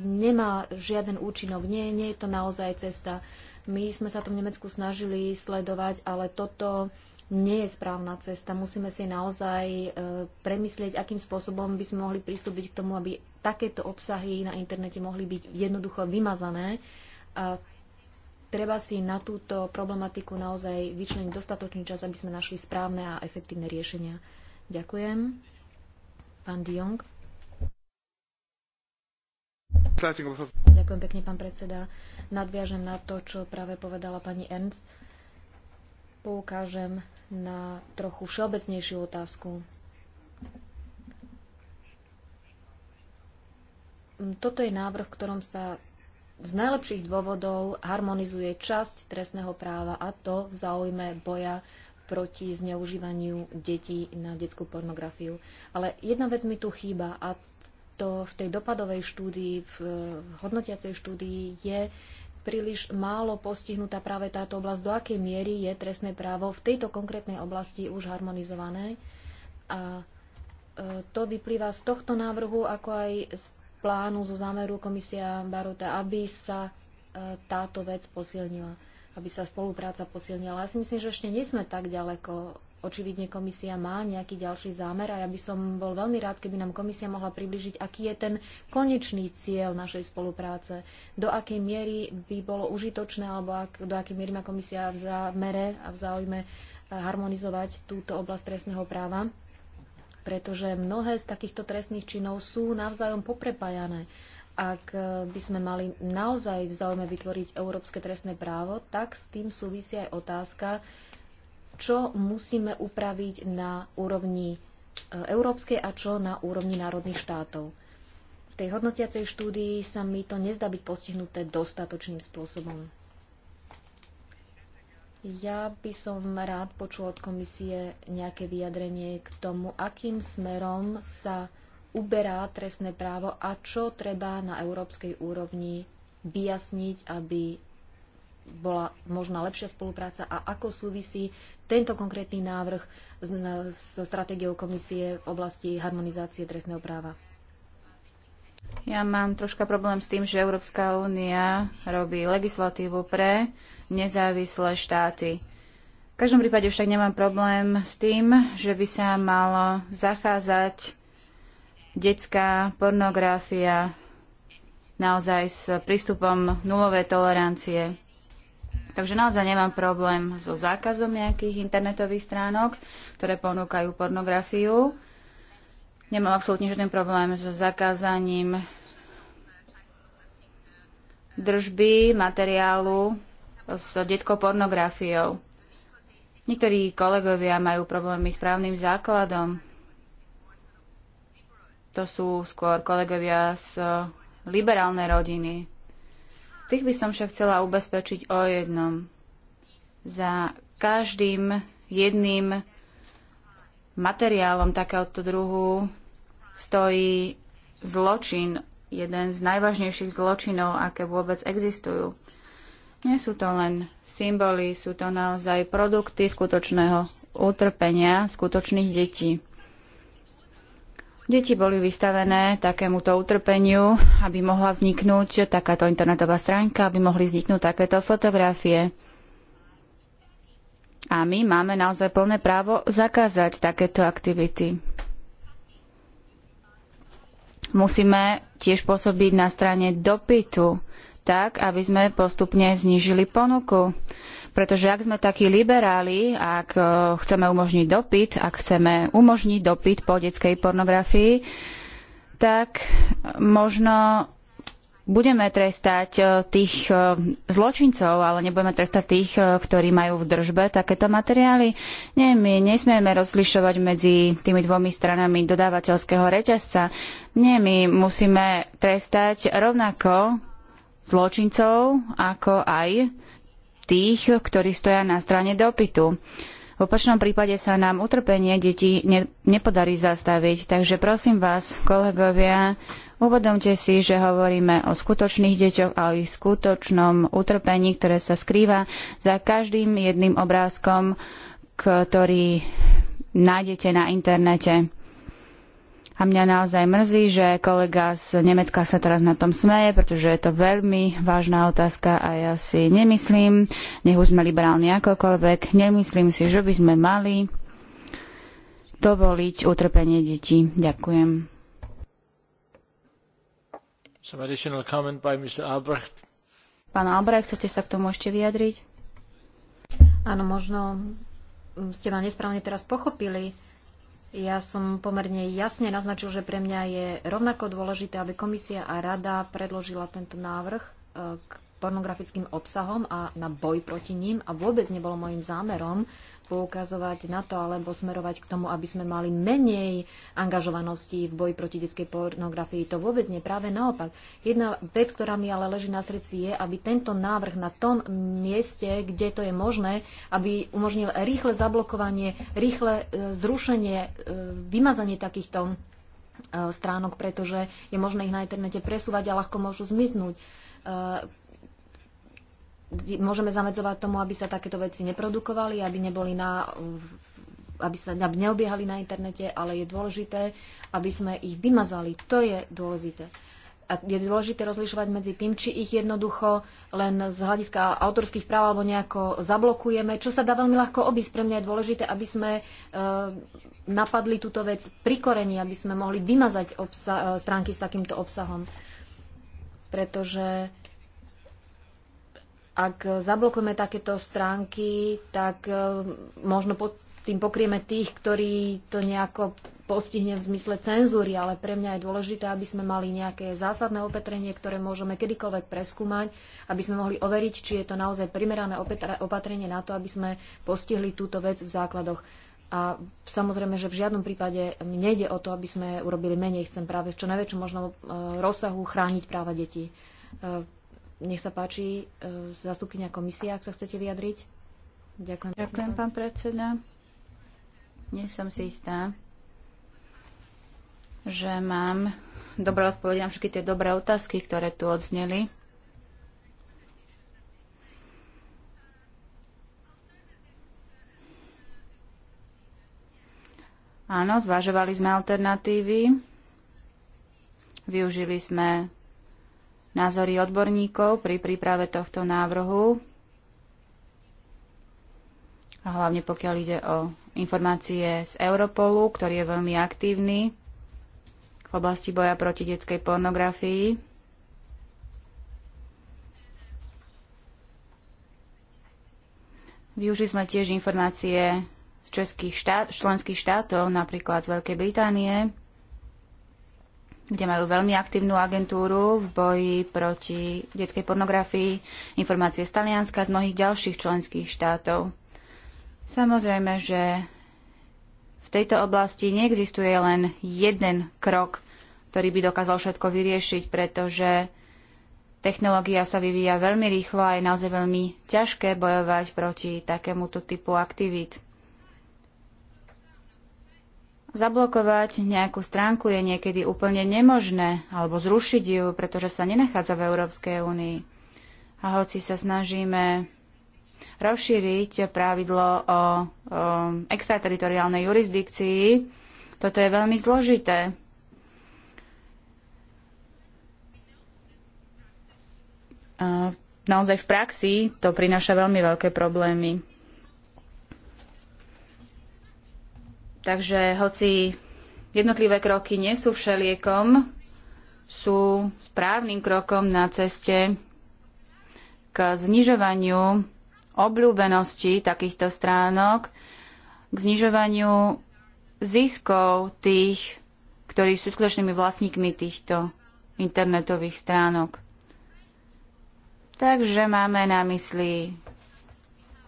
nemá žiaden účinok. Nie, nie je to naozaj cesta. My sme sa to v Nemecku snažili sledovať, ale toto nie je správna cesta. Musíme si naozaj e, premyslieť, akým spôsobom by sme mohli pristúpiť k tomu, aby takéto obsahy na internete mohli byť jednoducho vymazané. A treba si na túto problematiku naozaj vyčleniť dostatočný čas, aby sme našli správne a efektívne riešenia. Ďakujem. Pán Diong. Ďakujem pekne, pán predseda. Nadviažem na to, čo práve povedala pani Ernst. Poukážem na trochu všeobecnejšiu otázku. Toto je návrh, v ktorom sa z najlepších dôvodov harmonizuje časť trestného práva a to v záujme boja proti zneužívaniu detí na detskú pornografiu. Ale jedna vec mi tu chýba a to v tej dopadovej štúdii, v eh, hodnotiacej štúdii je príliš málo postihnutá práve táto oblasť, do akej miery je trestné právo v tejto konkrétnej oblasti už harmonizované. A eh, to vyplýva z tohto návrhu, ako aj z plánu, zo zámeru komisia Barota, aby sa e, táto vec posilnila, aby sa spolupráca posilnila. Ja si myslím, že ešte nie sme tak ďaleko. Očividne komisia má nejaký ďalší zámer a ja by som bol veľmi rád, keby nám komisia mohla približiť, aký je ten konečný cieľ našej spolupráce, do akej miery by bolo užitočné alebo ak, do akej miery má komisia v zámere a v záujme e, harmonizovať túto oblasť trestného práva pretože mnohé z takýchto trestných činov sú navzájom poprepájané. Ak e, by sme mali naozaj v záujme vytvoriť európske trestné právo, tak s tým súvisí aj otázka, čo musíme upraviť na úrovni e, európskej a čo na úrovni národných štátov. V tej hodnotiacej štúdii sa mi to nezdá byť postihnuté dostatočným spôsobom. Ja by som rád počul od komisie nejaké vyjadrenie k tomu, akým smerom sa uberá trestné právo a čo treba na európskej úrovni vyjasniť, aby bola možná lepšia spolupráca a ako súvisí tento konkrétny návrh so stratégiou komisie v oblasti harmonizácie trestného práva. Ja mám troška problém s tým, že Európska únia robí legislatívu pre nezávislé štáty. V každom prípade však nemám problém s tým, že by sa malo zacházať detská pornografia naozaj s prístupom nulovej tolerancie. Takže naozaj nemám problém so zákazom nejakých internetových stránok, ktoré ponúkajú pornografiu Nemám absolútne žiadny problém so zakázaním držby materiálu s detskou pornografiou. Niektorí kolegovia majú problémy s právnym základom. To sú skôr kolegovia z liberálnej rodiny. Tých by som však chcela ubezpečiť o jednom. Za každým jedným materiálom takéhoto druhu stojí zločin, jeden z najvážnejších zločinov, aké vôbec existujú. Nie sú to len symboly, sú to naozaj produkty skutočného utrpenia skutočných detí. Deti boli vystavené takémuto utrpeniu, aby mohla vzniknúť takáto internetová stránka, aby mohli vzniknúť takéto fotografie. A my máme naozaj plné právo zakázať takéto aktivity. Musíme tiež pôsobiť na strane dopytu, tak, aby sme postupne znížili ponuku. Pretože ak sme takí liberáli, ak e, chceme umožniť dopyt, ak chceme umožniť dopyt po detskej pornografii, tak možno budeme trestať e, tých e, zločincov, ale nebudeme trestať tých, e, ktorí majú v držbe takéto materiály. Nie, my nesmieme rozlišovať medzi tými dvomi stranami dodávateľského reťazca. Nie, my musíme trestať rovnako zločincov, ako aj tých, ktorí stoja na strane dopytu. V opačnom prípade sa nám utrpenie detí nepodarí zastaviť. Takže prosím vás, kolegovia, Uvedomte si, že hovoríme o skutočných deťoch a o ich skutočnom utrpení, ktoré sa skrýva za každým jedným obrázkom, ktorý nájdete na internete. A mňa naozaj mrzí, že kolega z Nemecka sa teraz na tom smeje, pretože je to veľmi vážna otázka a ja si nemyslím, nech už sme liberálni akokoľvek, nemyslím si, že by sme mali dovoliť utrpenie detí. Ďakujem. Some additional comment by Mr. Albrecht. Pán Albrecht, chcete sa k tomu ešte vyjadriť? Áno, možno ste ma nesprávne teraz pochopili. Ja som pomerne jasne naznačil, že pre mňa je rovnako dôležité, aby komisia a rada predložila tento návrh eh, k pornografickým obsahom a na boj proti ním a vôbec nebolo môjim zámerom uh, poukazovať na to alebo smerovať k tomu, aby sme mali menej angažovanosti v boji proti detskej pornografii. To vôbec nie, práve naopak. Jedna vec, ktorá mi ale leží na srdci, je, aby tento návrh na tom mieste, kde to je možné, aby umožnil rýchle zablokovanie, rýchle e, zrušenie, e, vymazanie takýchto e, stránok, pretože je možné ich na internete presúvať a ľahko môžu zmiznúť môžeme zamedzovať tomu, aby sa takéto veci neprodukovali, aby neboli na aby sa aby neobiehali na internete, ale je dôležité, aby sme ich vymazali. To je dôležité. A je dôležité rozlišovať medzi tým, či ich jednoducho len z hľadiska autorských práv alebo nejako zablokujeme, čo sa dá veľmi ľahko obísť. Pre mňa je dôležité, aby sme e, napadli túto vec pri korení, aby sme mohli vymazať e, stránky s takýmto obsahom. Pretože ak zablokujeme takéto stránky, tak e, možno pod tým pokrieme tých, ktorí to nejako postihne v zmysle cenzúry, ale pre mňa je dôležité, aby sme mali nejaké zásadné opatrenie, ktoré môžeme kedykoľvek preskúmať, aby sme mohli overiť, či je to naozaj primerané opatrenie na to, aby sme postihli túto vec v základoch. A samozrejme, že v žiadnom prípade nejde o to, aby sme urobili menej. Chcem práve v čo najväčšom možnom e, rozsahu chrániť práva detí. E, nech sa páči, e, zastupkynia komisia, ak sa chcete vyjadriť. Ďakujem. Ďakujem, pán predseda. Nie som si istá, že mám dobré odpovede na všetky tie dobré otázky, ktoré tu odzneli. Áno, zvažovali sme alternatívy, využili sme názory odborníkov pri príprave tohto návrhu, a hlavne pokiaľ ide o informácie z Europolu, ktorý je veľmi aktívny v oblasti boja proti detskej pornografii. Využili sme tiež informácie z českých štát, členských štátov, napríklad z Veľkej Británie, kde majú veľmi aktívnu agentúru v boji proti detskej pornografii, informácie z Talianska, z mnohých ďalších členských štátov. Samozrejme, že v tejto oblasti neexistuje len jeden krok, ktorý by dokázal všetko vyriešiť, pretože technológia sa vyvíja veľmi rýchlo a je naozaj veľmi ťažké bojovať proti takémuto typu aktivít. Zablokovať nejakú stránku je niekedy úplne nemožné, alebo zrušiť ju, pretože sa nenachádza v Európskej únii. A hoci sa snažíme rozšíriť pravidlo o, o extrateritoriálnej jurisdikcii, toto je veľmi zložité. Naozaj v praxi to prináša veľmi veľké problémy. Takže hoci jednotlivé kroky nie sú všeliekom, sú správnym krokom na ceste k znižovaniu obľúbenosti takýchto stránok, k znižovaniu ziskov tých, ktorí sú skutočnými vlastníkmi týchto internetových stránok. Takže máme na mysli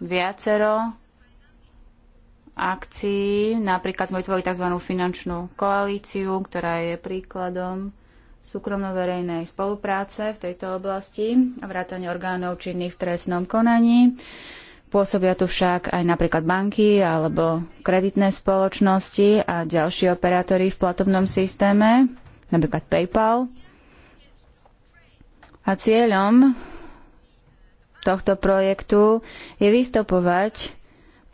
viacero akcií. Napríklad sme vytvorili tzv. finančnú koalíciu, ktorá je príkladom súkromno-verejnej spolupráce v tejto oblasti a vrátanie orgánov činných v trestnom konaní. Pôsobia tu však aj napríklad banky alebo kreditné spoločnosti a ďalší operátori v platobnom systéme, napríklad PayPal. A cieľom tohto projektu je vystopovať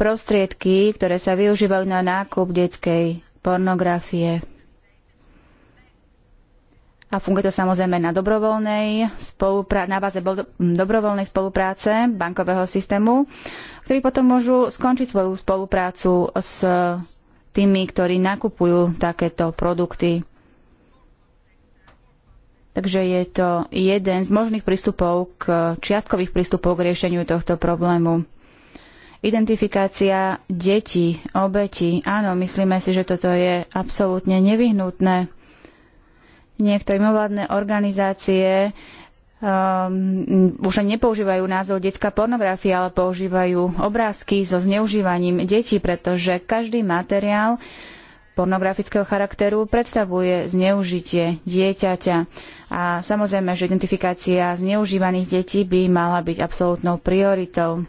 prostriedky, ktoré sa využívajú na nákup detskej pornografie. A funguje to samozrejme na, dobrovoľnej spolupra- na báze dobrovoľnej spolupráce bankového systému, ktorí potom môžu skončiť svoju spoluprácu s tými, ktorí nakupujú takéto produkty. Takže je to jeden z možných prístupov k čiastkových prístupov k riešeniu tohto problému. Identifikácia detí, obetí. Áno, myslíme si, že toto je absolútne nevyhnutné. Niektoré mimovládne organizácie um, už nepoužívajú názov detská pornografia, ale používajú obrázky so zneužívaním detí, pretože každý materiál pornografického charakteru predstavuje zneužitie dieťaťa. A samozrejme, že identifikácia zneužívaných detí by mala byť absolútnou prioritou.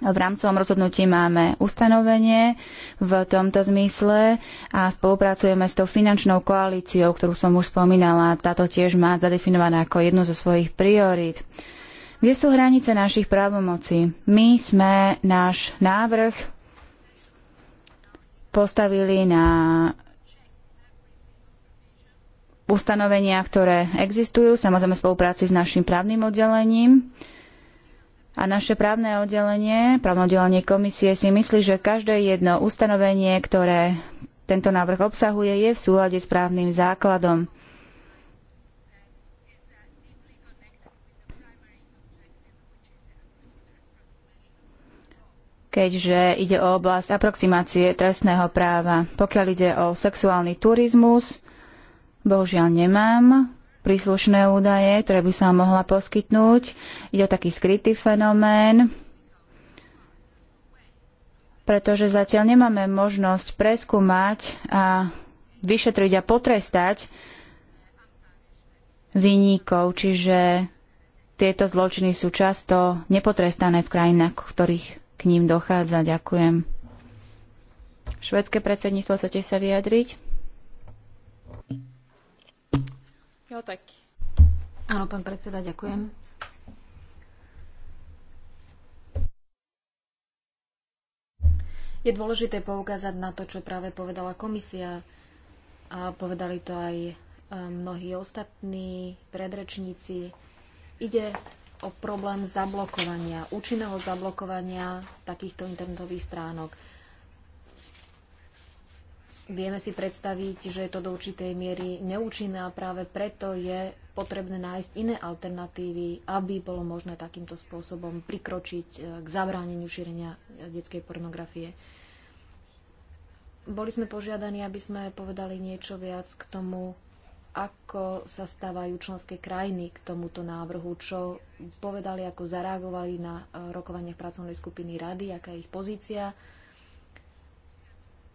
V rámcovom rozhodnutí máme ustanovenie v tomto zmysle a spolupracujeme s tou finančnou koalíciou, ktorú som už spomínala. Táto tiež má zadefinovaná ako jednu zo svojich priorít. Kde sú hranice našich právomocí? My sme náš návrh postavili na ustanovenia, ktoré existujú, samozrejme v spolupráci s našim právnym oddelením. A naše právne oddelenie, právne oddelenie komisie si myslí, že každé jedno ustanovenie, ktoré tento návrh obsahuje, je v súlade s právnym základom. keďže ide o oblasť aproximácie trestného práva. Pokiaľ ide o sexuálny turizmus, bohužiaľ nemám príslušné údaje, ktoré by sa mohla poskytnúť. Ide o taký skrytý fenomén, pretože zatiaľ nemáme možnosť preskúmať a vyšetriť a potrestať vyníkov, čiže tieto zločiny sú často nepotrestané v krajinách, v ktorých k ním dochádza. Ďakujem. Švedské predsedníctvo, chcete sa vyjadriť? Áno, pán predseda, ďakujem. Je dôležité poukázať na to, čo práve povedala komisia a povedali to aj e, mnohí ostatní predrečníci. Ide o problém zablokovania, účinného zablokovania takýchto internetových stránok. Vieme si predstaviť, že je to do určitej miery neúčinné a práve preto je potrebné nájsť iné alternatívy, aby bolo možné takýmto spôsobom prikročiť eh, k zabráneniu šírenia eh, detskej pornografie. Boli sme požiadaní, aby sme povedali niečo viac k tomu, ako sa stávajú členské krajiny k tomuto návrhu, čo povedali, ako zareagovali na eh, rokovaniach pracovnej skupiny rady, aká je ich pozícia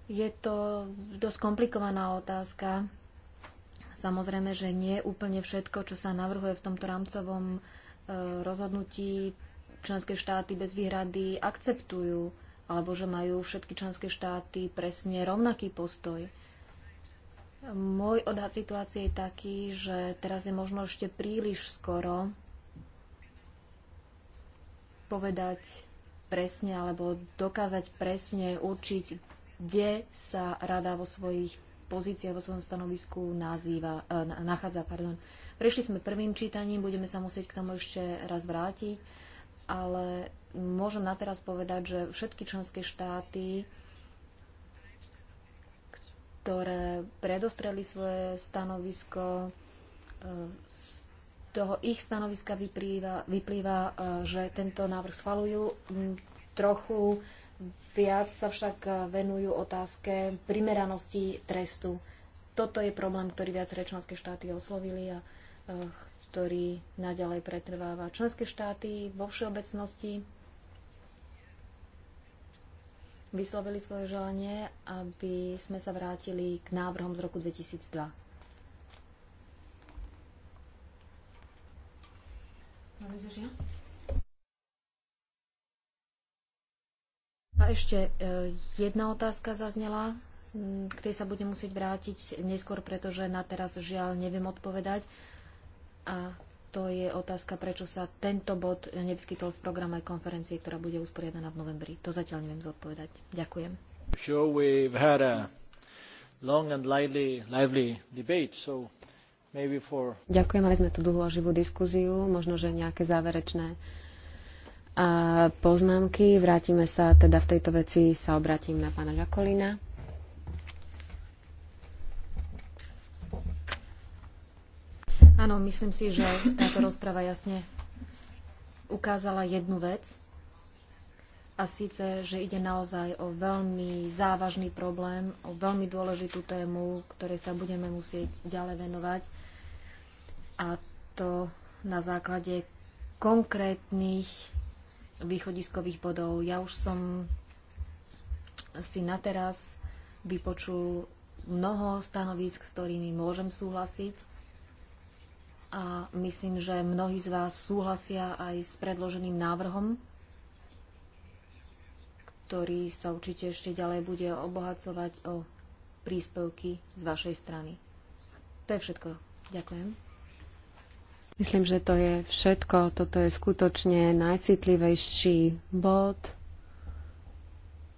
je to dosť komplikovaná otázka. Samozrejme, že nie úplne všetko, čo sa navrhuje v tomto rámcovom e, rozhodnutí, členské štáty bez výhrady akceptujú, alebo že majú všetky členské štáty presne rovnaký postoj. Môj odhad situácie je taký, že teraz je možno ešte príliš skoro povedať presne alebo dokázať presne určiť kde sa rada vo svojich pozíciách, vo svojom stanovisku nazýva, e, nachádza. Pardon. Prešli sme prvým čítaním, budeme sa musieť k tomu ešte raz vrátiť, ale môžem na teraz povedať, že všetky členské štáty ktoré predostreli svoje stanovisko. Z e, toho ich stanoviska vyplýva, vyplýva e, že tento návrh schvalujú. Trochu Viac sa však e, venujú otázke primeranosti trestu. Toto je problém, ktorý viaceré členské štáty oslovili a e, ktorý naďalej pretrváva. Členské štáty vo všeobecnosti vyslovili svoje želanie, aby sme sa vrátili k návrhom z roku 2002. Máme A ešte e, jedna otázka zaznela, k tej sa budem musieť vrátiť neskôr, pretože na teraz žiaľ neviem odpovedať. A to je otázka, prečo sa tento bod nevyskytol v programe konferencie, ktorá bude usporiadaná v novembri. To zatiaľ neviem zodpovedať. Ďakujem. Sure we've had a long and lively, lively debate, so maybe for... Ďakujem, mali sme tu dlhú a živú diskuziu, možno, že nejaké záverečné a poznámky. Vrátime sa teda v tejto veci, sa obratím na pána Žakolina. Áno, myslím si, že táto rozprava jasne ukázala jednu vec. A síce, že ide naozaj o veľmi závažný problém, o veľmi dôležitú tému, ktorej sa budeme musieť ďalej venovať. A to na základe konkrétnych východiskových bodov. Ja už som si na teraz vypočul mnoho stanovisk, s ktorými môžem súhlasiť a myslím, že mnohí z vás súhlasia aj s predloženým návrhom, ktorý sa určite ešte ďalej bude obohacovať o príspevky z vašej strany. To je všetko. Ďakujem. Myslím, že to je všetko. Toto je skutočne najcitlivejší bod.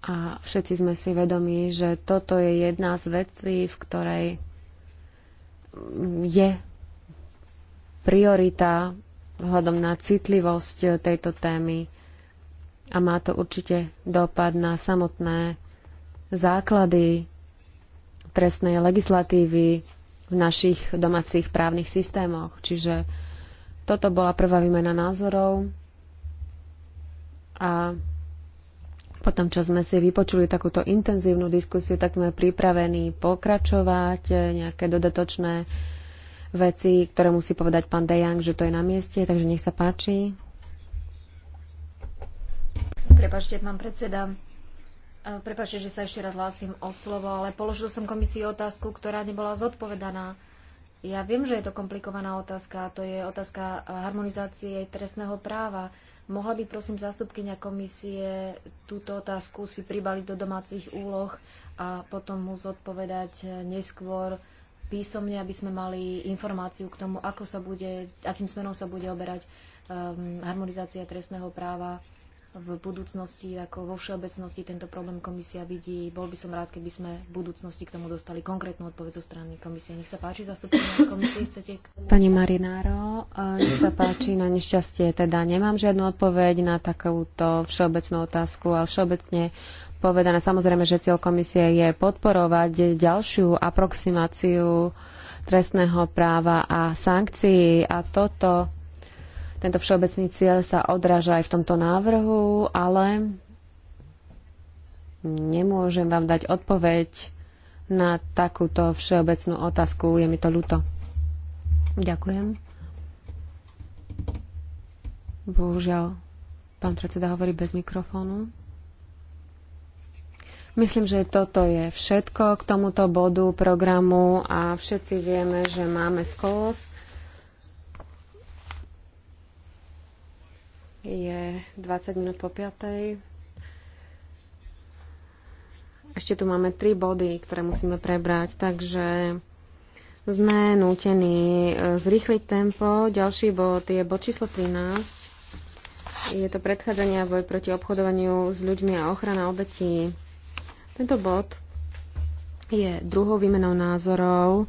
A všetci sme si vedomí, že toto je jedna z vecí, v ktorej je priorita vzhľadom na citlivosť tejto témy a má to určite dopad na samotné základy trestnej legislatívy v našich domácich právnych systémoch. Čiže toto bola prvá výmena názorov a potom, čo sme si vypočuli takúto intenzívnu diskusiu, tak sme pripravení pokračovať, e, nejaké dodatočné veci, ktoré musí povedať pán Dejang, že to je na mieste, takže nech sa páči. Prepačte, pán predseda. E, prepačte, že sa ešte raz hlásim o slovo, ale položil som komisii otázku, ktorá nebola zodpovedaná. Ja viem, že je to komplikovaná otázka, to je otázka harmonizácie trestného práva. Mohla by prosím zástupkynia komisie túto otázku si pribaliť do domácich úloh a potom mu zodpovedať neskôr písomne, aby sme mali informáciu k tomu, ako sa bude, akým smerom sa bude oberať um, harmonizácia trestného práva v budúcnosti, ako vo všeobecnosti tento problém komisia vidí. Bol by som rád, keby sme v budúcnosti k tomu dostali konkrétnu odpoveď zo strany komisie. Nech sa páči, zastupujeme komisie, chcete... Pani Marináro, e, nech sa páči, na nešťastie teda nemám žiadnu odpoveď na takúto všeobecnú otázku, ale všeobecne povedané, samozrejme, že cieľ komisie je podporovať ďalšiu aproximáciu trestného práva a sankcií a toto tento všeobecný cieľ sa odráža aj v tomto návrhu, ale nemôžem vám dať odpoveď na takúto všeobecnú otázku. Je mi to ľúto. Ďakujem. Bohužiaľ, pán predseda hovorí bez mikrofónu. Myslím, že toto je všetko k tomuto bodu programu a všetci vieme, že máme skos. Je 20 minút po 5. Ešte tu máme 3 body, ktoré musíme prebrať, takže sme nútení e, zrýchliť tempo. Ďalší bod je bod číslo 13. Je to predchádzanie a boj proti obchodovaniu s ľuďmi a ochrana obetí. Tento bod je druhou výmenou názorov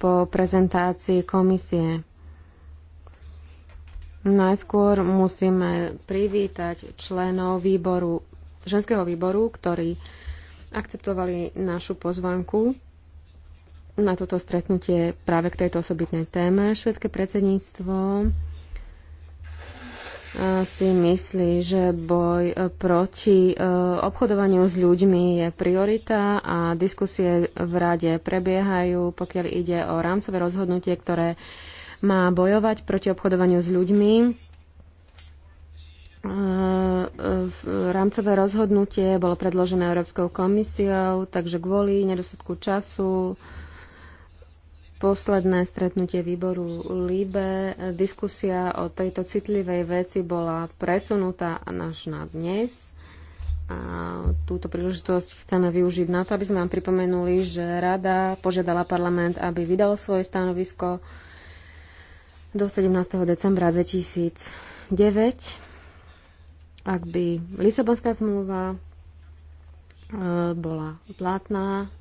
po prezentácii komisie. Najskôr musíme privítať členov výboru, ženského výboru, ktorí akceptovali našu pozvanku na toto stretnutie práve k tejto osobitnej téme. Švedské predsedníctvo eh, si myslí, že boj eh, proti eh, obchodovaniu s ľuďmi je priorita a diskusie v rade prebiehajú, pokiaľ ide o rámcové rozhodnutie, ktoré má bojovať proti obchodovaniu s ľuďmi. E, rámcové rozhodnutie bolo predložené Európskou komisiou, takže kvôli nedostatku času posledné stretnutie výboru LIBE, diskusia o tejto citlivej veci bola presunutá až na dnes. A túto príležitosť chceme využiť na to, aby sme vám pripomenuli, že Rada požiadala parlament, aby vydal svoje stanovisko do 17. decembra 2009, ak by Lisabonská zmluva e, bola platná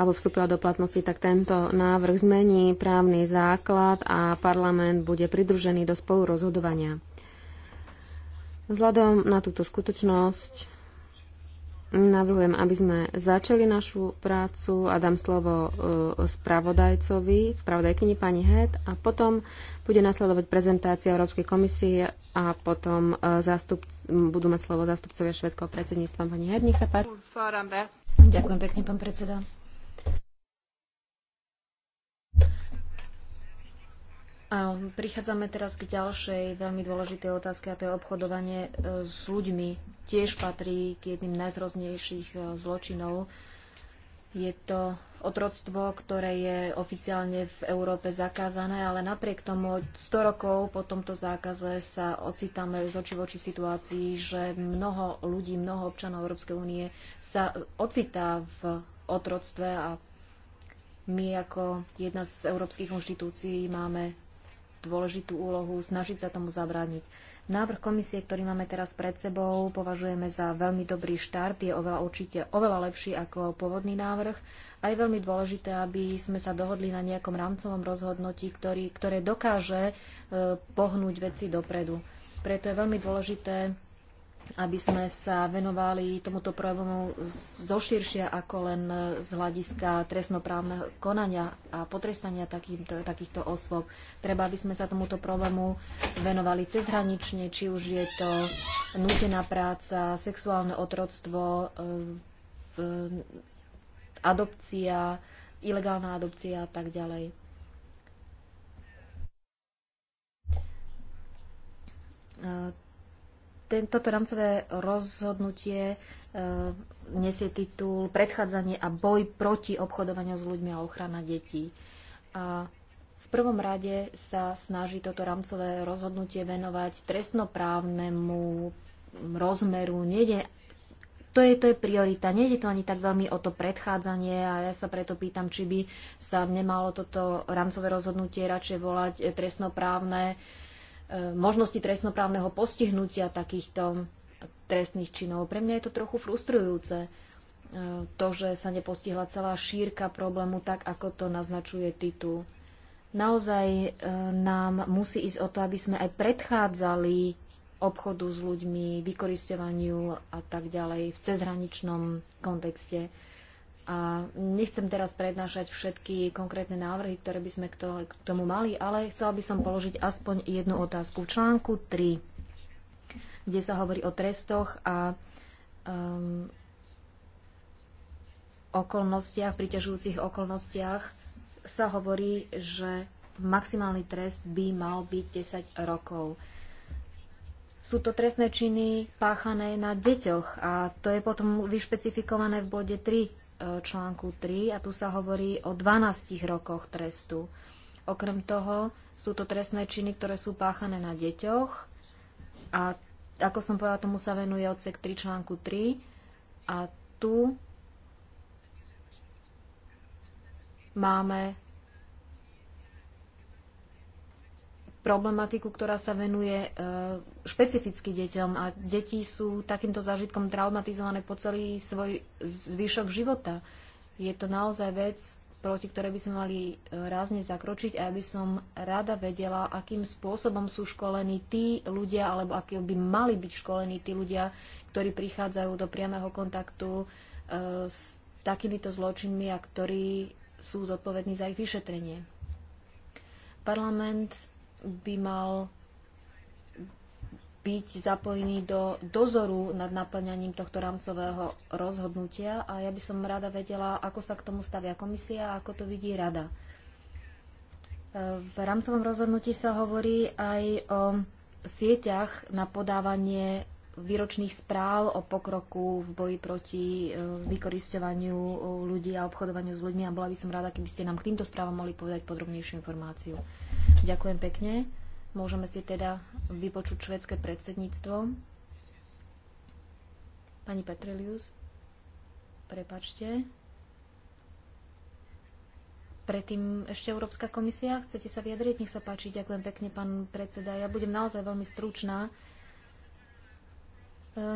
alebo vstúpila do platnosti, tak tento návrh zmení právny základ a parlament bude pridružený do spolurozhodovania. Vzhľadom na túto skutočnosť Navrhujem, aby sme začali našu prácu a dám slovo e, spravodajcovi, spravodajkyni pani Het a potom bude nasledovať prezentácia Európskej komisie a potom e, zástup, budú mať slovo zástupcovia švedského predsedníctva. Pani Het, nech sa páči. Ďakujem pekne, pán predseda. Áno, prichádzame teraz k ďalšej veľmi dôležitej otázke a to je obchodovanie e, s ľuďmi. Tiež patrí k jedným najzroznejších e, zločinov. Je to otroctvo, ktoré je oficiálne v Európe zakázané, ale napriek tomu 100 rokov po tomto zákaze sa ocitáme z oči voči situácii, že mnoho ľudí, mnoho občanov Európskej únie sa ocitá v otroctve a my ako jedna z európskych inštitúcií máme dôležitú úlohu snažiť sa tomu zabrániť. Návrh komisie, ktorý máme teraz pred sebou, považujeme za veľmi dobrý štart, je oveľa určite oveľa lepší ako pôvodný návrh a je veľmi dôležité, aby sme sa dohodli na nejakom rámcovom rozhodnutí, ktorý, ktoré dokáže e, pohnúť veci dopredu. Preto je veľmi dôležité aby sme sa venovali tomuto problému zoširšia ako len z hľadiska trestnoprávneho konania a potrestania takýmto, takýchto osôb. Treba, aby sme sa tomuto problému venovali cezhranične, či už je to nútená práca, sexuálne otroctvo, adopcia, ilegálna adopcia a tak ďalej. Uh, toto rámcové rozhodnutie e, nesie titul Predchádzanie a boj proti obchodovaniu s ľuďmi a ochrana detí. A v prvom rade sa snaží toto rámcové rozhodnutie venovať trestnoprávnemu rozmeru. Nejde, to, je, to je priorita. Nejde to ani tak veľmi o to predchádzanie a ja sa preto pýtam, či by sa nemalo toto rámcové rozhodnutie radšej volať trestnoprávne možnosti trestnoprávneho postihnutia takýchto trestných činov. Pre mňa je to trochu frustrujúce, e, to, že sa nepostihla celá šírka problému tak, ako to naznačuje titul. Naozaj e, nám musí ísť o to, aby sme aj predchádzali obchodu s ľuďmi, vykoristovaniu a tak ďalej v cezhraničnom kontexte. A nechcem teraz prednášať všetky konkrétne návrhy, ktoré by sme k tomu mali, ale chcela by som položiť aspoň jednu otázku. V článku 3, kde sa hovorí o trestoch a um, okolnostiach, priťažujúcich okolnostiach, sa hovorí, že maximálny trest by mal byť 10 rokov sú to trestné činy páchané na deťoch a to je potom vyšpecifikované v bode 3 článku 3 a tu sa hovorí o 12 rokoch trestu. Okrem toho sú to trestné činy, ktoré sú páchané na deťoch a ako som povedala, tomu sa venuje odsek 3 článku 3 a tu máme problematiku, ktorá sa venuje e, špecificky deťom a deti sú takýmto zážitkom traumatizované po celý svoj zvyšok života. Je to naozaj vec, proti ktorej by sme mali e, rázne zakročiť a ja by som rada vedela, akým spôsobom sú školení tí ľudia, alebo aký by mali byť školení tí ľudia, ktorí prichádzajú do priamého kontaktu e, s takýmito zločinmi a ktorí sú zodpovední za ich vyšetrenie. Parlament by mal byť zapojený do dozoru nad naplňaním tohto rámcového rozhodnutia a ja by som rada vedela, ako sa k tomu stavia komisia a ako to vidí rada. V rámcovom rozhodnutí sa hovorí aj o sieťach na podávanie výročných správ o pokroku v boji proti e, vykoristovaniu e, ľudí a obchodovaniu s ľuďmi a bola by som rada, keby ste nám k týmto správam mohli povedať podrobnejšiu informáciu. Ďakujem pekne. Môžeme si teda vypočuť švedské predsedníctvo. Pani Petrelius, prepačte. Predtým ešte Európska komisia, chcete sa vyjadriť? Nech sa páči, ďakujem pekne, pán predseda. Ja budem naozaj veľmi stručná.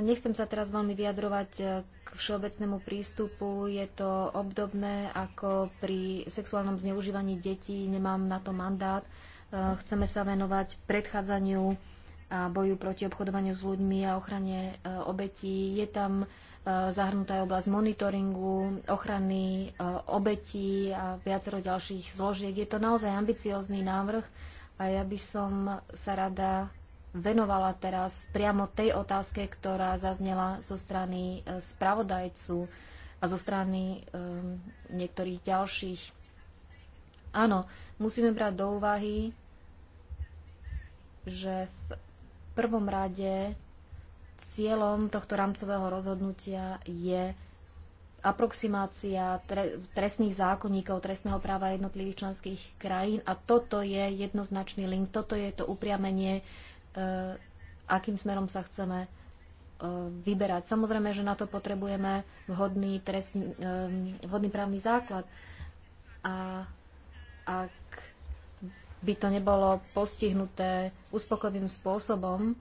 Nechcem sa teraz veľmi vyjadrovať e, k všeobecnému prístupu. Je to obdobné ako pri sexuálnom zneužívaní detí. Nemám na to mandát. E, chceme sa venovať predchádzaniu a boju proti obchodovaniu s ľuďmi a ochrane e, obetí. Je tam zahrnutá aj oblasť monitoringu, ochrany obetí a viacero ďalších zložiek. Je to naozaj ambiciózny návrh a ja by som sa rada venovala teraz priamo tej otázke, ktorá zaznela zo strany eh, spravodajcu a zo strany um, niektorých ďalších. Áno, musíme brať do úvahy, že v prvom rade cieľom tohto rámcového rozhodnutia je aproximácia trestných zákonníkov, trestného práva jednotlivých členských krajín a toto je jednoznačný link, toto je to upriamenie Eh, akým smerom sa chceme eh, vyberať. Samozrejme, že na to potrebujeme vhodný, trestný, eh, vhodný právny základ. A ak by to nebolo postihnuté uspokojivým spôsobom,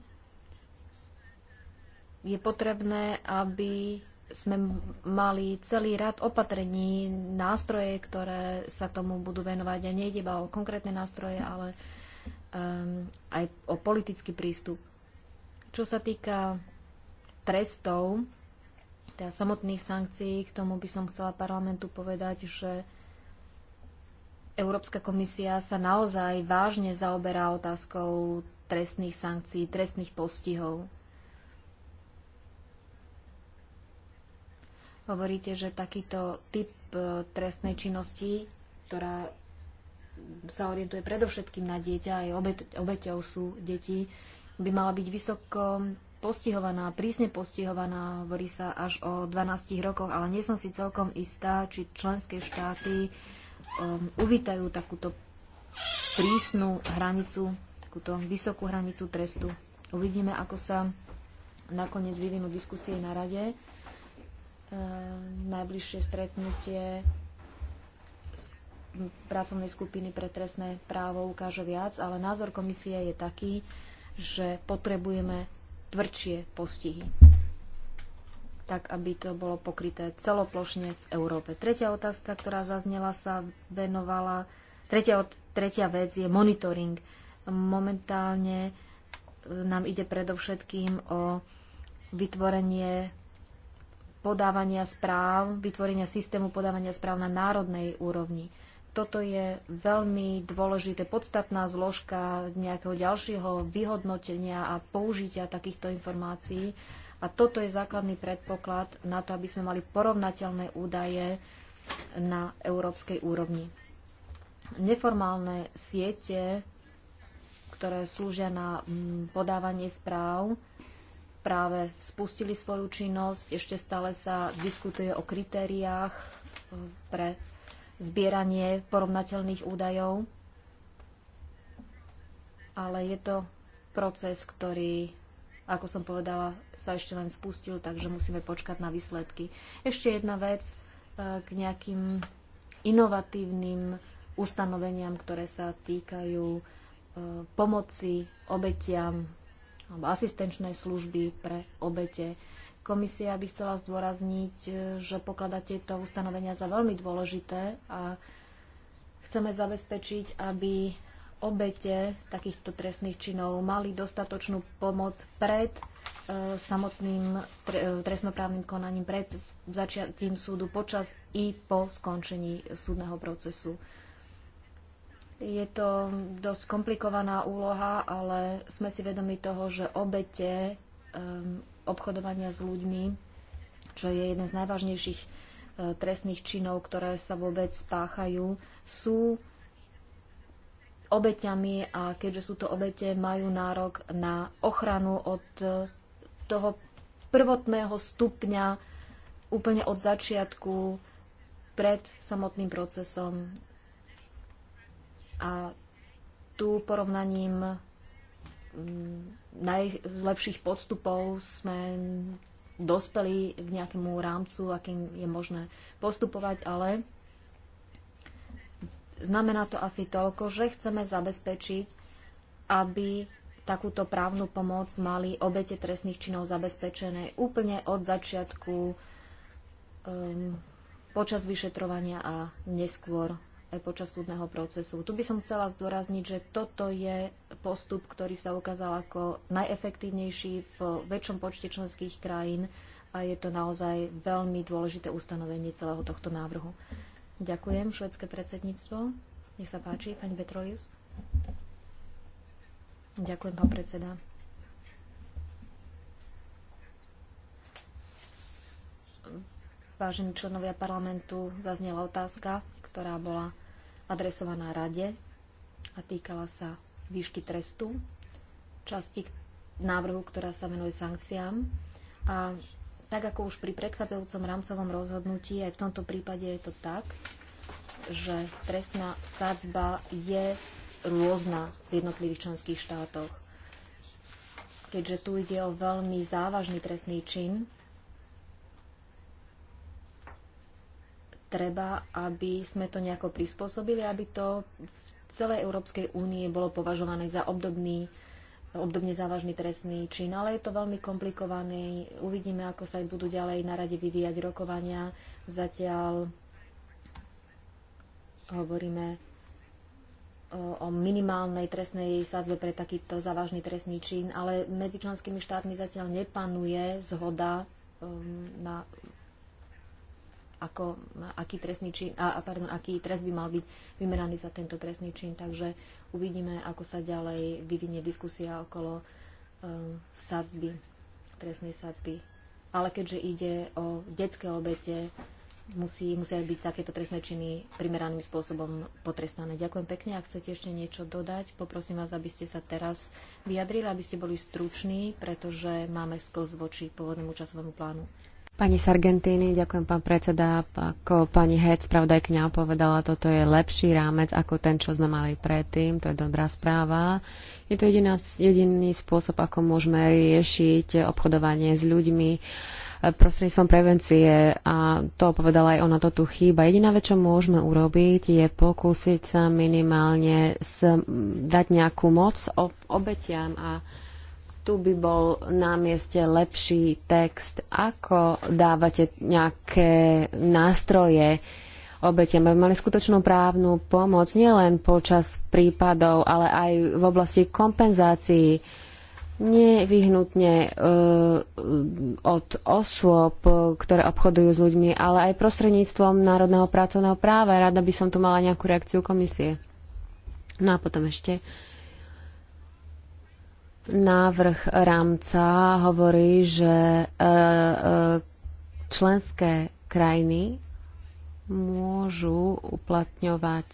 je potrebné, aby sme mali celý rad opatrení, nástroje, ktoré sa tomu budú venovať. A nejde iba o konkrétne nástroje, ale uh, um, aj o politický prístup. Čo sa týka trestov, teda samotných sankcií, k tomu by som chcela parlamentu povedať, že Európska komisia sa naozaj vážne zaoberá otázkou trestných sankcií, trestných postihov. Hovoríte, že takýto typ e, trestnej činnosti, ktorá sa orientuje predovšetkým na dieťa, aj obeťou sú deti, by mala byť vysoko postihovaná, prísne postihovaná, hovorí sa až o 12 rokoch, ale nie som si celkom istá, či členské štáty um, uvítajú takúto prísnu hranicu, takúto vysokú hranicu trestu. Uvidíme, ako sa nakoniec vyvinú diskusie na rade. E, najbližšie stretnutie pracovnej skupiny pre trestné právo ukáže viac, ale názor komisie je taký, že potrebujeme tvrdšie postihy tak aby to bolo pokryté celoplošne v Európe. Tretia otázka, ktorá zaznela, sa venovala. Tretia, tretia vec je monitoring. Momentálne e, nám ide predovšetkým o vytvorenie podávania správ, vytvorenia systému podávania správ na národnej úrovni toto je veľmi dôležité, podstatná zložka nejakého ďalšieho vyhodnotenia a použitia takýchto informácií. A toto je základný predpoklad na to, aby sme mali porovnateľné údaje na európskej úrovni. Neformálne siete, ktoré slúžia na mm, podávanie správ, práve spustili svoju činnosť. Ešte stále sa diskutuje o kritériách e, pre zbieranie porovnateľných údajov, ale je to proces, ktorý, ako som povedala, sa ešte len spustil, takže musíme počkať na výsledky. Ešte jedna vec e, k nejakým inovatívnym ustanoveniam, ktoré sa týkajú e, pomoci obetiam alebo asistenčnej služby pre obete. Komisia by chcela zdôrazniť, e, že poklada tieto ustanovenia za veľmi dôležité a chceme zabezpečiť, aby obete takýchto trestných činov mali dostatočnú pomoc pred e, samotným e, trestnoprávnym konaním, pred začiatím súdu, počas i po skončení súdneho procesu. Je to dosť komplikovaná úloha, ale sme si vedomi toho, že obete obchodovania s ľuďmi, čo je jeden z najvážnejších e, trestných činov, ktoré sa vôbec spáchajú, sú obeťami a keďže sú to obete, majú nárok na ochranu od e, toho prvotného stupňa, úplne od začiatku, pred samotným procesom. A tu porovnaním najlepších podstupov sme dospeli k nejakému rámcu, akým je možné postupovať, ale znamená to asi toľko, že chceme zabezpečiť, aby takúto právnu pomoc mali obete trestných činov zabezpečené úplne od začiatku um, počas vyšetrovania a neskôr aj počas súdneho procesu. Tu by som chcela zdôrazniť, že toto je postup, ktorý sa ukázal ako najefektívnejší v väčšom počte členských krajín a je to naozaj veľmi dôležité ustanovenie celého tohto návrhu. Ďakujem, švedské predsedníctvo. Nech sa páči, pani Petrojus. Ďakujem, pán predseda. Vážení členovia parlamentu, zaznela otázka, ktorá bola adresovaná rade a týkala sa výšky trestu, časti návrhu, ktorá sa venuje sankciám. A tak ako už pri predchádzajúcom rámcovom rozhodnutí, aj v tomto prípade je to tak, že trestná sadzba je rôzna v jednotlivých členských štátoch. Keďže tu ide o veľmi závažný trestný čin, treba, aby sme to nejako prispôsobili, aby to v celej Európskej únie bolo považované za obdobný obdobne závažný trestný čin, ale je to veľmi komplikovaný. Uvidíme, ako sa aj budú ďalej na rade vyvíjať rokovania. Zatiaľ hovoríme o, minimálnej trestnej sadzbe pre takýto závažný trestný čin, ale medzi členskými štátmi zatiaľ nepanuje zhoda um, na ako, aký, trestný čin, a, pardon, aký trest by mal byť vymeraný za tento trestný čin. Takže uvidíme, ako sa ďalej vyvinie diskusia okolo uh, sadzby, trestnej sadzby. Ale keďže ide o detské obete, musí, musia byť takéto trestné činy primeraným spôsobom potrestané. Ďakujem pekne. Ak chcete ešte niečo dodať, poprosím vás, aby ste sa teraz vyjadrili, aby ste boli struční, pretože máme sklz voči pôvodnému časovému plánu. Pani Sargentini, ďakujem pán predseda. Ako pani Hec, spravodajkňa povedala, toto je lepší rámec ako ten, čo sme mali predtým. To je dobrá správa. Je to jediná, jediný spôsob, ako môžeme riešiť obchodovanie s ľuďmi e, prostredníctvom prevencie a to povedala aj ona, to tu chýba. Jediná vec, čo môžeme urobiť, je pokúsiť sa minimálne dať nejakú moc obetiam a tu by bol na mieste lepší text, ako dávate nejaké nástroje obetiam, aby mali skutočnú právnu pomoc nielen počas prípadov, ale aj v oblasti kompenzácií nevyhnutne uh, od osôb, ktoré obchodujú s ľuďmi, ale aj prostredníctvom národného pracovného práva. Rada by som tu mala nejakú reakciu komisie. No a potom ešte Návrh rámca hovorí, že e, e, členské krajiny môžu uplatňovať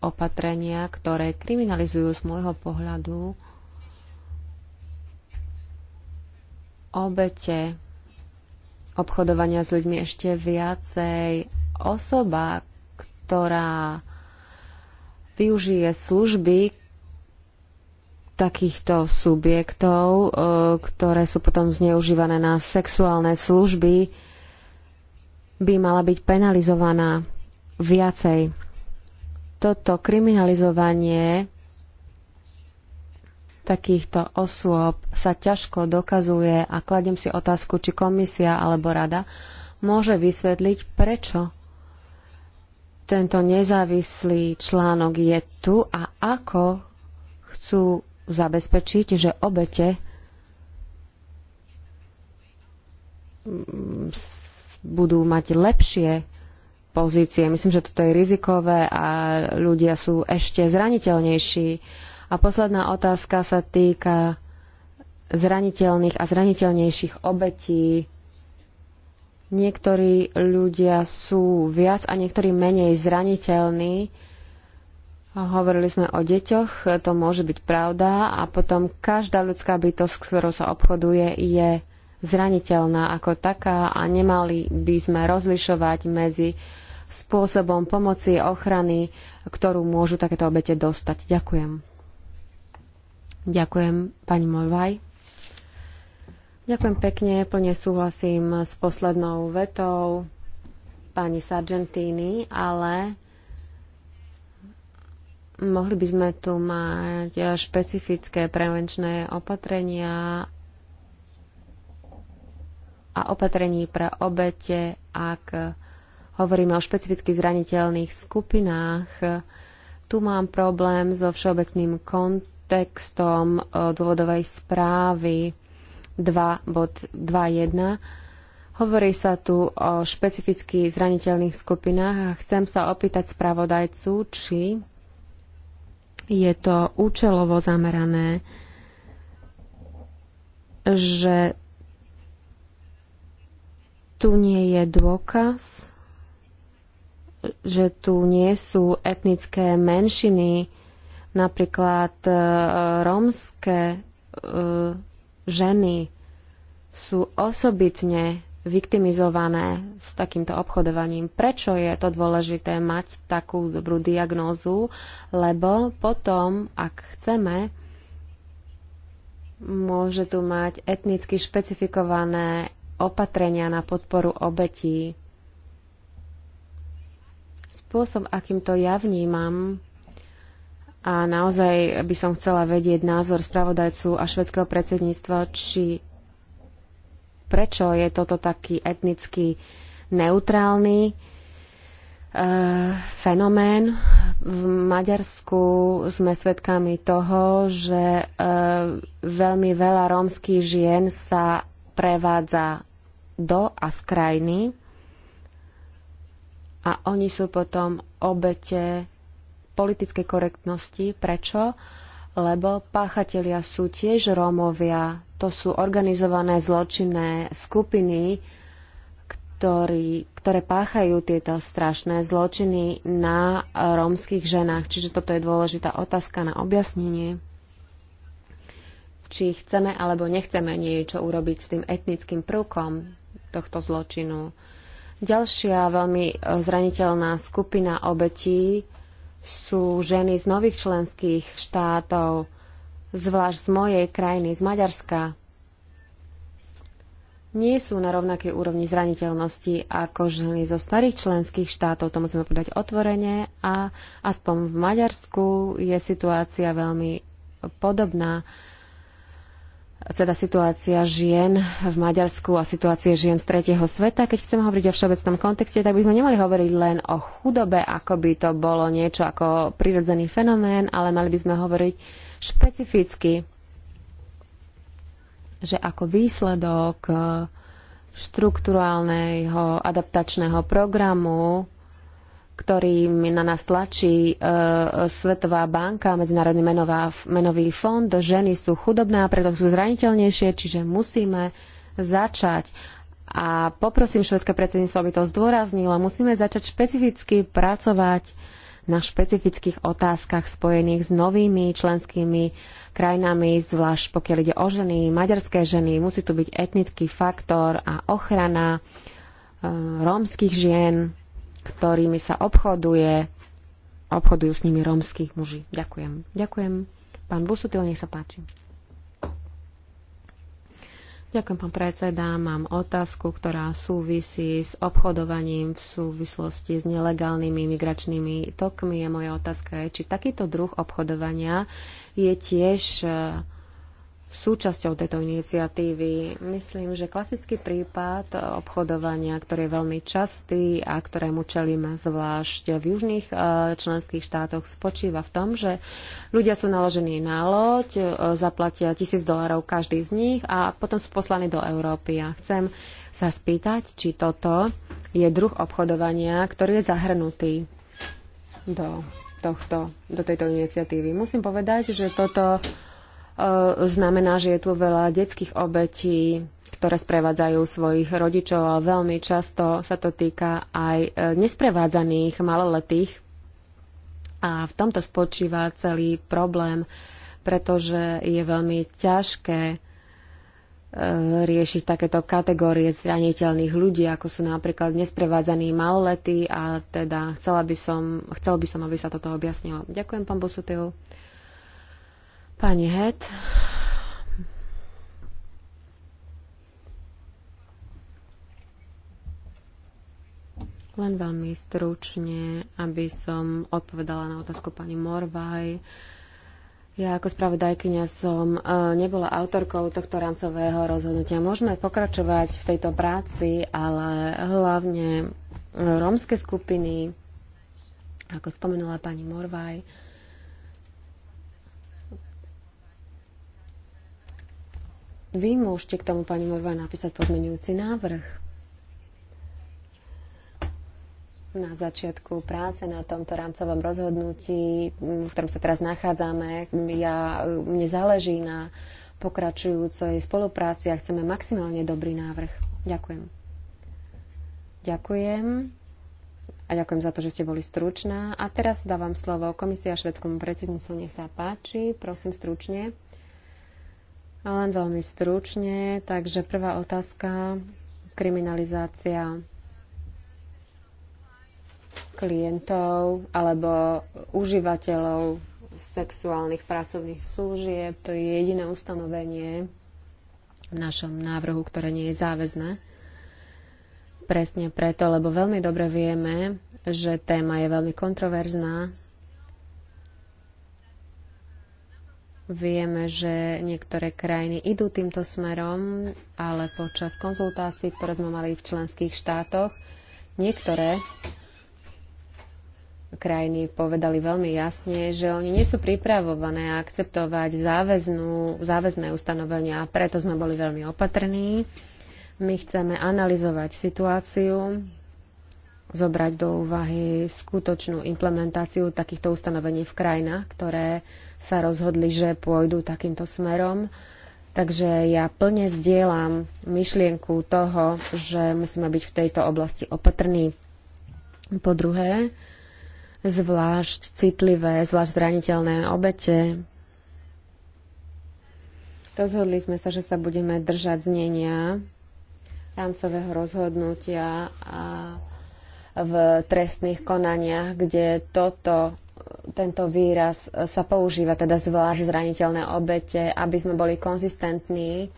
opatrenia, ktoré kriminalizujú z môjho pohľadu obete obchodovania s ľuďmi ešte viacej. Osoba, ktorá využije služby, takýchto subjektov, e, ktoré sú potom zneužívané na sexuálne služby, by mala byť penalizovaná viacej. Toto kriminalizovanie takýchto osôb sa ťažko dokazuje a kladem si otázku, či komisia alebo rada môže vysvetliť, prečo tento nezávislý článok je tu a ako chcú zabezpečiť, že obete mm, budú mať lepšie pozície. Myslím, že toto je rizikové a ľudia sú ešte zraniteľnejší. A posledná otázka sa týka zraniteľných a zraniteľnejších obetí. Niektorí ľudia sú viac a niektorí menej zraniteľní Hovorili sme o deťoch, to môže byť pravda a potom každá ľudská bytosť, ktorou sa obchoduje, je zraniteľná ako taká a nemali by sme rozlišovať medzi spôsobom pomoci, ochrany, ktorú môžu takéto obete dostať. Ďakujem. Ďakujem, pani Morvaj. Ďakujem pekne, plne súhlasím s poslednou vetou pani Sargentini, ale Mohli by sme tu mať špecifické prevenčné opatrenia a opatrení pre obete, ak hovoríme o špecificky zraniteľných skupinách. Tu mám problém so všeobecným kontextom e, dôvodovej správy 2.1. Hovorí sa tu o špecificky zraniteľných skupinách a chcem sa opýtať spravodajcu, či je to účelovo zamerané, že tu nie je dôkaz, že tu nie sú etnické menšiny, napríklad e, rómske e, ženy sú osobitne viktimizované s takýmto obchodovaním. Prečo je to dôležité mať takú dobrú diagnózu? Lebo potom, ak chceme, môže tu mať etnicky špecifikované opatrenia na podporu obetí. Spôsob, akým to ja vnímam, a naozaj by som chcela vedieť názor spravodajcu a švedského predsedníctva, či prečo je toto taký etnicky neutrálny e, fenomén. V Maďarsku sme svedkami toho, že e, veľmi veľa rómskych žien sa prevádza do a z krajiny a oni sú potom obete politickej korektnosti. Prečo? Lebo páchatelia sú tiež Rómovia, to sú organizované zločinné skupiny, ktorý, ktoré páchajú tieto strašné zločiny na rómskych ženách. Čiže toto je dôležitá otázka na objasnenie či chceme alebo nechceme niečo urobiť s tým etnickým prvkom tohto zločinu. Ďalšia veľmi e, zraniteľná skupina obetí sú ženy z nových členských štátov, zvlášť z mojej krajiny, z Maďarska, nie sú na rovnakej úrovni zraniteľnosti ako ženy zo starých členských štátov, to musíme povedať otvorene a aspoň v Maďarsku je situácia veľmi podobná. Uh, teda situácia žien v Maďarsku a situácie žien z tretieho sveta. Keď chceme hovoriť o všeobecnom kontexte, tak by sme nemali hovoriť len o chudobe, ako by to bolo niečo ako prirodzený fenomén, ale mali by sme hovoriť špecificky, že ako výsledok štruktúrálneho adaptačného programu ktorými na nás tlačí e, Svetová banka, Medzinárodný menová, menový fond. Ženy sú chudobné a preto sú zraniteľnejšie, čiže musíme začať. A poprosím švedské predsedníctvo, aby to zdôraznilo, musíme začať špecificky pracovať na špecifických otázkach spojených s novými členskými krajinami, zvlášť pokiaľ ide o ženy, maďarské ženy, musí tu byť etnický faktor a ochrana e, rómskych žien ktorými sa obchoduje, obchodujú s nimi rómsky muži. Ďakujem. Ďakujem. Pán Busutil, nech sa páči. Ďakujem, pán predseda. Mám otázku, ktorá súvisí s obchodovaním v súvislosti s nelegálnymi migračnými tokmi. A moja otázka je, či takýto druh obchodovania je tiež súčasťou tejto iniciatívy. Myslím, že klasický prípad obchodovania, ktorý je veľmi častý a ktorému čelíme zvlášť v južných e, členských štátoch, spočíva v tom, že ľudia sú naložení na loď, e, zaplatia tisíc dolárov každý z nich a potom sú poslaní do Európy. A chcem sa spýtať, či toto je druh obchodovania, ktorý je zahrnutý do, tohto, do tejto iniciatívy. Musím povedať, že toto E, znamená, že je tu veľa detských obetí, ktoré sprevádzajú svojich rodičov, ale veľmi často sa to týka aj e, nesprevádzaných maloletých. A v tomto spočíva celý problém, pretože je veľmi ťažké e, riešiť takéto kategórie zraniteľných ľudí, ako sú napríklad nesprevádzaní maloletí a teda chcela by som, chcel by som, aby sa toto objasnilo. Ďakujem, pán Bosutil. Pani Het. Len veľmi stručne, aby som odpovedala na otázku pani Morvaj. Ja ako spravodajkynia som e, nebola autorkou tohto rámcového rozhodnutia. Môžeme pokračovať v tejto práci, ale hlavne rómske skupiny, ako spomenula pani Morvaj, Vy môžete k tomu, pani Morva, napísať podmenujúci návrh. Na začiatku práce na tomto rámcovom rozhodnutí, mm, v ktorom sa teraz nachádzame, ja, mne mm, záleží na pokračujúcej spolupráci a chceme maximálne dobrý návrh. Ďakujem. Ďakujem. A ďakujem za to, že ste boli stručná. A teraz dávam slovo Komisia švedskomu predsedníctvu. Nech sa páči. Prosím stručne. Len veľmi stručne, takže prvá otázka, kriminalizácia klientov alebo užívateľov sexuálnych pracovných služieb. To je jediné ustanovenie v našom návrhu, ktoré nie je záväzné. Presne preto, lebo veľmi dobre vieme, že téma je veľmi kontroverzná Vieme, že niektoré krajiny idú týmto smerom, ale počas konzultácií, ktoré sme mali v členských štátoch, niektoré krajiny povedali veľmi jasne, že oni nie sú pripravované akceptovať záväznú, záväzné ustanovenia a preto sme boli veľmi opatrní. My chceme analyzovať situáciu, zobrať do úvahy skutočnú implementáciu takýchto ustanovení v krajinách, ktoré sa rozhodli, že pôjdu takýmto smerom. Takže ja plne zdieľam myšlienku toho, že musíme byť v tejto oblasti opatrní. Po druhé, zvlášť citlivé, zvlášť zraniteľné obete. Rozhodli sme sa, že sa budeme držať znenia rámcového rozhodnutia a v trestných konaniach, kde toto tento výraz e, sa používa, teda zvlášť zraniteľné obete, aby sme boli konzistentní.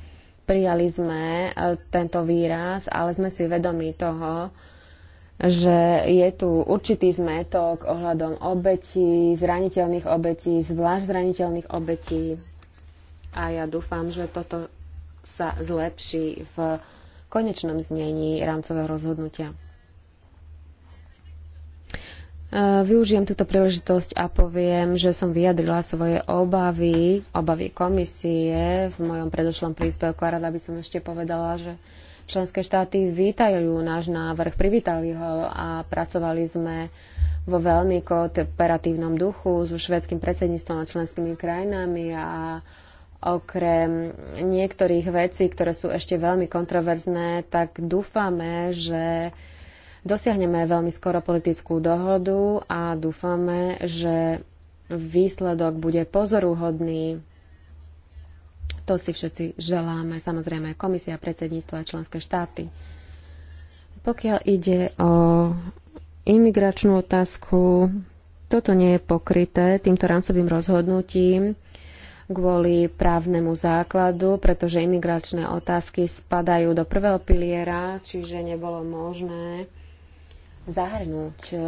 Prijali sme e, tento výraz, ale sme si vedomi toho, že je tu určitý zmetok ohľadom obetí, zraniteľných obetí, zvlášť zraniteľných obetí. A ja dúfam, že toto sa zlepší v konečnom znení rámcového rozhodnutia. Eh, využijem túto príležitosť a poviem, že som vyjadrila svoje obavy, obavy komisie v mojom predošlom príspevku a rada by som ešte povedala, že členské štáty vítajú náš návrh, privítali ho a pracovali sme vo veľmi kooperatívnom duchu so švedským predsedníctvom a členskými krajinami a okrem niektorých vecí, ktoré sú ešte veľmi kontroverzné, tak dúfame, že Dosiahneme veľmi skoro politickú dohodu a dúfame, že výsledok bude pozoruhodný. To si všetci želáme, samozrejme komisia, predsedníctvo a členské štáty. Pokiaľ ide o imigračnú otázku, toto nie je pokryté týmto rámcovým rozhodnutím kvôli právnemu základu, pretože imigračné otázky spadajú do prvého piliera, čiže nebolo možné zahrnúť e,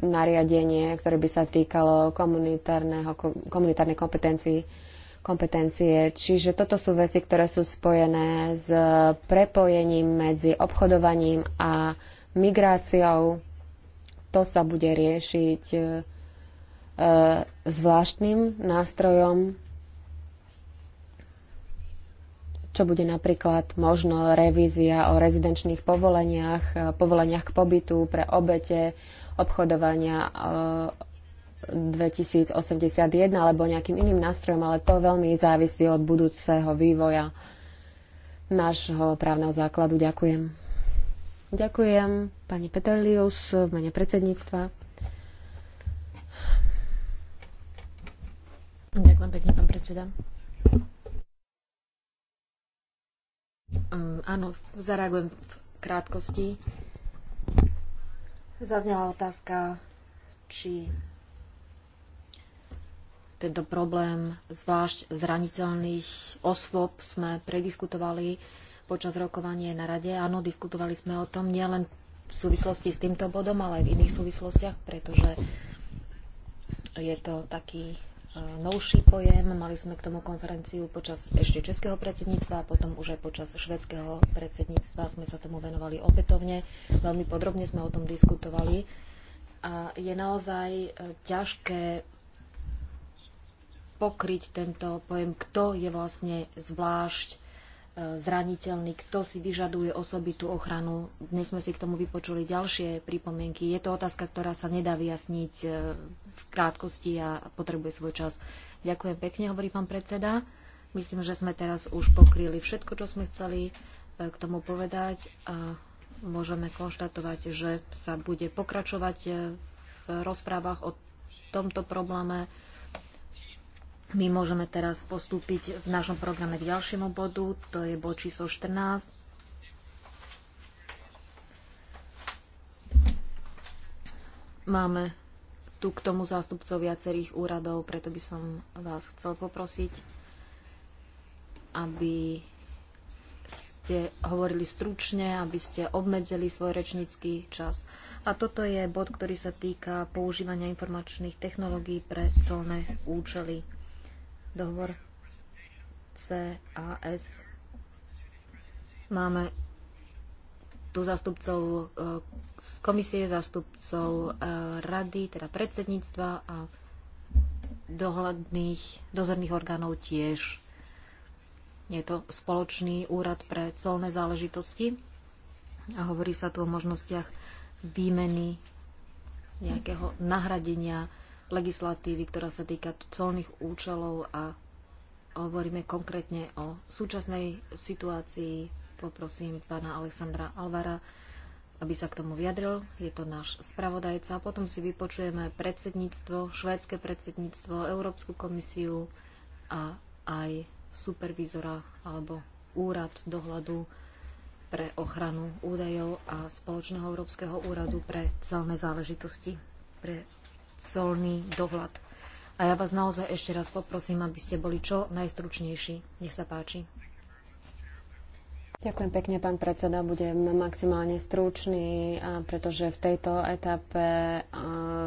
nariadenie, ktoré by sa týkalo komunitárnej kompetencii, kompetencie. Čiže toto sú veci, ktoré sú spojené s prepojením medzi obchodovaním a migráciou. To sa bude riešiť e, e, zvláštnym nástrojom čo bude napríklad možno revízia o rezidenčných povoleniach, e, povoleniach k pobytu pre obete obchodovania 2081 e, alebo nejakým iným nástrojom, ale to veľmi závisí od budúceho vývoja nášho právneho základu. Ďakujem. Ďakujem pani Peterlius v mene predsedníctva. Ďakujem pekne, pán predseda. Um, áno, zareagujem v krátkosti. Zaznela otázka, či tento problém zvlášť zraniteľných osôb sme prediskutovali počas rokovania na rade. Áno, diskutovali sme o tom nielen v súvislosti s týmto bodom, ale aj v iných súvislostiach, pretože je to taký E, novší pojem. Mali sme k tomu konferenciu počas ešte českého predsedníctva a potom už aj počas švedského predsedníctva sme sa tomu venovali opätovne. Veľmi podrobne sme o tom diskutovali. A je naozaj e, ťažké pokryť tento pojem, kto je vlastne zvlášť zraniteľní, kto si vyžaduje osobitú ochranu. Dnes sme si k tomu vypočuli ďalšie pripomienky. Je to otázka, ktorá sa nedá vyjasniť e, v krátkosti a potrebuje svoj čas. Ďakujem pekne, hovorí pán predseda. Myslím, že sme teraz už pokryli všetko, čo sme chceli e, k tomu povedať a môžeme konštatovať, že sa bude pokračovať e, v rozprávach o tomto probléme. My môžeme teraz postúpiť v našom programe k ďalšiemu bodu, to je bod číslo 14. Máme tu k tomu zástupcov viacerých úradov, preto by som vás chcel poprosiť, aby ste hovorili stručne, aby ste obmedzili svoj rečnícky čas. A toto je bod, ktorý sa týka používania informačných technológií pre colné účely dohovor CAS. Máme tu zástupcov eh, z komisie, zástupcov eh, rady, teda predsedníctva a dohľadných, dozorných orgánov tiež. Je to spoločný úrad pre colné záležitosti a hovorí sa tu o možnostiach výmeny nejakého nahradenia legislatívy, ktorá sa týka colných účelov a hovoríme konkrétne o súčasnej situácii. Poprosím pána Alexandra Alvara, aby sa k tomu vyjadril. Je to náš spravodajca. Potom si vypočujeme predsedníctvo, švédske predsedníctvo, Európsku komisiu a aj supervízora alebo úrad dohľadu pre ochranu údajov a spoločného Európskeho úradu pre celné záležitosti, pre colný dohľad. A ja vás naozaj ešte raz poprosím, aby ste boli čo najstručnejší. Nech sa páči. Ďakujem pekne, pán predseda. Budem maximálne stručný, pretože v tejto etape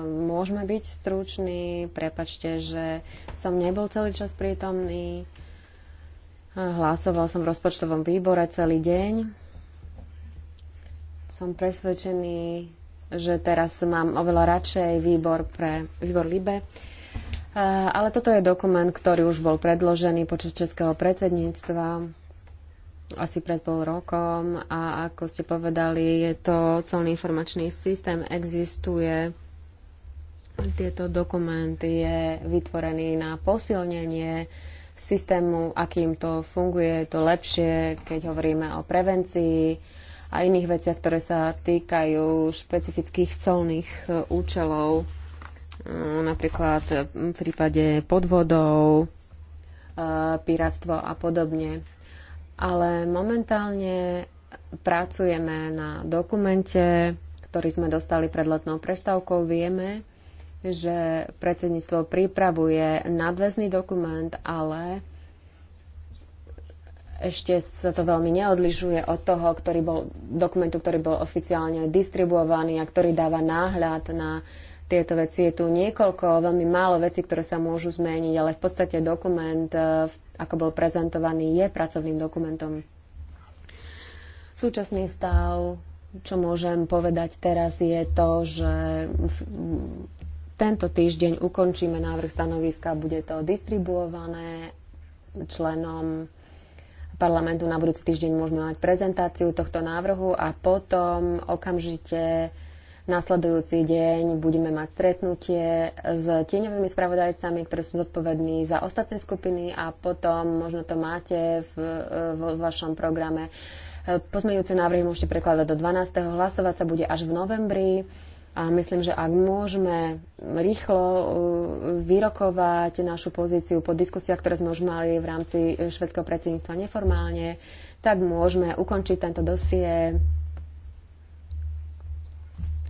môžeme byť struční. Prepačte, že som nebol celý čas prítomný. Hlasoval som v rozpočtovom výbore celý deň. Som presvedčený, že teraz mám oveľa radšej výbor pre výbor Libe. Ale toto je dokument, ktorý už bol predložený počas českého predsedníctva asi pred pol rokom a ako ste povedali, je to celný informačný systém, existuje tieto dokument je vytvorený na posilnenie systému, akým to funguje, je to lepšie, keď hovoríme o prevencii, a iných veciach, ktoré sa týkajú špecifických colných e, účelov, e, napríklad e, v prípade podvodov, piráctvo a podobne. Ale momentálne pracujeme na dokumente, ktorý sme dostali pred letnou prestávkou. Vieme, že predsedníctvo pripravuje nadväzný dokument, ale ešte sa to veľmi neodlišuje od toho, ktorý bol, dokumentu, ktorý bol oficiálne distribuovaný a ktorý dáva náhľad na tieto veci. Je tu niekoľko, veľmi málo vecí, ktoré sa môžu zmeniť, ale v podstate dokument, e, ako bol prezentovaný, je pracovným dokumentom. Súčasný stav, čo môžem povedať teraz, je to, že tento týždeň ukončíme návrh stanoviska, bude to distribuované členom parlamentu na budúci týždeň môžeme mať prezentáciu tohto návrhu a potom okamžite Nasledujúci deň budeme mať stretnutie s tieňovými spravodajcami, ktorí sú zodpovední za ostatné skupiny a potom možno to máte v, vo vašom programe. Eh, Pozmejúce návrhy môžete prekladať do 12. Hlasovať sa bude až v novembri. A myslím, že ak môžeme rýchlo uh, vyrokovať našu pozíciu po diskusiách, ktoré sme už mali v rámci uh, švedského predsedníctva neformálne, tak môžeme ukončiť tento dosie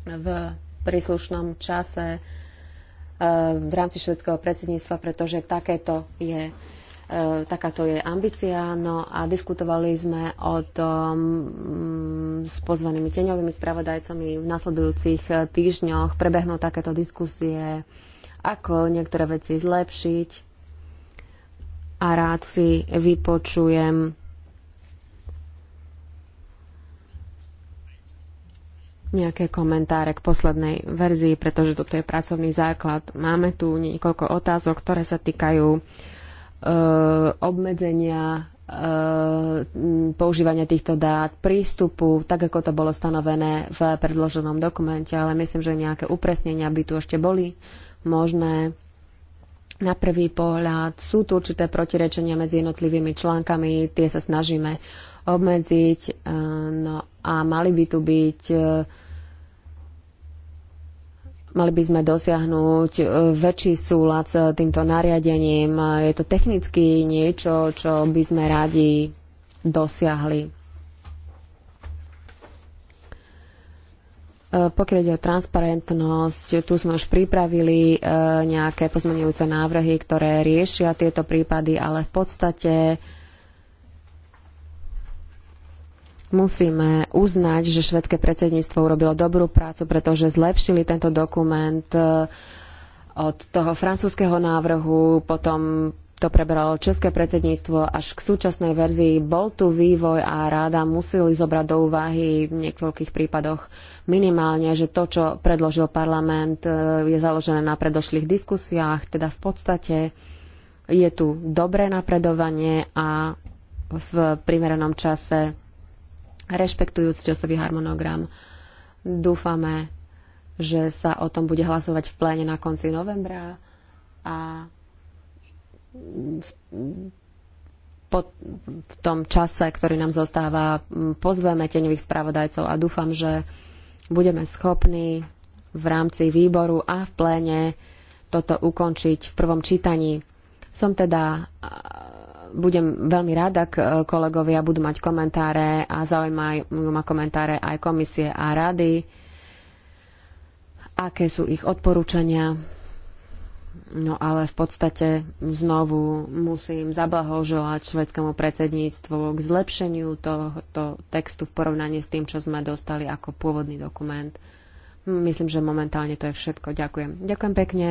v príslušnom čase uh, v rámci švedského predsedníctva, pretože takéto je E, takáto je ambícia. No a diskutovali sme o tom mm, s pozvanými teňovými spravodajcami. V nasledujúcich e, týždňoch prebehnú takéto diskusie, ako niektoré veci zlepšiť. A rád si vypočujem nejaké komentáre k poslednej verzii, pretože toto je pracovný základ. Máme tu niekoľko otázok, ktoré sa týkajú uh, Eh, obmedzenia eh, používania týchto dát, prístupu, tak ako to bolo stanovené v predloženom dokumente, ale myslím, že nejaké upresnenia by tu ešte boli možné. Na prvý pohľad sú tu určité protirečenia medzi jednotlivými článkami, tie sa snažíme obmedziť, eh, no a mali by tu byť Mali by sme dosiahnuť e, väčší súlad s týmto nariadením. Je to technicky niečo, čo by sme radi dosiahli. E, pokiaľ ide o transparentnosť, tu sme už pripravili e, nejaké pozmenujúce návrhy, ktoré riešia tieto prípady, ale v podstate Musíme uznať, že švedské predsedníctvo urobilo dobrú prácu, pretože zlepšili tento dokument e, od toho francúzského návrhu, potom to preberalo české predsedníctvo až k súčasnej verzii. Bol tu vývoj a ráda museli zobrať do úvahy v niekoľkých prípadoch minimálne, že to, čo predložil parlament, e, je založené na predošlých diskusiách, teda v podstate je tu dobré napredovanie a v primeranom čase rešpektujúc časový harmonogram. Dúfame, že sa o tom bude hlasovať v pléne na konci novembra a v, po, v tom čase, ktorý nám zostáva, pozveme teňových spravodajcov a dúfam, že budeme schopní v rámci výboru a v pléne toto ukončiť v prvom čítaní. Som teda budem veľmi rada, ak eh, kolegovia budú mať komentáre a zaujímajú ma komentáre aj komisie a rady, aké sú ich odporúčania. No ale v podstate znovu musím zablahoželať švedskému predsedníctvu k zlepšeniu tohoto textu v porovnaní s tým, čo sme dostali ako pôvodný dokument. Myslím, že momentálne to je všetko. Ďakujem. Ďakujem pekne.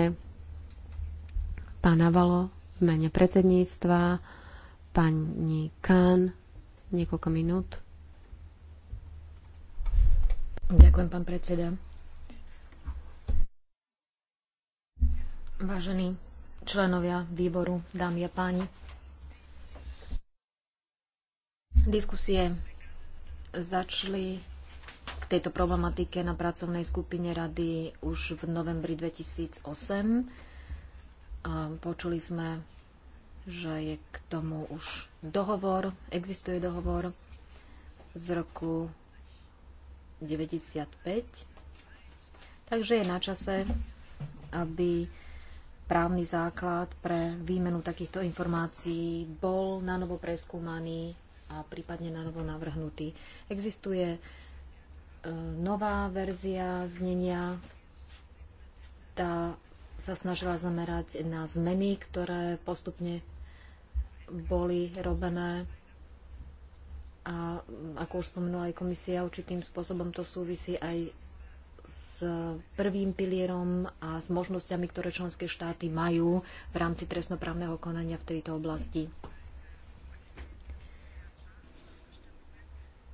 Pán Avalo, v mene predsedníctva. Pani Kán, niekoľko minút. Ďakujem, pán predseda. Vážení členovia výboru, dámy a páni, diskusie začali k tejto problematike na pracovnej skupine rady už v novembri 2008. Počuli sme že je k tomu už dohovor, existuje dohovor z roku 95. Takže je na čase, aby právny základ pre výmenu takýchto informácií bol na novo preskúmaný a prípadne na novo navrhnutý. Existuje e, nová verzia znenia, tá sa snažila zamerať na zmeny, ktoré postupne boli robené a ako už spomenula aj komisia, určitým spôsobom to súvisí aj s prvým pilierom a s možnosťami, ktoré členské štáty majú v rámci trestnoprávneho konania v tejto oblasti.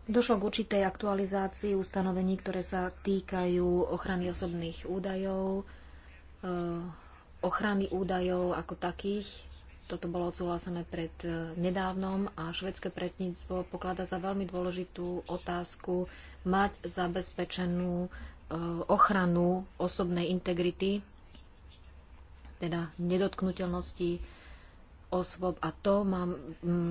Došlo k určitej aktualizácii ustanovení, ktoré sa týkajú ochrany osobných údajov, eh, ochrany údajov ako takých toto bolo odsúhlasené pred e, nedávnom a švedské predníctvo pokladá za veľmi dôležitú otázku mať zabezpečenú e, ochranu osobnej integrity, teda nedotknutelnosti osôb a to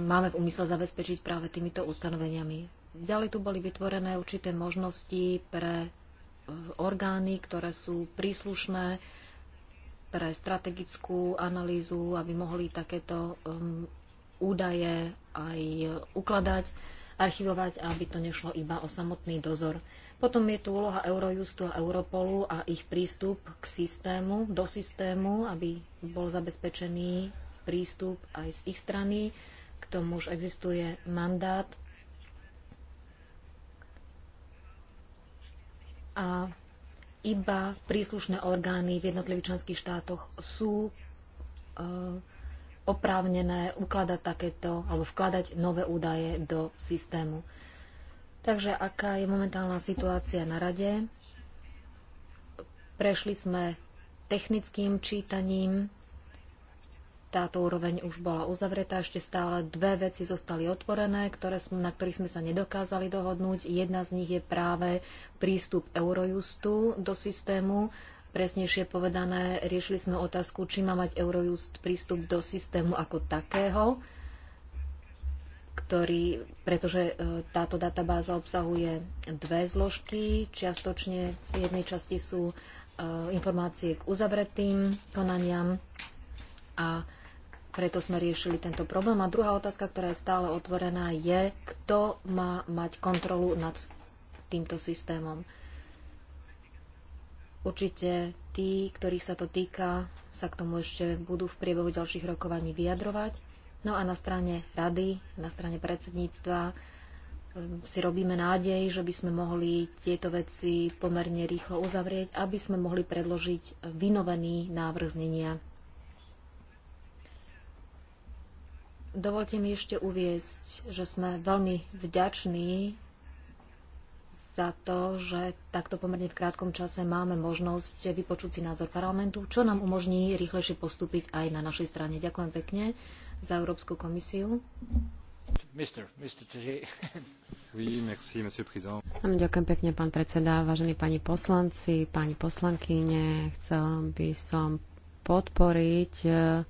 máme v úmysle zabezpečiť práve týmito ustanoveniami. Ďalej tu boli vytvorené určité možnosti pre e, orgány, ktoré sú príslušné pre strategickú analýzu, aby mohli takéto um, údaje aj ukladať, archivovať, aby to nešlo iba o samotný dozor. Potom je tu úloha Eurojustu a Europolu a ich prístup k systému, do systému, aby bol zabezpečený prístup aj z ich strany. K tomu už existuje mandát. A iba príslušné orgány v jednotlivých členských štátoch sú eh, oprávnené ukladať takéto alebo vkladať nové údaje do systému. Takže aká je momentálna situácia na rade? Prešli sme technickým čítaním táto úroveň už bola uzavretá. Ešte stále dve veci zostali otvorené, ktoré sme, na ktorých sme sa nedokázali dohodnúť. Jedna z nich je práve prístup Eurojustu do systému. Presnejšie povedané, riešili sme otázku, či má mať Eurojust prístup do systému ako takého, ktorý, pretože e, táto databáza obsahuje dve zložky. Čiastočne v jednej časti sú e, informácie k uzavretým konaniam a preto sme riešili tento problém. A druhá otázka, ktorá je stále otvorená, je, kto má mať kontrolu nad týmto systémom. Určite tí, ktorých sa to týka, sa k tomu ešte budú v priebehu ďalších rokovaní vyjadrovať. No a na strane rady, na strane predsedníctva um, si robíme nádej, že by sme mohli tieto veci pomerne rýchlo uzavrieť, aby sme mohli predložiť vynovený návrh znenia Dovolte mi ešte uviezť, že sme veľmi vďační za to, že takto pomerne v krátkom čase máme možnosť vypočuť si názor parlamentu, čo nám umožní rýchlejšie postúpiť aj na našej strane. Ďakujem pekne za Európsku komisiu. Ďakujem pekne, pán predseda, vážení pani poslanci, pani poslankyne. Chcel by som podporiť eh,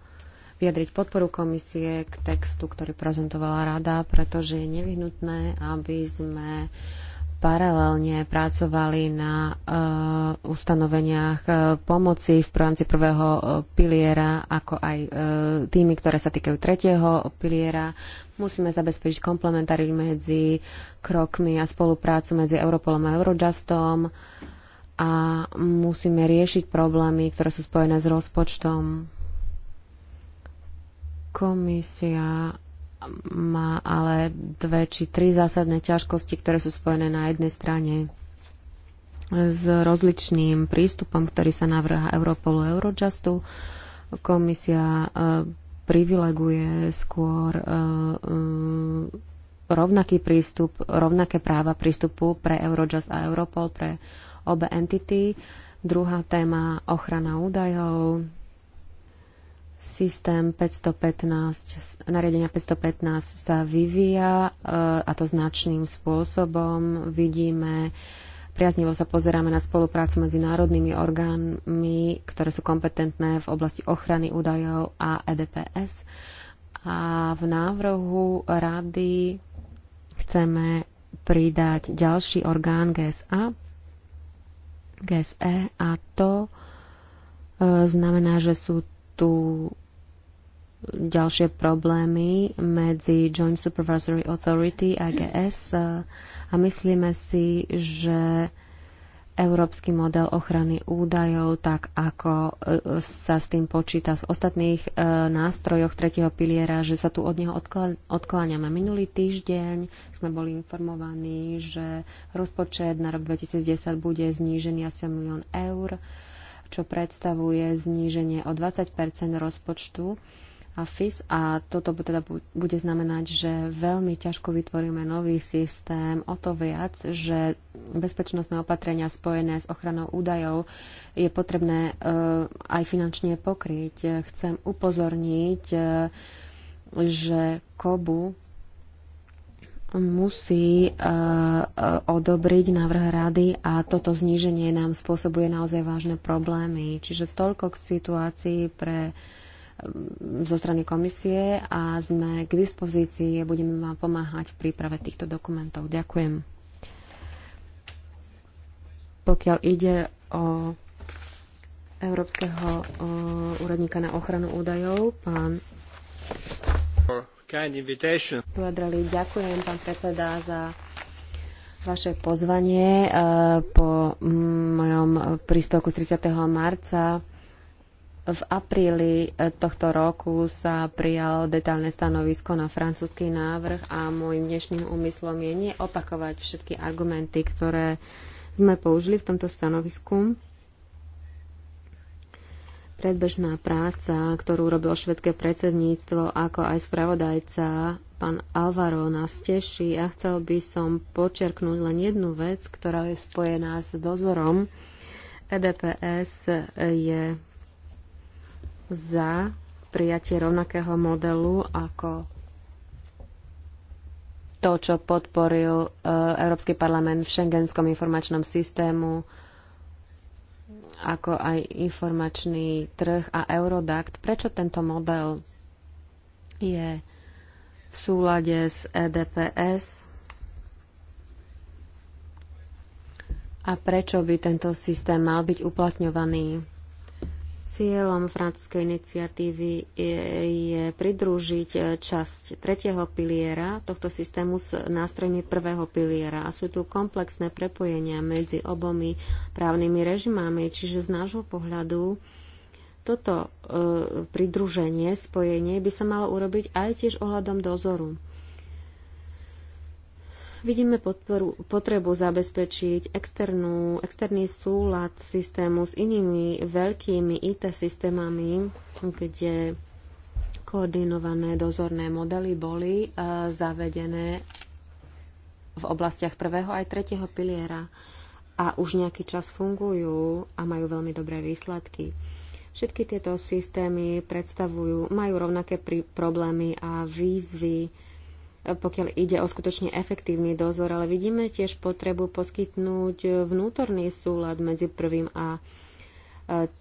vyjadriť podporu komisie k textu, ktorý prezentovala rada, pretože je nevyhnutné, aby sme paralelne pracovali na uh, ustanoveniach uh, pomoci v rámci prvého uh, piliera, ako aj uh, tými, ktoré sa týkajú tretieho piliera. Musíme zabezpečiť komplementári medzi krokmi a spoluprácu medzi Europolom a Eurojustom a musíme riešiť problémy, ktoré sú spojené s rozpočtom Komisia má ale dve či tri zásadné ťažkosti, ktoré sú spojené na jednej strane s rozličným prístupom, ktorý sa navrha Europolu Eurojustu. Komisia eh, privileguje skôr eh, eh, rovnaký prístup, rovnaké práva prístupu pre Eurojust a Europol, pre obe entity. Druhá téma ochrana údajov, Systém 515, nariadenia 515 sa vyvíja eh, a to značným spôsobom. Vidíme, priaznivo sa pozeráme na spoluprácu medzi národnými orgánmi, ktoré sú kompetentné v oblasti ochrany údajov a EDPS. A v návrhu rady chceme pridať ďalší orgán GSA, GSE a to eh, znamená, že sú tu ďalšie problémy medzi Joint Supervisory Authority a GS a myslíme si, že európsky model ochrany údajov, tak ako e, e, sa s tým počíta z ostatných e, nástrojoch tretieho piliera, že sa tu od neho odkláňame. Minulý týždeň sme boli informovaní, že rozpočet na rok 2010 bude znížený asi o milión eur čo predstavuje zníženie o 20 rozpočtu AFIS a toto teda bude znamenať, že veľmi ťažko vytvoríme nový systém, o to viac, že bezpečnostné opatrenia spojené s ochranou údajov je potrebné e, aj finančne pokryť. Chcem upozorniť, e, že KOBU musí eh, eh, odobriť návrh rady a toto zníženie nám spôsobuje naozaj vážne problémy. Čiže toľko k situácii pre mm, zo strany komisie a sme k dispozícii a budeme vám pomáhať v príprave týchto dokumentov. Ďakujem. Pokiaľ ide o Európskeho eh, úradníka na ochranu údajov, pán ďakujem, pán predseda, za vaše pozvanie eh, po mm, mojom príspevku z 30. marca. V apríli eh, tohto roku sa prijalo detailné stanovisko na francúzsky návrh a môjim dnešným úmyslom je neopakovať všetky argumenty, ktoré sme použili v tomto stanovisku. Predbežná práca, ktorú robilo švedské predsedníctvo, ako aj spravodajca pán Alvaro nás teší a chcel by som počerknúť len jednu vec, ktorá je spojená s dozorom. EDPS je za prijatie rovnakého modelu ako to, čo podporil e, Európsky parlament v šengenskom informačnom systému ako aj informačný trh a Eurodact. Prečo tento model je v súlade s EDPS a prečo by tento systém mal byť uplatňovaný Cieľom francúzskej iniciatívy je, je pridružiť e, časť tretieho piliera tohto systému s nástrojmi prvého piliera a sú tu komplexné prepojenia medzi obomi právnymi režimami, čiže z nášho pohľadu toto e, pridruženie, spojenie by sa malo urobiť aj tiež ohľadom dozoru. Vidíme podporu, potrebu zabezpečiť externú, externý súlad systému s inými veľkými IT systémami, kde koordinované dozorné modely boli uh, zavedené v oblastiach prvého aj tretieho piliera a už nejaký čas fungujú a majú veľmi dobré výsledky. Všetky tieto systémy predstavujú, majú rovnaké problémy a výzvy pokiaľ ide o skutočne efektívny dozor, ale vidíme tiež potrebu poskytnúť vnútorný súlad medzi prvým a e,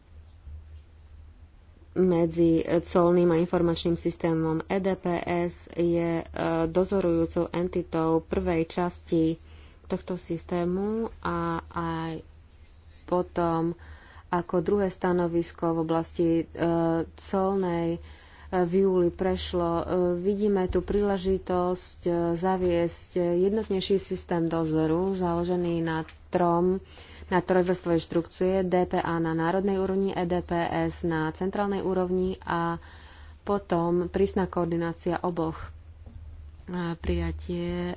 medzi colným a informačným systémom. EDPS je e, dozorujúcou entitou prvej časti tohto systému a aj potom ako druhé stanovisko v oblasti e, colnej v júli prešlo. E, vidíme tu príležitosť e, zaviesť jednotnejší systém dozoru založený na trom na trojvrstvovej štrukcie, DPA na národnej úrovni, EDPS na centrálnej úrovni a potom prísna koordinácia oboch prijatie e,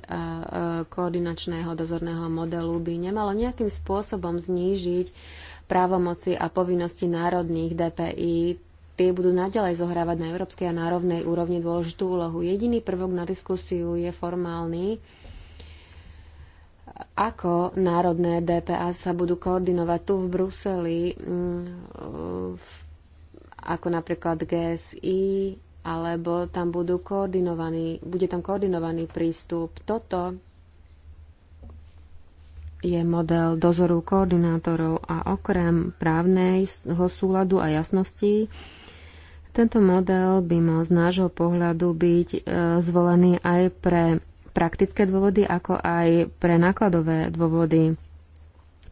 koordinačného dozorného modelu by nemalo nejakým spôsobom znížiť právomoci a povinnosti národných DPI tie budú naďalej zohrávať na európskej a národnej úrovni dôležitú úlohu. Jediný prvok na diskusiu je formálny, ako národné DPA sa budú koordinovať tu v Bruseli, mm, ako napríklad GSI, alebo tam budú koordinovaní, bude tam koordinovaný prístup. Toto je model dozoru koordinátorov a okrem právneho súladu a jasnosti tento model by mal z nášho pohľadu byť e, zvolený aj pre praktické dôvody, ako aj pre nákladové dôvody.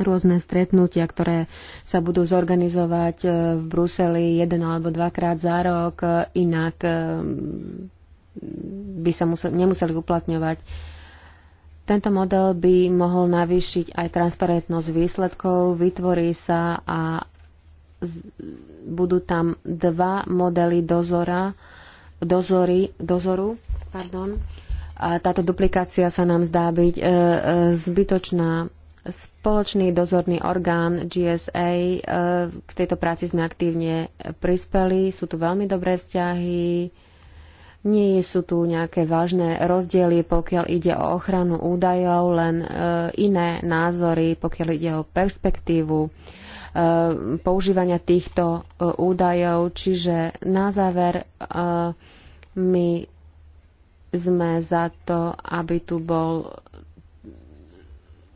Rôzne stretnutia, ktoré sa budú zorganizovať e, v Bruseli jeden alebo dvakrát za rok, e, inak by sa musel, nemuseli uplatňovať. Tento model by mohol navýšiť aj transparentnosť výsledkov, vytvorí sa a budú tam dva modely dozora, dozory, dozoru. Pardon. A táto duplikácia sa nám zdá byť e, e, zbytočná. Spoločný dozorný orgán GSA, e, k tejto práci sme aktívne prispeli, sú tu veľmi dobré vzťahy, nie sú tu nejaké vážne rozdiely, pokiaľ ide o ochranu údajov, len e, iné názory, pokiaľ ide o perspektívu. E, Eh, používania týchto eh, údajov. Čiže na záver eh, my sme za to, aby tu bol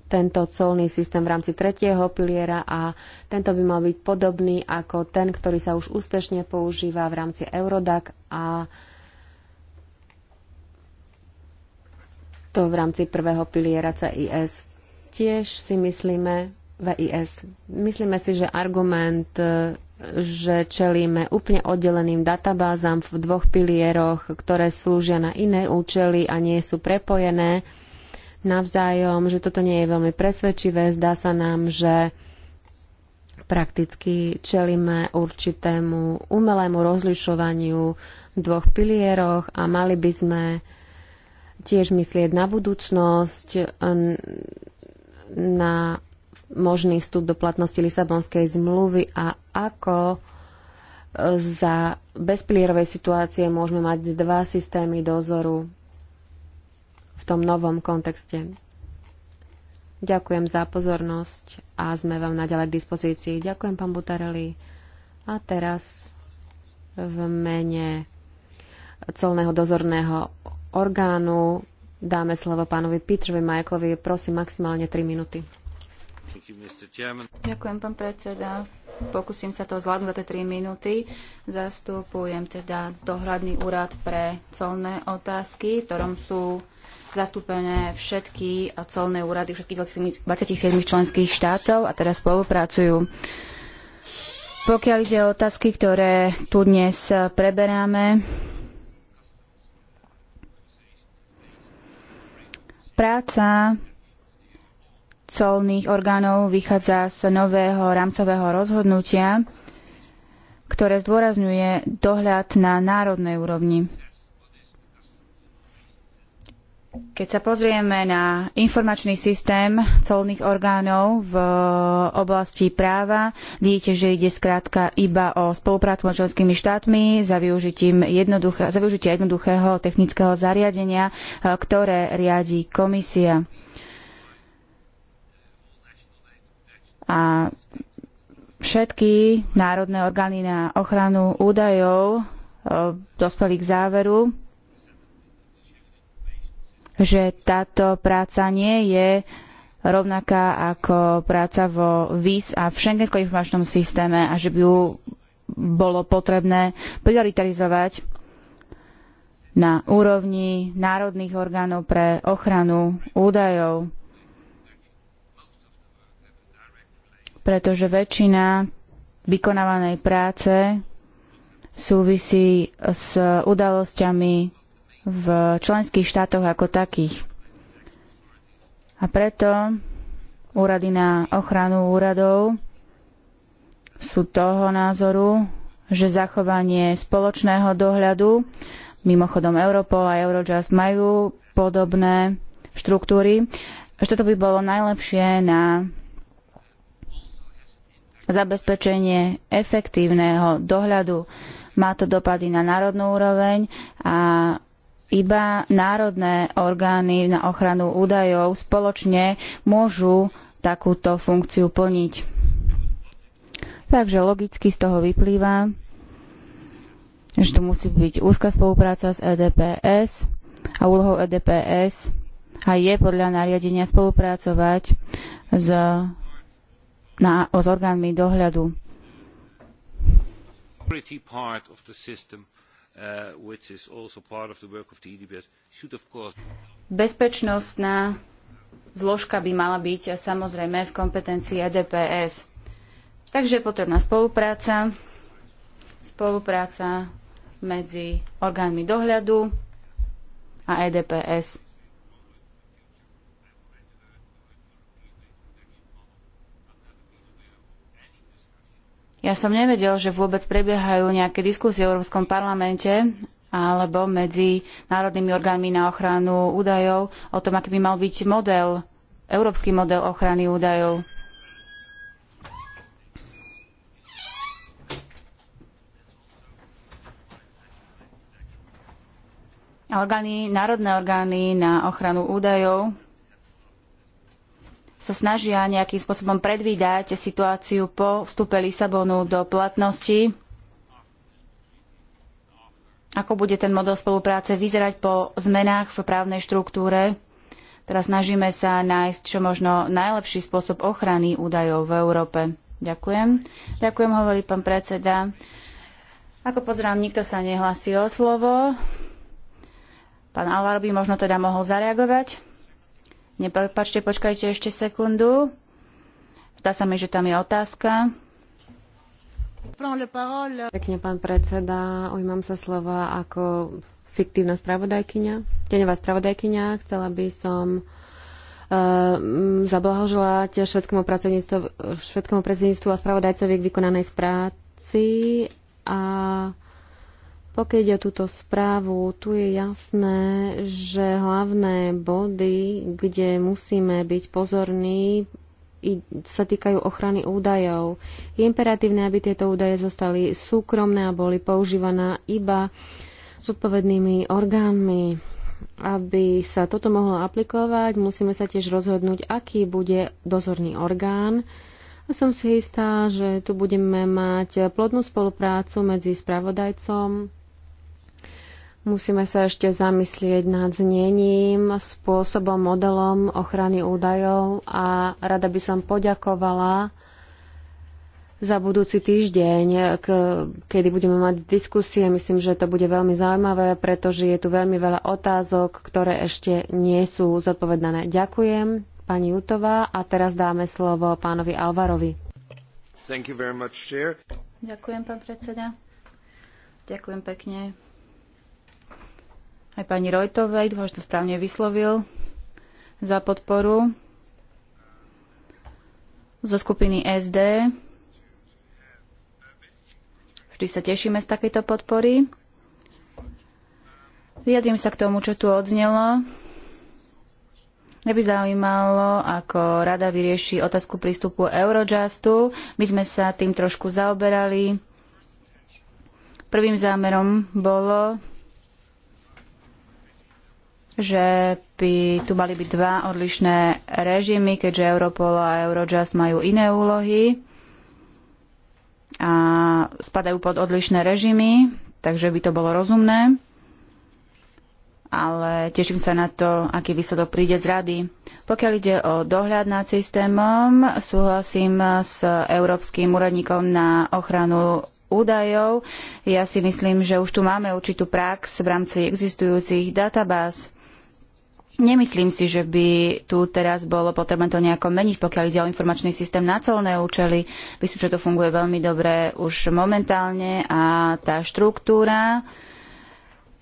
tento colný systém v rámci tretieho piliera a tento by mal byť podobný ako ten, ktorý sa už úspešne používa v rámci Eurodac a to v rámci prvého piliera CIS. Tiež si myslíme, VIS. Myslíme si, že argument, e, že čelíme úplne oddeleným databázam v dvoch pilieroch, ktoré slúžia na iné účely a nie sú prepojené navzájom, že toto nie je veľmi presvedčivé. Zdá sa nám, že prakticky čelíme určitému umelému rozlišovaniu v dvoch pilieroch a mali by sme tiež myslieť na budúcnosť, na možný vstup do platnosti Lisabonskej zmluvy a ako e, za bezpilierovej situácie môžeme mať dva systémy dozoru v tom novom kontexte. Ďakujem za pozornosť a sme vám naďalej k dispozícii. Ďakujem, pán Butarelli. A teraz v mene colného dozorného orgánu dáme slovo pánovi Petrovi Michaelovi. Prosím, maximálne 3 minúty. Ďakujem, pán predseda. Pokúsim sa to zvládnuť za tie 3 minúty. Zastupujem teda dohľadný úrad pre colné otázky, v ktorom sú zastúpené všetky colné úrady všetkých 27 členských štátov a teraz spolupracujú. Pokiaľ ide o otázky, ktoré tu dnes preberáme, práca colných orgánov vychádza z nového rámcového rozhodnutia, ktoré zdôrazňuje dohľad na národnej úrovni. Keď sa pozrieme na informačný systém colných orgánov v oblasti práva, vidíte, že ide skrátka iba o spoluprácu s členskými štátmi za, využitím jednoduché, za jednoduchého technického zariadenia, ktoré riadi komisia. A všetky národné orgány na ochranu údajov e, dospeli k záveru, že táto práca nie je rovnaká ako práca vo VIS a v Schengenskom informačnom systéme a že by ju bolo potrebné prioritarizovať na úrovni národných orgánov pre ochranu údajov. pretože väčšina vykonávanej práce súvisí s udalosťami v členských štátoch ako takých. A preto úrady na ochranu úradov sú toho názoru, že zachovanie spoločného dohľadu, mimochodom Europol a Eurojust majú podobné štruktúry, že toto by bolo najlepšie na zabezpečenie efektívneho dohľadu. Má to dopady na národnú úroveň a iba národné orgány na ochranu údajov spoločne môžu takúto funkciu plniť. Takže logicky z toho vyplýva, že tu musí byť úzka spolupráca s EDPS a úlohou EDPS a je podľa nariadenia spolupracovať s na, s orgánmi dohľadu. Uh, e Bezpečnostná zložka by mala byť eh, samozrejme v kompetencii EDPS. Takže je potrebná spolupráca, spolupráca medzi orgánmi dohľadu a EDPS. Ja som nevedel, že vôbec prebiehajú nejaké diskusie v Európskom parlamente alebo medzi národnými orgánmi na ochranu údajov o tom, aký by mal byť model, európsky model ochrany údajov. Orgány, národné orgány na ochranu údajov sa snažia nejakým spôsobom predvídať situáciu po vstupe Lisabonu do platnosti. Ako bude ten model spolupráce vyzerať po zmenách v právnej štruktúre? Teraz snažíme sa nájsť čo možno najlepší spôsob ochrany údajov v Európe. Ďakujem. Ďakujem, hovorí pán predseda. Ako pozerám, nikto sa nehlasí o slovo. Pán Alarby možno teda mohol zareagovať. Nepačte, počkajte ešte sekundu. Zdá sa mi, že tam je otázka. Pekne, pán predseda. Ujímam sa slova ako fiktívna spravodajkyňa, teňová spravodajkyňa. Chcela by som uh, tiež švedskému, predsedníctvu a spravodajcovi k vykonanej práci a pokiaľ ide o túto správu, tu je jasné, že hlavné body, kde musíme byť pozorní, sa týkajú ochrany údajov. Je imperatívne, aby tieto údaje zostali súkromné a boli používané iba s odpovednými orgánmi. Aby sa toto mohlo aplikovať, musíme sa tiež rozhodnúť, aký bude dozorný orgán, a som si istá, že tu budeme mať plodnú spoluprácu medzi spravodajcom Musíme sa ešte zamyslieť nad znením, spôsobom, modelom ochrany údajov a rada by som poďakovala za budúci týždeň, kedy budeme mať diskusie. Myslím, že to bude veľmi zaujímavé, pretože je tu veľmi veľa otázok, ktoré ešte nie sú zodpovedané. Ďakujem, pani Jutová, a teraz dáme slovo pánovi Alvarovi. Much, Ďakujem, pán predseda. Ďakujem pekne aj pani Rojtovej, dúfam, že to správne vyslovil, za podporu zo skupiny SD. Vždy sa tešíme z takejto podpory. Vyjadrím sa k tomu, čo tu odznelo. Neby zaujímalo, ako rada vyrieši otázku prístupu Eurojustu. My sme sa tým trošku zaoberali. Prvým zámerom bolo že by tu mali byť dva odlišné režimy, keďže Europol a Eurojust majú iné úlohy a spadajú pod odlišné režimy, takže by to bolo rozumné. Ale teším sa na to, aký výsledok príde z rady. Pokiaľ ide o dohľad nad systémom, súhlasím s Európskym úradníkom na ochranu údajov. Ja si myslím, že už tu máme určitú prax v rámci existujúcich databáz. Nemyslím si, že by tu teraz bolo potrebné to nejako meniť, pokiaľ ide o informačný systém na celné účely. Myslím, že to funguje veľmi dobre už momentálne a tá štruktúra,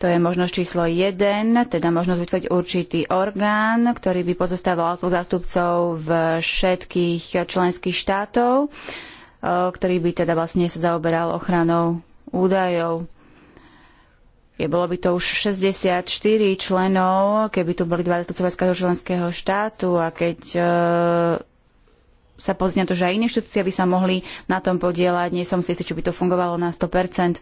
to je možnosť číslo 1, teda možnosť vytvoriť určitý orgán, ktorý by pozostával z zástupcov všetkých členských štátov, ktorý by teda vlastne sa zaoberal ochranou údajov je, bolo by to už 64 členov, keby tu boli dva zastupcovia z každého členského štátu a keď e, sa pozne to, že aj iné inštitúcie by sa mohli na tom podielať, nie som si istý, či by to fungovalo na 100%.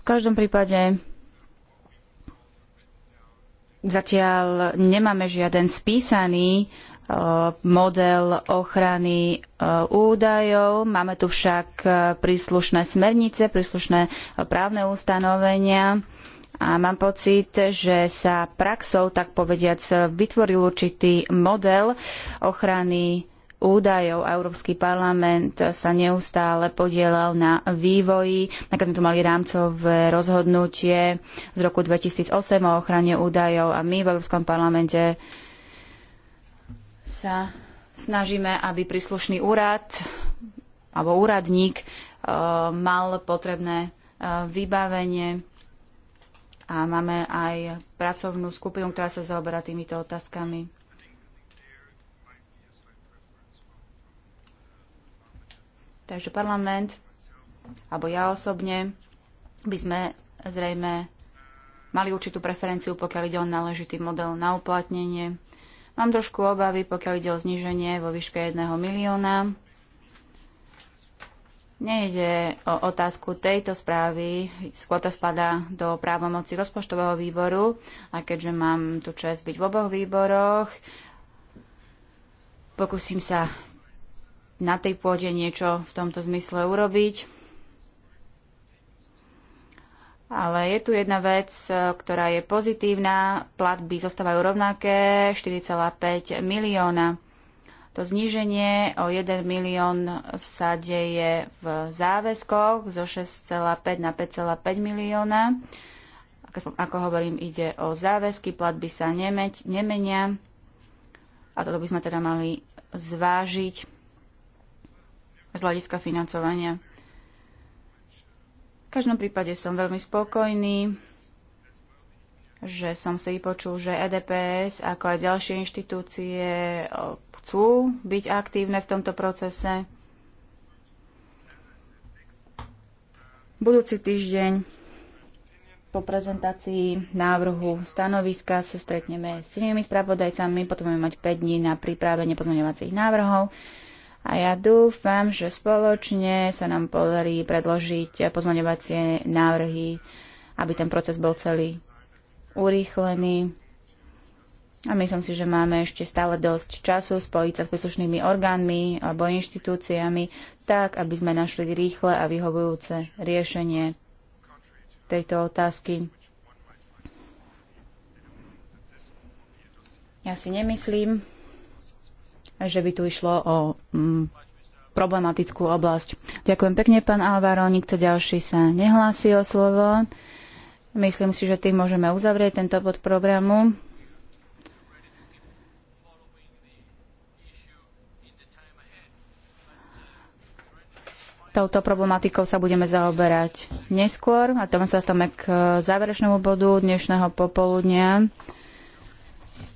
V každom prípade zatiaľ nemáme žiaden spísaný Eh, model ochrany eh, údajov. Máme tu však eh, príslušné smernice, príslušné právne ustanovenia a mám pocit, že sa praxou, tak povediac, vytvoril určitý model ochrany údajov. Európsky parlament sa neustále podielal na vývoji. Tak sme tu mali rámcové rozhodnutie z roku 2008 o ochrane údajov a my v Európskom parlamente sa snažíme, aby príslušný úrad alebo úradník e, mal potrebné e, vybavenie a máme aj pracovnú skupinu, ktorá sa zaoberá týmito otázkami. Takže parlament, alebo ja osobne, by sme zrejme mali určitú preferenciu, pokiaľ ide o náležitý model na uplatnenie Mám trošku obavy, pokiaľ ide o zníženie vo výške 1 milióna. Nejde o otázku tejto správy, skôr to spadá do právomoci rozpočtového výboru a keďže mám tu čest byť v oboch výboroch, pokúsim sa na tej pôde niečo v tomto zmysle urobiť. Ale je tu jedna vec, e, ktorá je pozitívna. Platby zostávajú rovnaké 4,5 milióna. To zníženie o 1 milión sa deje v záväzkoch zo 6,5 na 5,5 milióna. Ako hovorím, ide o záväzky, platby sa nemeť, nemenia. A toto by sme teda mali zvážiť z hľadiska financovania. V každom prípade som veľmi spokojný, že som si počul, že EDPS, ako aj ďalšie inštitúcie, chcú byť aktívne v tomto procese. Budúci týždeň po prezentácii návrhu stanoviska sa stretneme s inými spravodajcami, potom budeme mať 5 dní na pripravenie pozmeňovacích návrhov a ja dúfam, že spoločne sa nám podarí predložiť pozmaňovacie návrhy, aby ten proces bol celý urýchlený. A myslím si, že máme ešte stále dosť času spojiť sa s príslušnými orgánmi alebo inštitúciami, tak aby sme našli rýchle a vyhovujúce riešenie tejto otázky. Ja si nemyslím, že by tu išlo o mm, problematickú oblasť. Ďakujem pekne, pán Alvaro, Nikto ďalší sa nehlási o slovo. Myslím si, že tým môžeme uzavrieť tento bod programu. Touto problematikou sa budeme zaoberať neskôr a tom sa stame k záverečnému bodu dnešného popoludnia.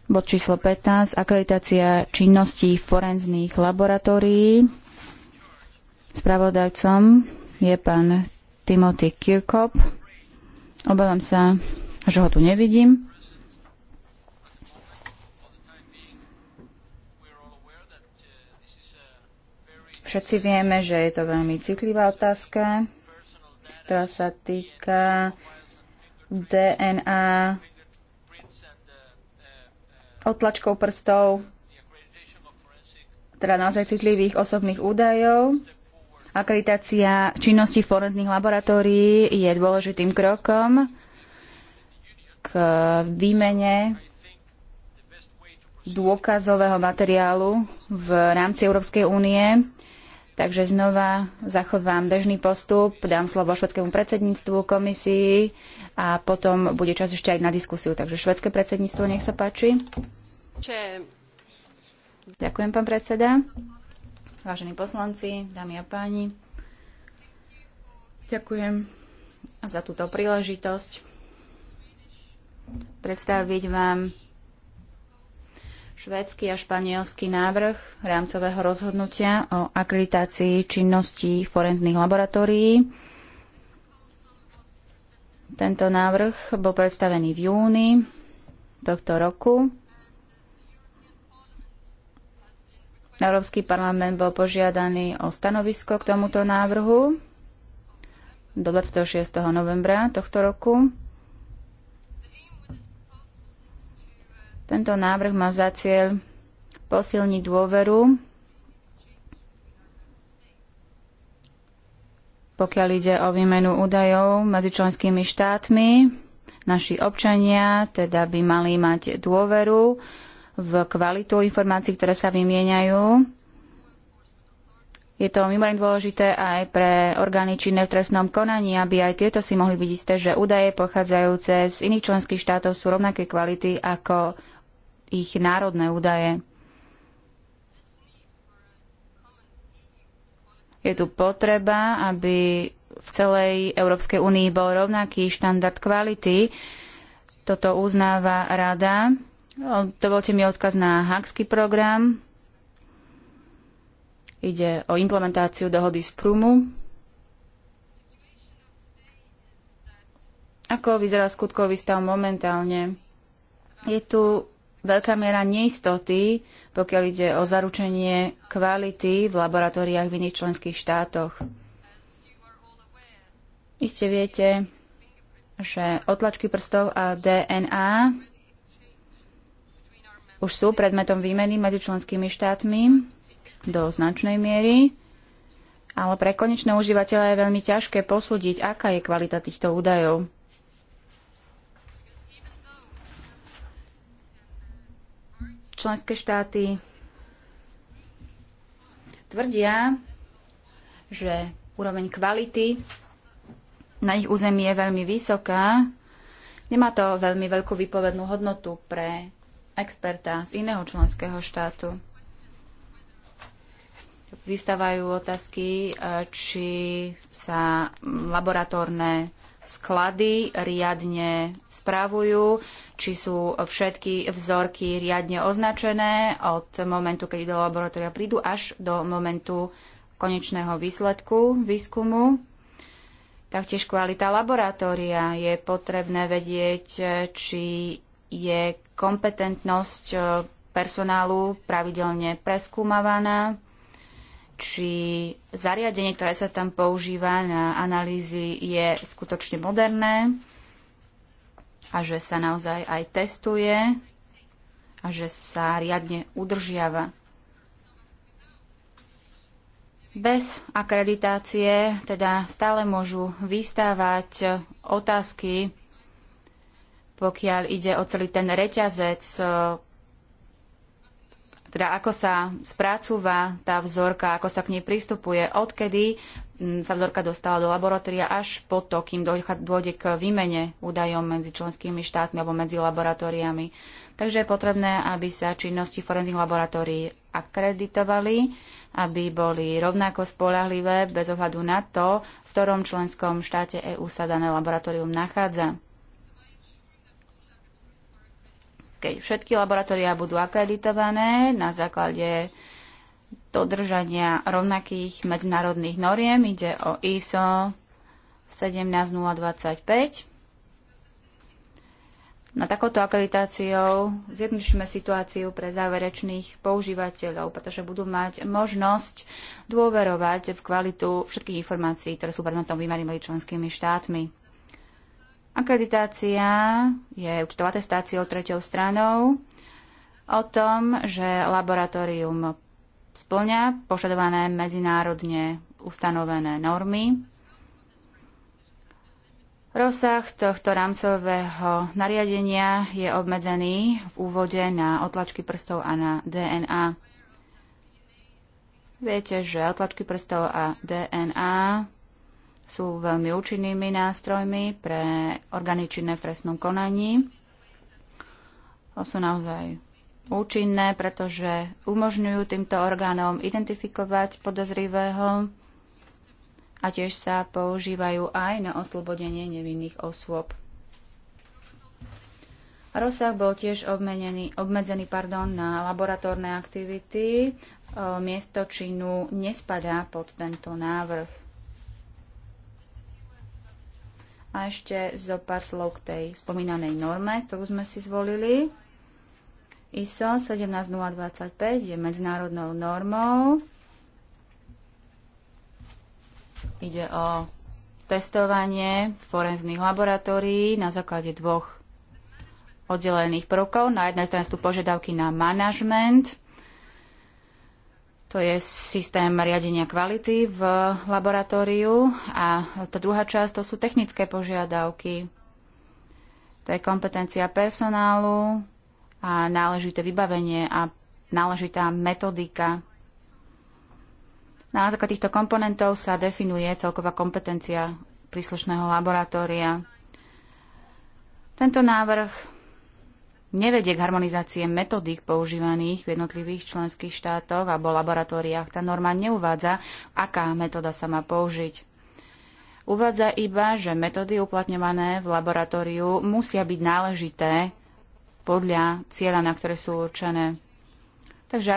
Bod číslo 15. Akreditácia činností forenzných laboratórií. Spravodajcom je pán Timothy Kirkop. Obávam sa, že ho tu nevidím. Všetci vieme, že je to veľmi citlivá otázka, ktorá sa týka DNA otlačkou prstov, teda naozaj citlivých osobných údajov. Akreditácia činnosti forenzných laboratórií je dôležitým krokom k výmene dôkazového materiálu v rámci Európskej únie. Takže znova zachovám bežný postup, dám slovo švedskému predsedníctvu, komisii a potom bude čas ešte aj na diskusiu. Takže švedské predsedníctvo, nech sa páči. Če... Ďakujem, pán predseda. Vážení poslanci, dámy a páni, ďakujem za túto príležitosť predstaviť vám švédsky a španielský návrh rámcového rozhodnutia o akreditácii činností forenzných laboratórií. Tento návrh bol predstavený v júni tohto roku. Európsky parlament bol požiadaný o stanovisko k tomuto návrhu do 26. novembra tohto roku. Tento návrh má za cieľ posilniť dôveru, pokiaľ ide o výmenu údajov medzi členskými štátmi. Naši občania teda by mali mať dôveru v kvalitu informácií, ktoré sa vymieňajú. Je to mimoriadne dôležité aj pre orgány činné v trestnom konaní, aby aj tieto si mohli byť isté, že údaje pochádzajúce z iných členských štátov sú rovnaké kvality ako ich národné údaje. Je tu potreba, aby v celej Európskej únii bol rovnaký štandard kvality. Toto uznáva rada. Dovolte mi odkaz na Hakský program. Ide o implementáciu dohody z Prumu. Ako vyzerá skutkový stav momentálne? Je tu veľká miera neistoty, pokiaľ ide o zaručenie kvality v laboratóriách v iných členských štátoch. Iste viete, že otlačky prstov a DNA už sú predmetom výmeny medzi členskými štátmi do značnej miery, ale pre konečné užívateľa je veľmi ťažké posúdiť, aká je kvalita týchto údajov. Členské štáty tvrdia, že úroveň kvality na ich území je veľmi vysoká. Nemá to veľmi veľkú výpovednú hodnotu pre experta z iného členského štátu. Vystávajú otázky, eh, či sa laboratórne sklady riadne spravujú, či sú všetky vzorky riadne označené od momentu, keď do laboratória prídu, až do momentu konečného výsledku výskumu. Taktiež kvalita laboratória je potrebné vedieť, či je kompetentnosť eh, personálu pravidelne preskúmavaná, či zariadenie, ktoré sa tam používa na analýzy, je skutočne moderné a že sa naozaj aj testuje a že sa riadne udržiava. Bez akreditácie teda stále môžu vystávať otázky, pokiaľ ide o celý ten reťazec teda ako sa spracúva tá vzorka, ako sa k nej pristupuje, odkedy mm, sa vzorka dostala do laboratória až po to, kým dôjde k výmene údajom medzi členskými štátmi alebo medzi laboratóriami. Takže je potrebné, aby sa činnosti forenzných laboratórií akreditovali, aby boli rovnako spolahlivé bez ohľadu na to, v ktorom členskom štáte EÚ sa dané laboratórium nachádza. keď všetky laboratória budú akreditované na základe dodržania rovnakých medzinárodných noriem. Ide o ISO 17025. Na takouto akreditáciou zjednodušíme situáciu pre záverečných používateľov, pretože budú mať možnosť dôverovať v kvalitu všetkých informácií, ktoré sú predmetom vymarí členskými štátmi. Akreditácia je určitou atestáciou treťou stranou o tom, že laboratórium splňa požadované medzinárodne ustanovené normy. Rozsah tohto rámcového nariadenia je obmedzený v úvode na otlačky prstov a na DNA. Viete, že otlačky prstov a DNA sú veľmi účinnými nástrojmi pre orgány činné v trestnom konaní. Sú naozaj účinné, pretože umožňujú týmto orgánom identifikovať podozrivého a tiež sa používajú aj na oslobodenie nevinných osôb. Rozsah bol tiež obmenený, obmedzený pardon, na laboratórne aktivity. Miesto činu nespadá pod tento návrh. A ešte zo pár slov k tej spomínanej norme, ktorú sme si zvolili. ISO 17025 je medzinárodnou normou. Ide o testovanie forenzných laboratórií na základe dvoch oddelených prvkov. Na jednej strane sú požiadavky na manažment to je systém riadenia kvality v laboratóriu. A tá druhá časť to sú technické požiadavky. To je kompetencia personálu a náležité vybavenie a náležitá metodika. Na základe týchto komponentov sa definuje celková kompetencia príslušného laboratória. Tento návrh nevedie k harmonizácie metodík používaných v jednotlivých členských štátoch alebo laboratóriách. Tá norma neuvádza, aká metóda sa má použiť. Uvádza iba, že metódy uplatňované v laboratóriu musia byť náležité podľa cieľa, na ktoré sú určené. Takže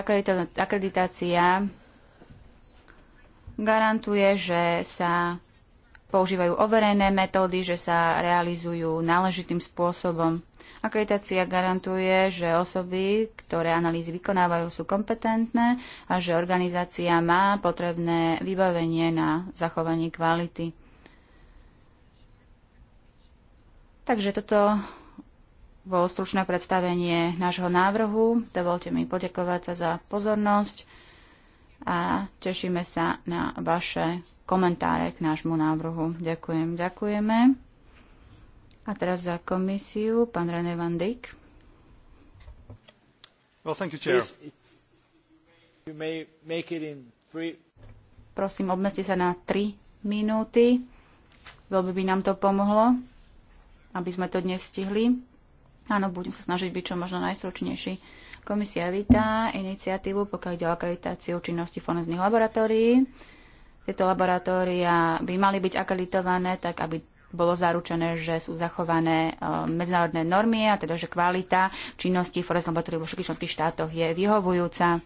akreditácia garantuje, že sa používajú overené metódy, že sa realizujú náležitým spôsobom. Akreditácia garantuje, že osoby, ktoré analýzy vykonávajú, sú kompetentné a že organizácia má potrebné vybavenie na zachovanie kvality. Takže toto bolo stručné predstavenie nášho návrhu. Dovolte mi poďakovať sa za pozornosť a tešíme sa na vaše komentáre k nášmu návrhu. Ďakujem, ďakujeme. A teraz za komisiu pán René Van Dijk. Well, thank you, Chair. You may make it in three... Prosím, obmeste sa na 3 minúty. Veľmi by nám to pomohlo, aby sme to dnes stihli. Áno, budem sa snažiť byť čo možno najstručnejší. Komisia vítá iniciatívu, pokiaľ ide o akreditáciu činnosti forenzných laboratórií. Tieto laboratória by mali byť akreditované tak, aby bolo zaručené, že sú zachované e, medzinárodné normy a teda, že kvalita činnosti Forest Laboratórií vo všetkých členských štátoch je vyhovujúca.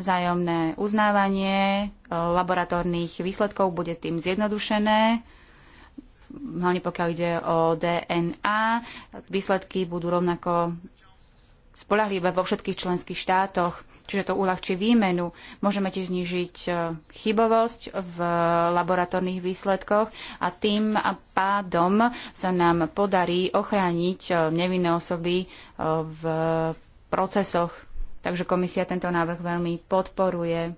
Vzájomné uznávanie e, laboratórnych výsledkov bude tým zjednodušené hlavne pokiaľ ide o DNA. Výsledky budú rovnako spolahlivé vo všetkých členských štátoch, čiže to uľahčí výmenu. Môžeme tiež znižiť e, chybovosť v laboratórnych výsledkoch a tým pádom sa nám podarí ochrániť e, nevinné osoby e, v procesoch. Takže komisia tento návrh veľmi podporuje.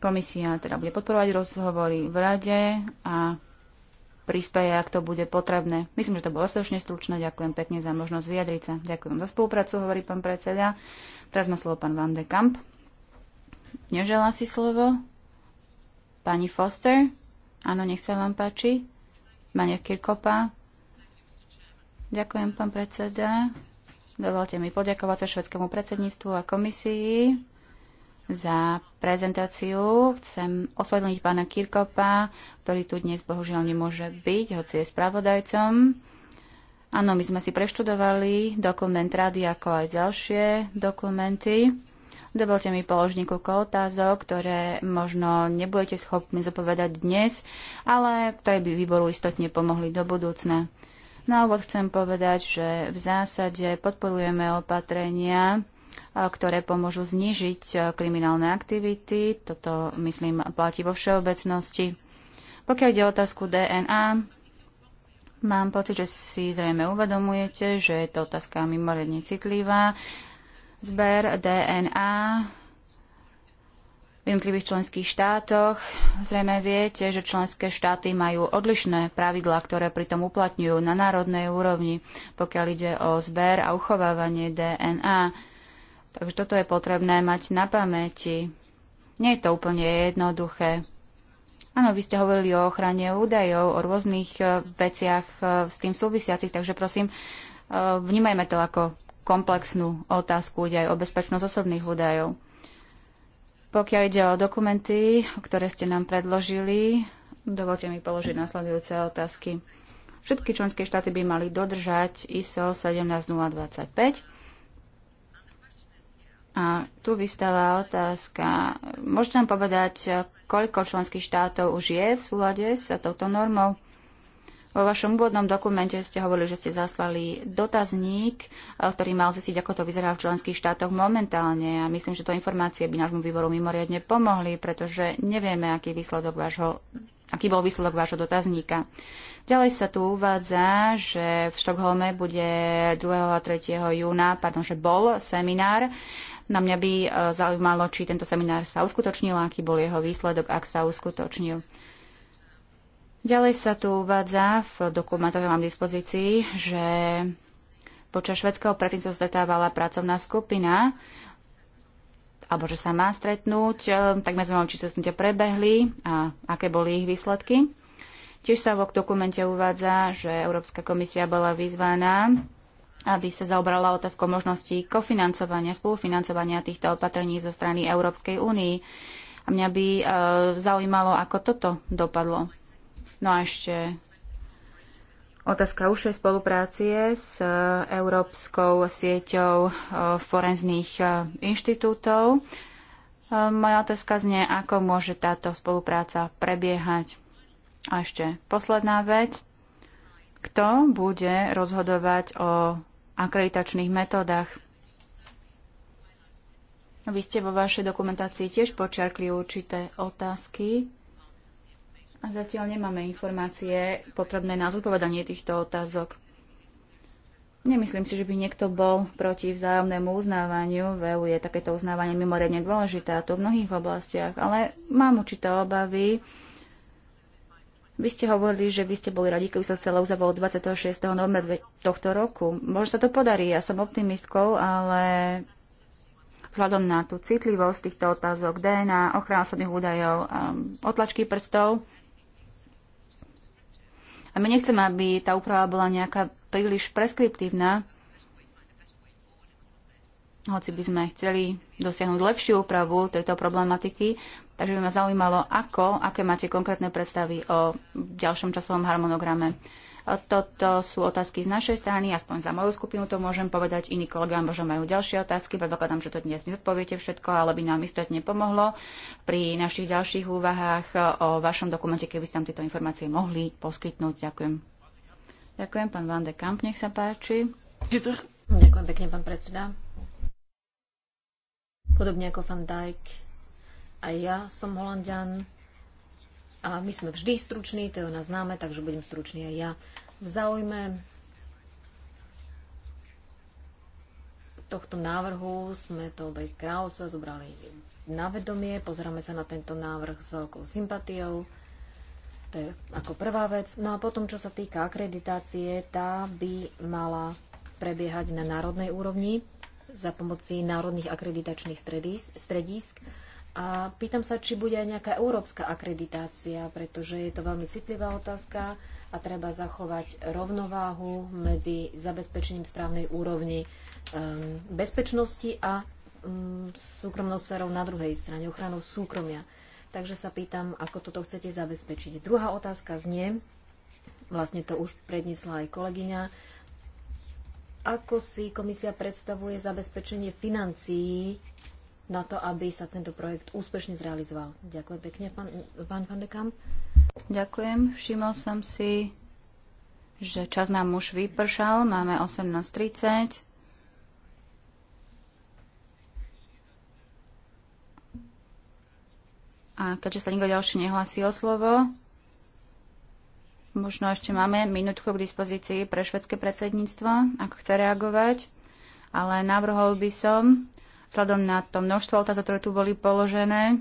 Komisia teda bude podporovať rozhovory v rade a prispieje, ak to bude potrebné. Myslím, že to bolo dostatočne stručné. Ďakujem pekne za možnosť vyjadriť sa. Ďakujem za spoluprácu, hovorí pán predseda. Teraz má slovo pán Van de Kamp. Neželá si slovo? Pani Foster? Áno, nech sa vám páči. Mania Kirkopa? Ďakujem, pán predseda. Dovolte mi poďakovať sa švedskému predsedníctvu a komisii za prezentáciu. Chcem osvedliť pána Kirkopa, ktorý tu dnes bohužiaľ nemôže byť, hoci je spravodajcom. Áno, my sme si preštudovali dokument rady, ako aj ďalšie dokumenty. Dovolte mi položiť niekoľko otázok, ktoré možno nebudete schopní zodpovedať dnes, ale ktoré by výboru istotne pomohli do budúcna. Na úvod chcem povedať, že v zásade podporujeme opatrenia, ktoré pomôžu znižiť kriminálne aktivity. Toto, myslím, platí vo všeobecnosti. Pokiaľ ide o otázku DNA, mám pocit, že si zrejme uvedomujete, že je to otázka mimoriadne citlivá. Zber DNA v jednotlivých členských štátoch. Zrejme viete, že členské štáty majú odlišné pravidlá, ktoré pritom uplatňujú na národnej úrovni, pokiaľ ide o zber a uchovávanie DNA. Takže toto je potrebné mať na pamäti. Nie je to úplne jednoduché. Áno, vy ste hovorili o ochrane údajov, o rôznych e, veciach e, s tým súvisiacich, takže prosím, e, vnímajme to ako komplexnú otázku aj o bezpečnosť osobných údajov. Pokiaľ ide o dokumenty, ktoré ste nám predložili, dovolte mi položiť nasledujúce otázky. Všetky členské štáty by mali dodržať ISO 17025 a tu vystáva otázka, môžete nám povedať, koľko členských štátov už je v súlade s touto normou? Vo vašom úvodnom dokumente ste hovorili, že ste zaslali dotazník, e, ktorý mal zistiť, ako to vyzerá v členských štátoch momentálne. A myslím, že to informácie by nášmu výboru mimoriadne pomohli, pretože nevieme, aký, výsledok vášho, aký bol výsledok vášho dotazníka. Ďalej sa tu uvádza, že v Štokholme bude 2. a 3. júna, pardon, že bol seminár na mňa by e, zaujímalo, či tento seminár sa uskutočnil, aký bol jeho výsledok, ak sa uskutočnil. Ďalej sa tu uvádza v dokumentoch, ktoré mám v dispozícii, že počas švedského predtým sa stretávala pracovná skupina, alebo že sa má stretnúť, e, tak sme vám, či sa stretnutia prebehli a aké boli ich výsledky. Tiež sa v dokumente uvádza, že Európska komisia bola vyzvaná aby sa zaobrala otázkou možností kofinancovania, spolufinancovania týchto opatrení zo strany Európskej únii. A mňa by uh, zaujímalo, ako toto dopadlo. No a ešte otázka užšej spoluprácie s e, Európskou sieťou e, forenzných inštitútov. Moja otázka znie, ako môže táto spolupráca prebiehať. A ešte posledná vec. Kto bude rozhodovať o akreditačných metodách. Vy ste vo vašej dokumentácii tiež počiarkli určité otázky a zatiaľ nemáme informácie potrebné na zodpovedanie týchto otázok. Nemyslím si, že by niekto bol proti vzájomnému uznávaniu. V EU je takéto uznávanie mimoriadne dôležité a to v mnohých oblastiach, ale mám určité obavy, vy ste hovorili, že by ste boli radi, keby sa celou zabolo 26. novembra tohto roku. Možno sa to podarí, ja som optimistkou, ale vzhľadom na tú citlivosť týchto otázok DNA, ochrana osobných údajov, otlačky prstov. A my nechceme, aby tá úprava bola nejaká príliš preskriptívna, hoci by sme chceli dosiahnuť lepšiu úpravu tejto problematiky, Takže by ma zaujímalo, ako, aké máte konkrétne predstavy o ďalšom časovom harmonograme. Toto sú otázky z našej strany, aspoň za moju skupinu to môžem povedať. Iní kolegovia možno majú ďalšie otázky, predpokladám, že to dnes neodpoviete všetko, ale by nám istotne pomohlo pri našich ďalších úvahách o vašom dokumente, keby ste nám tieto informácie mohli poskytnúť. Ďakujem. Ďakujem, pán Van de Kamp, nech sa páči. Ďakujem pekne, pán predseda. Podobne ako Van Dijk, a ja som holandian a my sme vždy struční, to je o nás známe, takže budem stručný aj ja. V záujme tohto návrhu sme to obe kráľovstva zobrali na vedomie, pozeráme sa na tento návrh s veľkou sympatiou. To je ako prvá vec. No a potom, čo sa týka akreditácie, tá by mala prebiehať na národnej úrovni za pomoci národných akreditačných stredísk. stredísk a pýtam sa, či bude aj nejaká európska akreditácia, pretože je to veľmi citlivá otázka a treba zachovať rovnováhu medzi zabezpečením správnej úrovni um, bezpečnosti a um, súkromnou sférou na druhej strane, ochranou súkromia. Takže sa pýtam, ako toto chcete zabezpečiť. Druhá otázka znie, vlastne to už predniesla aj kolegyňa, ako si komisia predstavuje zabezpečenie financií na to, aby sa tento projekt úspešne zrealizoval. Ďakujem pekne, pán, pán, de Kamp. Ďakujem. Všimol som si, že čas nám už vypršal. Máme 18.30. A keďže sa nikto ďalší nehlasí o slovo, možno ešte máme minútku k dispozícii pre švedské predsedníctvo, ako chce reagovať. Ale navrhol by som, vzhľadom na to množstvo otázok, ktoré tu boli položené.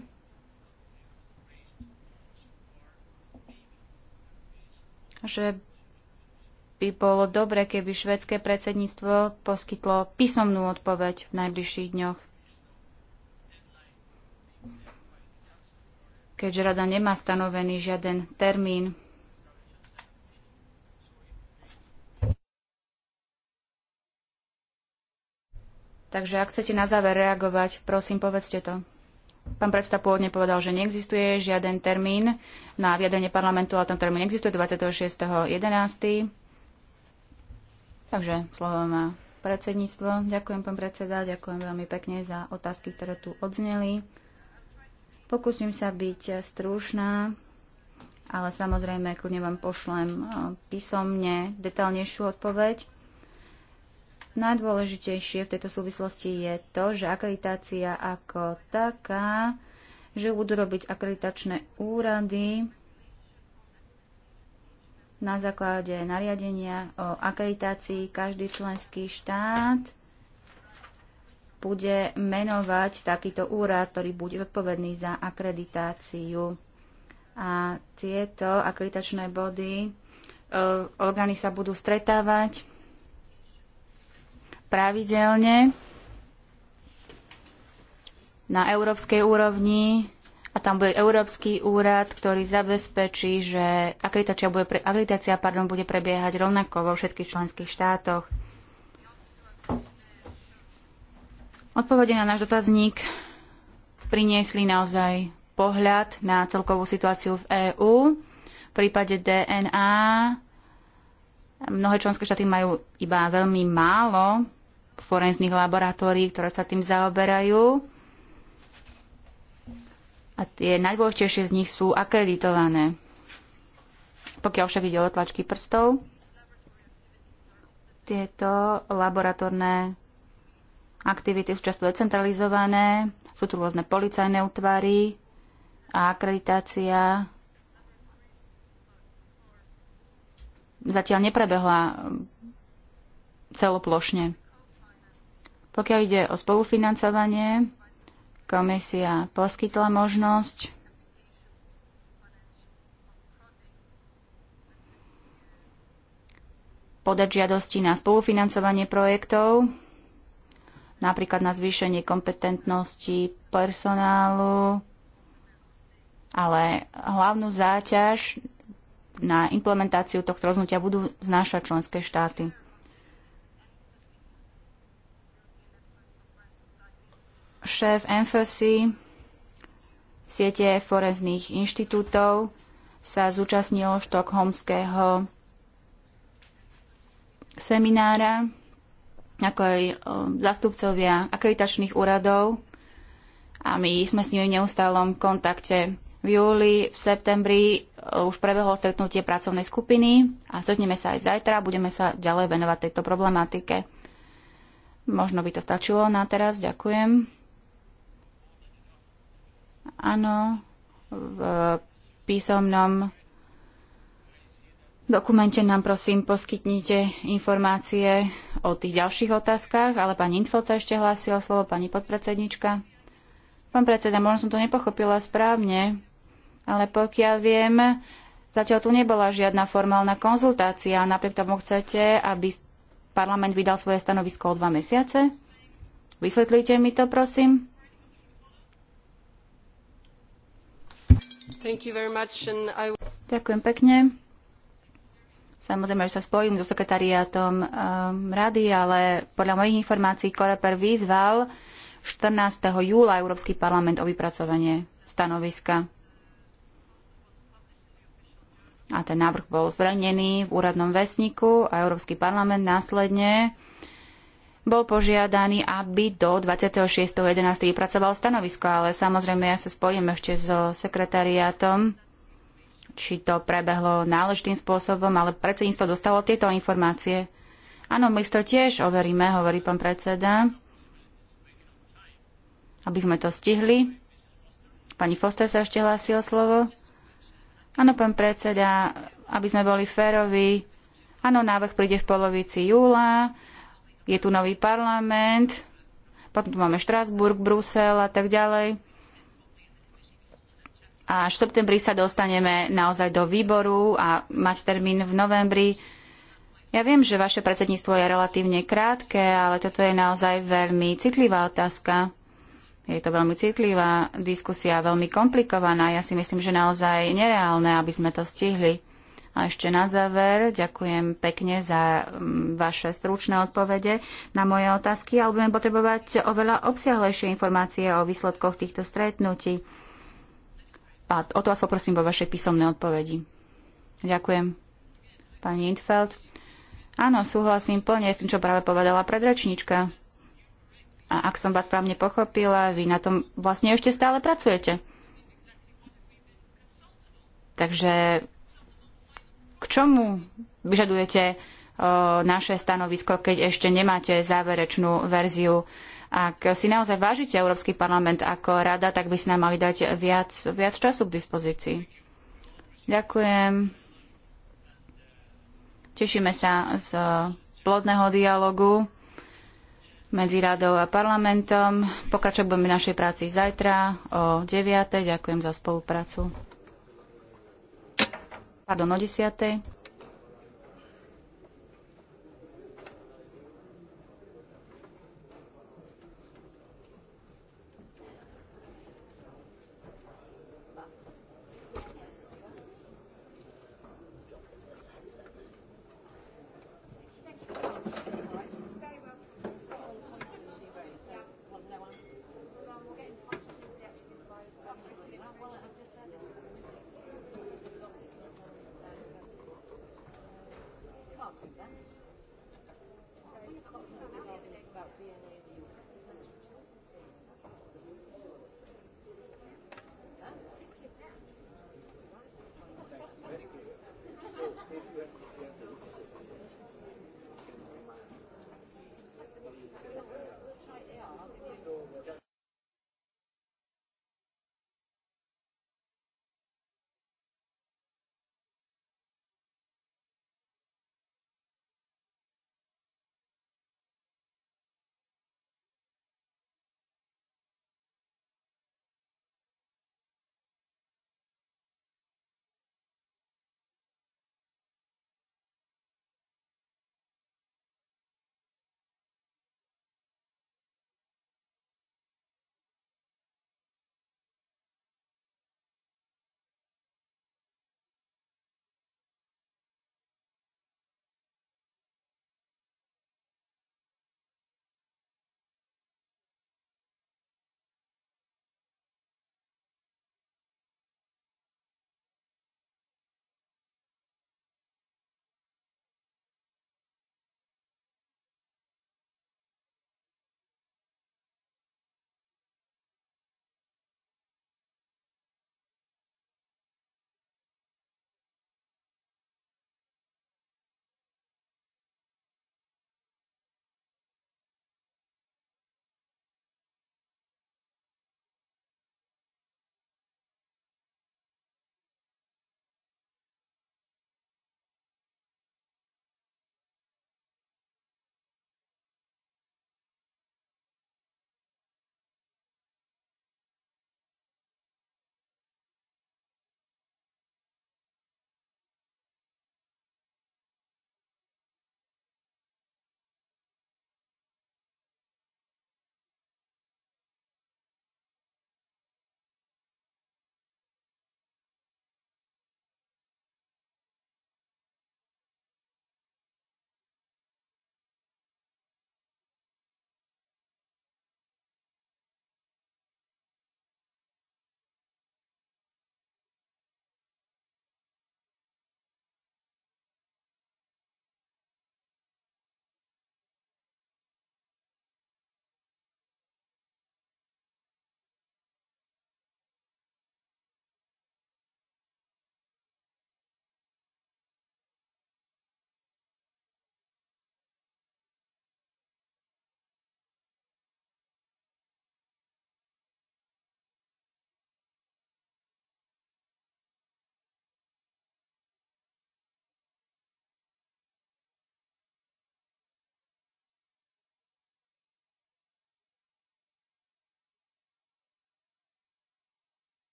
že by bolo dobre, keby švedské predsedníctvo poskytlo písomnú odpoveď v najbližších dňoch. Keďže rada nemá stanovený žiaden termín Takže ak chcete na záver reagovať, prosím, povedzte to. Pán predstav pôvodne povedal, že neexistuje žiaden termín na vyjadrenie parlamentu, ale ten termín existuje 26.11. Takže slovo má predsedníctvo. Ďakujem, pán predseda, ďakujem veľmi pekne za otázky, ktoré tu odzneli. Pokúsim sa byť stručná, ale samozrejme, kľudne vám pošlem eh, písomne detálnejšiu odpoveď. Najdôležitejšie v tejto súvislosti je to, že akreditácia ako taká, že budú robiť akreditačné úrady na základe nariadenia o akreditácii každý členský štát bude menovať takýto úrad, ktorý bude zodpovedný za akreditáciu. A tieto akreditačné body, e, orgány sa budú stretávať pravidelne na európskej úrovni a tam bude Európsky úrad, ktorý zabezpečí, že akreditácia, bude, pre, akreditácia pardon, bude prebiehať rovnako vo všetkých členských štátoch. Odpovede na náš dotazník priniesli naozaj pohľad na celkovú situáciu v EÚ. V prípade DNA mnohé členské štáty majú iba veľmi málo forenzných laboratórií, ktoré sa tým zaoberajú. A tie najdôležitejšie z nich sú akreditované. Pokiaľ však ide o tlačky prstov, tieto laboratórne aktivity sú často decentralizované, sú tu rôzne policajné útvary a akreditácia zatiaľ neprebehla celoplošne. Pokiaľ ide o spolufinancovanie, komisia poskytla možnosť podať žiadosti na spolufinancovanie projektov, napríklad na zvýšenie kompetentnosti personálu, ale hlavnú záťaž na implementáciu tohto rozhodnutia budú znášať členské štáty. šéf ENFSI, siete forenzných inštitútov, sa zúčastnil štokholmského seminára, ako aj zastupcovia akreditačných úradov a my sme s nimi v neustálom kontakte. V júli, v septembri už prebehlo stretnutie pracovnej skupiny a stretneme sa aj zajtra, a budeme sa ďalej venovať tejto problematike. Možno by to stačilo na teraz, ďakujem. Áno, v písomnom dokumente nám prosím poskytnite informácie o tých ďalších otázkach, ale pani infoca sa ešte hlásila slovo, pani podpredsednička. Pán predseda, možno som to nepochopila správne, ale pokiaľ viem, zatiaľ tu nebola žiadna formálna konzultácia. Napriek tomu chcete, aby parlament vydal svoje stanovisko o dva mesiace? Vysvetlíte mi to, prosím. Ďakujem pekne. Samozrejme, že sa spojím so sekretariátom um, rady, ale podľa mojich informácií Koreper vyzval 14. júla Európsky parlament o vypracovanie stanoviska. A ten návrh bol zverejnený v úradnom vesniku a Európsky parlament následne bol požiadaný, aby do 26.11. vypracoval stanovisko, ale samozrejme ja sa spojím ešte so sekretariátom, či to prebehlo náležitým spôsobom, ale predsedníctvo dostalo tieto informácie. Áno, my to tiež overíme, hovorí pán predseda, aby sme to stihli. Pani Foster sa ešte hlási o slovo. Áno, pán predseda, aby sme boli férovi, áno, návrh príde v polovici júla, je tu nový parlament, potom tu máme Štrásburg, Brusel a tak ďalej. A až v septembri sa dostaneme naozaj do výboru a mať termín v novembri. Ja viem, že vaše predsedníctvo je relatívne krátke, ale toto je naozaj veľmi citlivá otázka. Je to veľmi citlivá diskusia, veľmi komplikovaná. Ja si myslím, že naozaj nereálne, aby sme to stihli. A ešte na záver, ďakujem pekne za mm, vaše stručné odpovede na moje otázky, ale budeme potrebovať oveľa obsiahlejšie informácie o výsledkoch týchto stretnutí. A o to vás poprosím vo vašej písomnej odpovedi. Ďakujem. Pani Intfeld. Áno, súhlasím plne s tým, čo práve povedala predrečníčka. A ak som vás správne pochopila, vy na tom vlastne ešte stále pracujete. Takže čomu vyžadujete e, naše stanovisko, keď ešte nemáte záverečnú verziu. Ak si naozaj vážite Európsky parlament ako rada, tak by ste nám mali dať viac, viac času k dispozícii. Ďakujem. Tešíme sa z plodného dialogu medzi radou a parlamentom. Pokračujeme našej práci zajtra o 9. Ďakujem za spoluprácu. Pardon, o no, 10.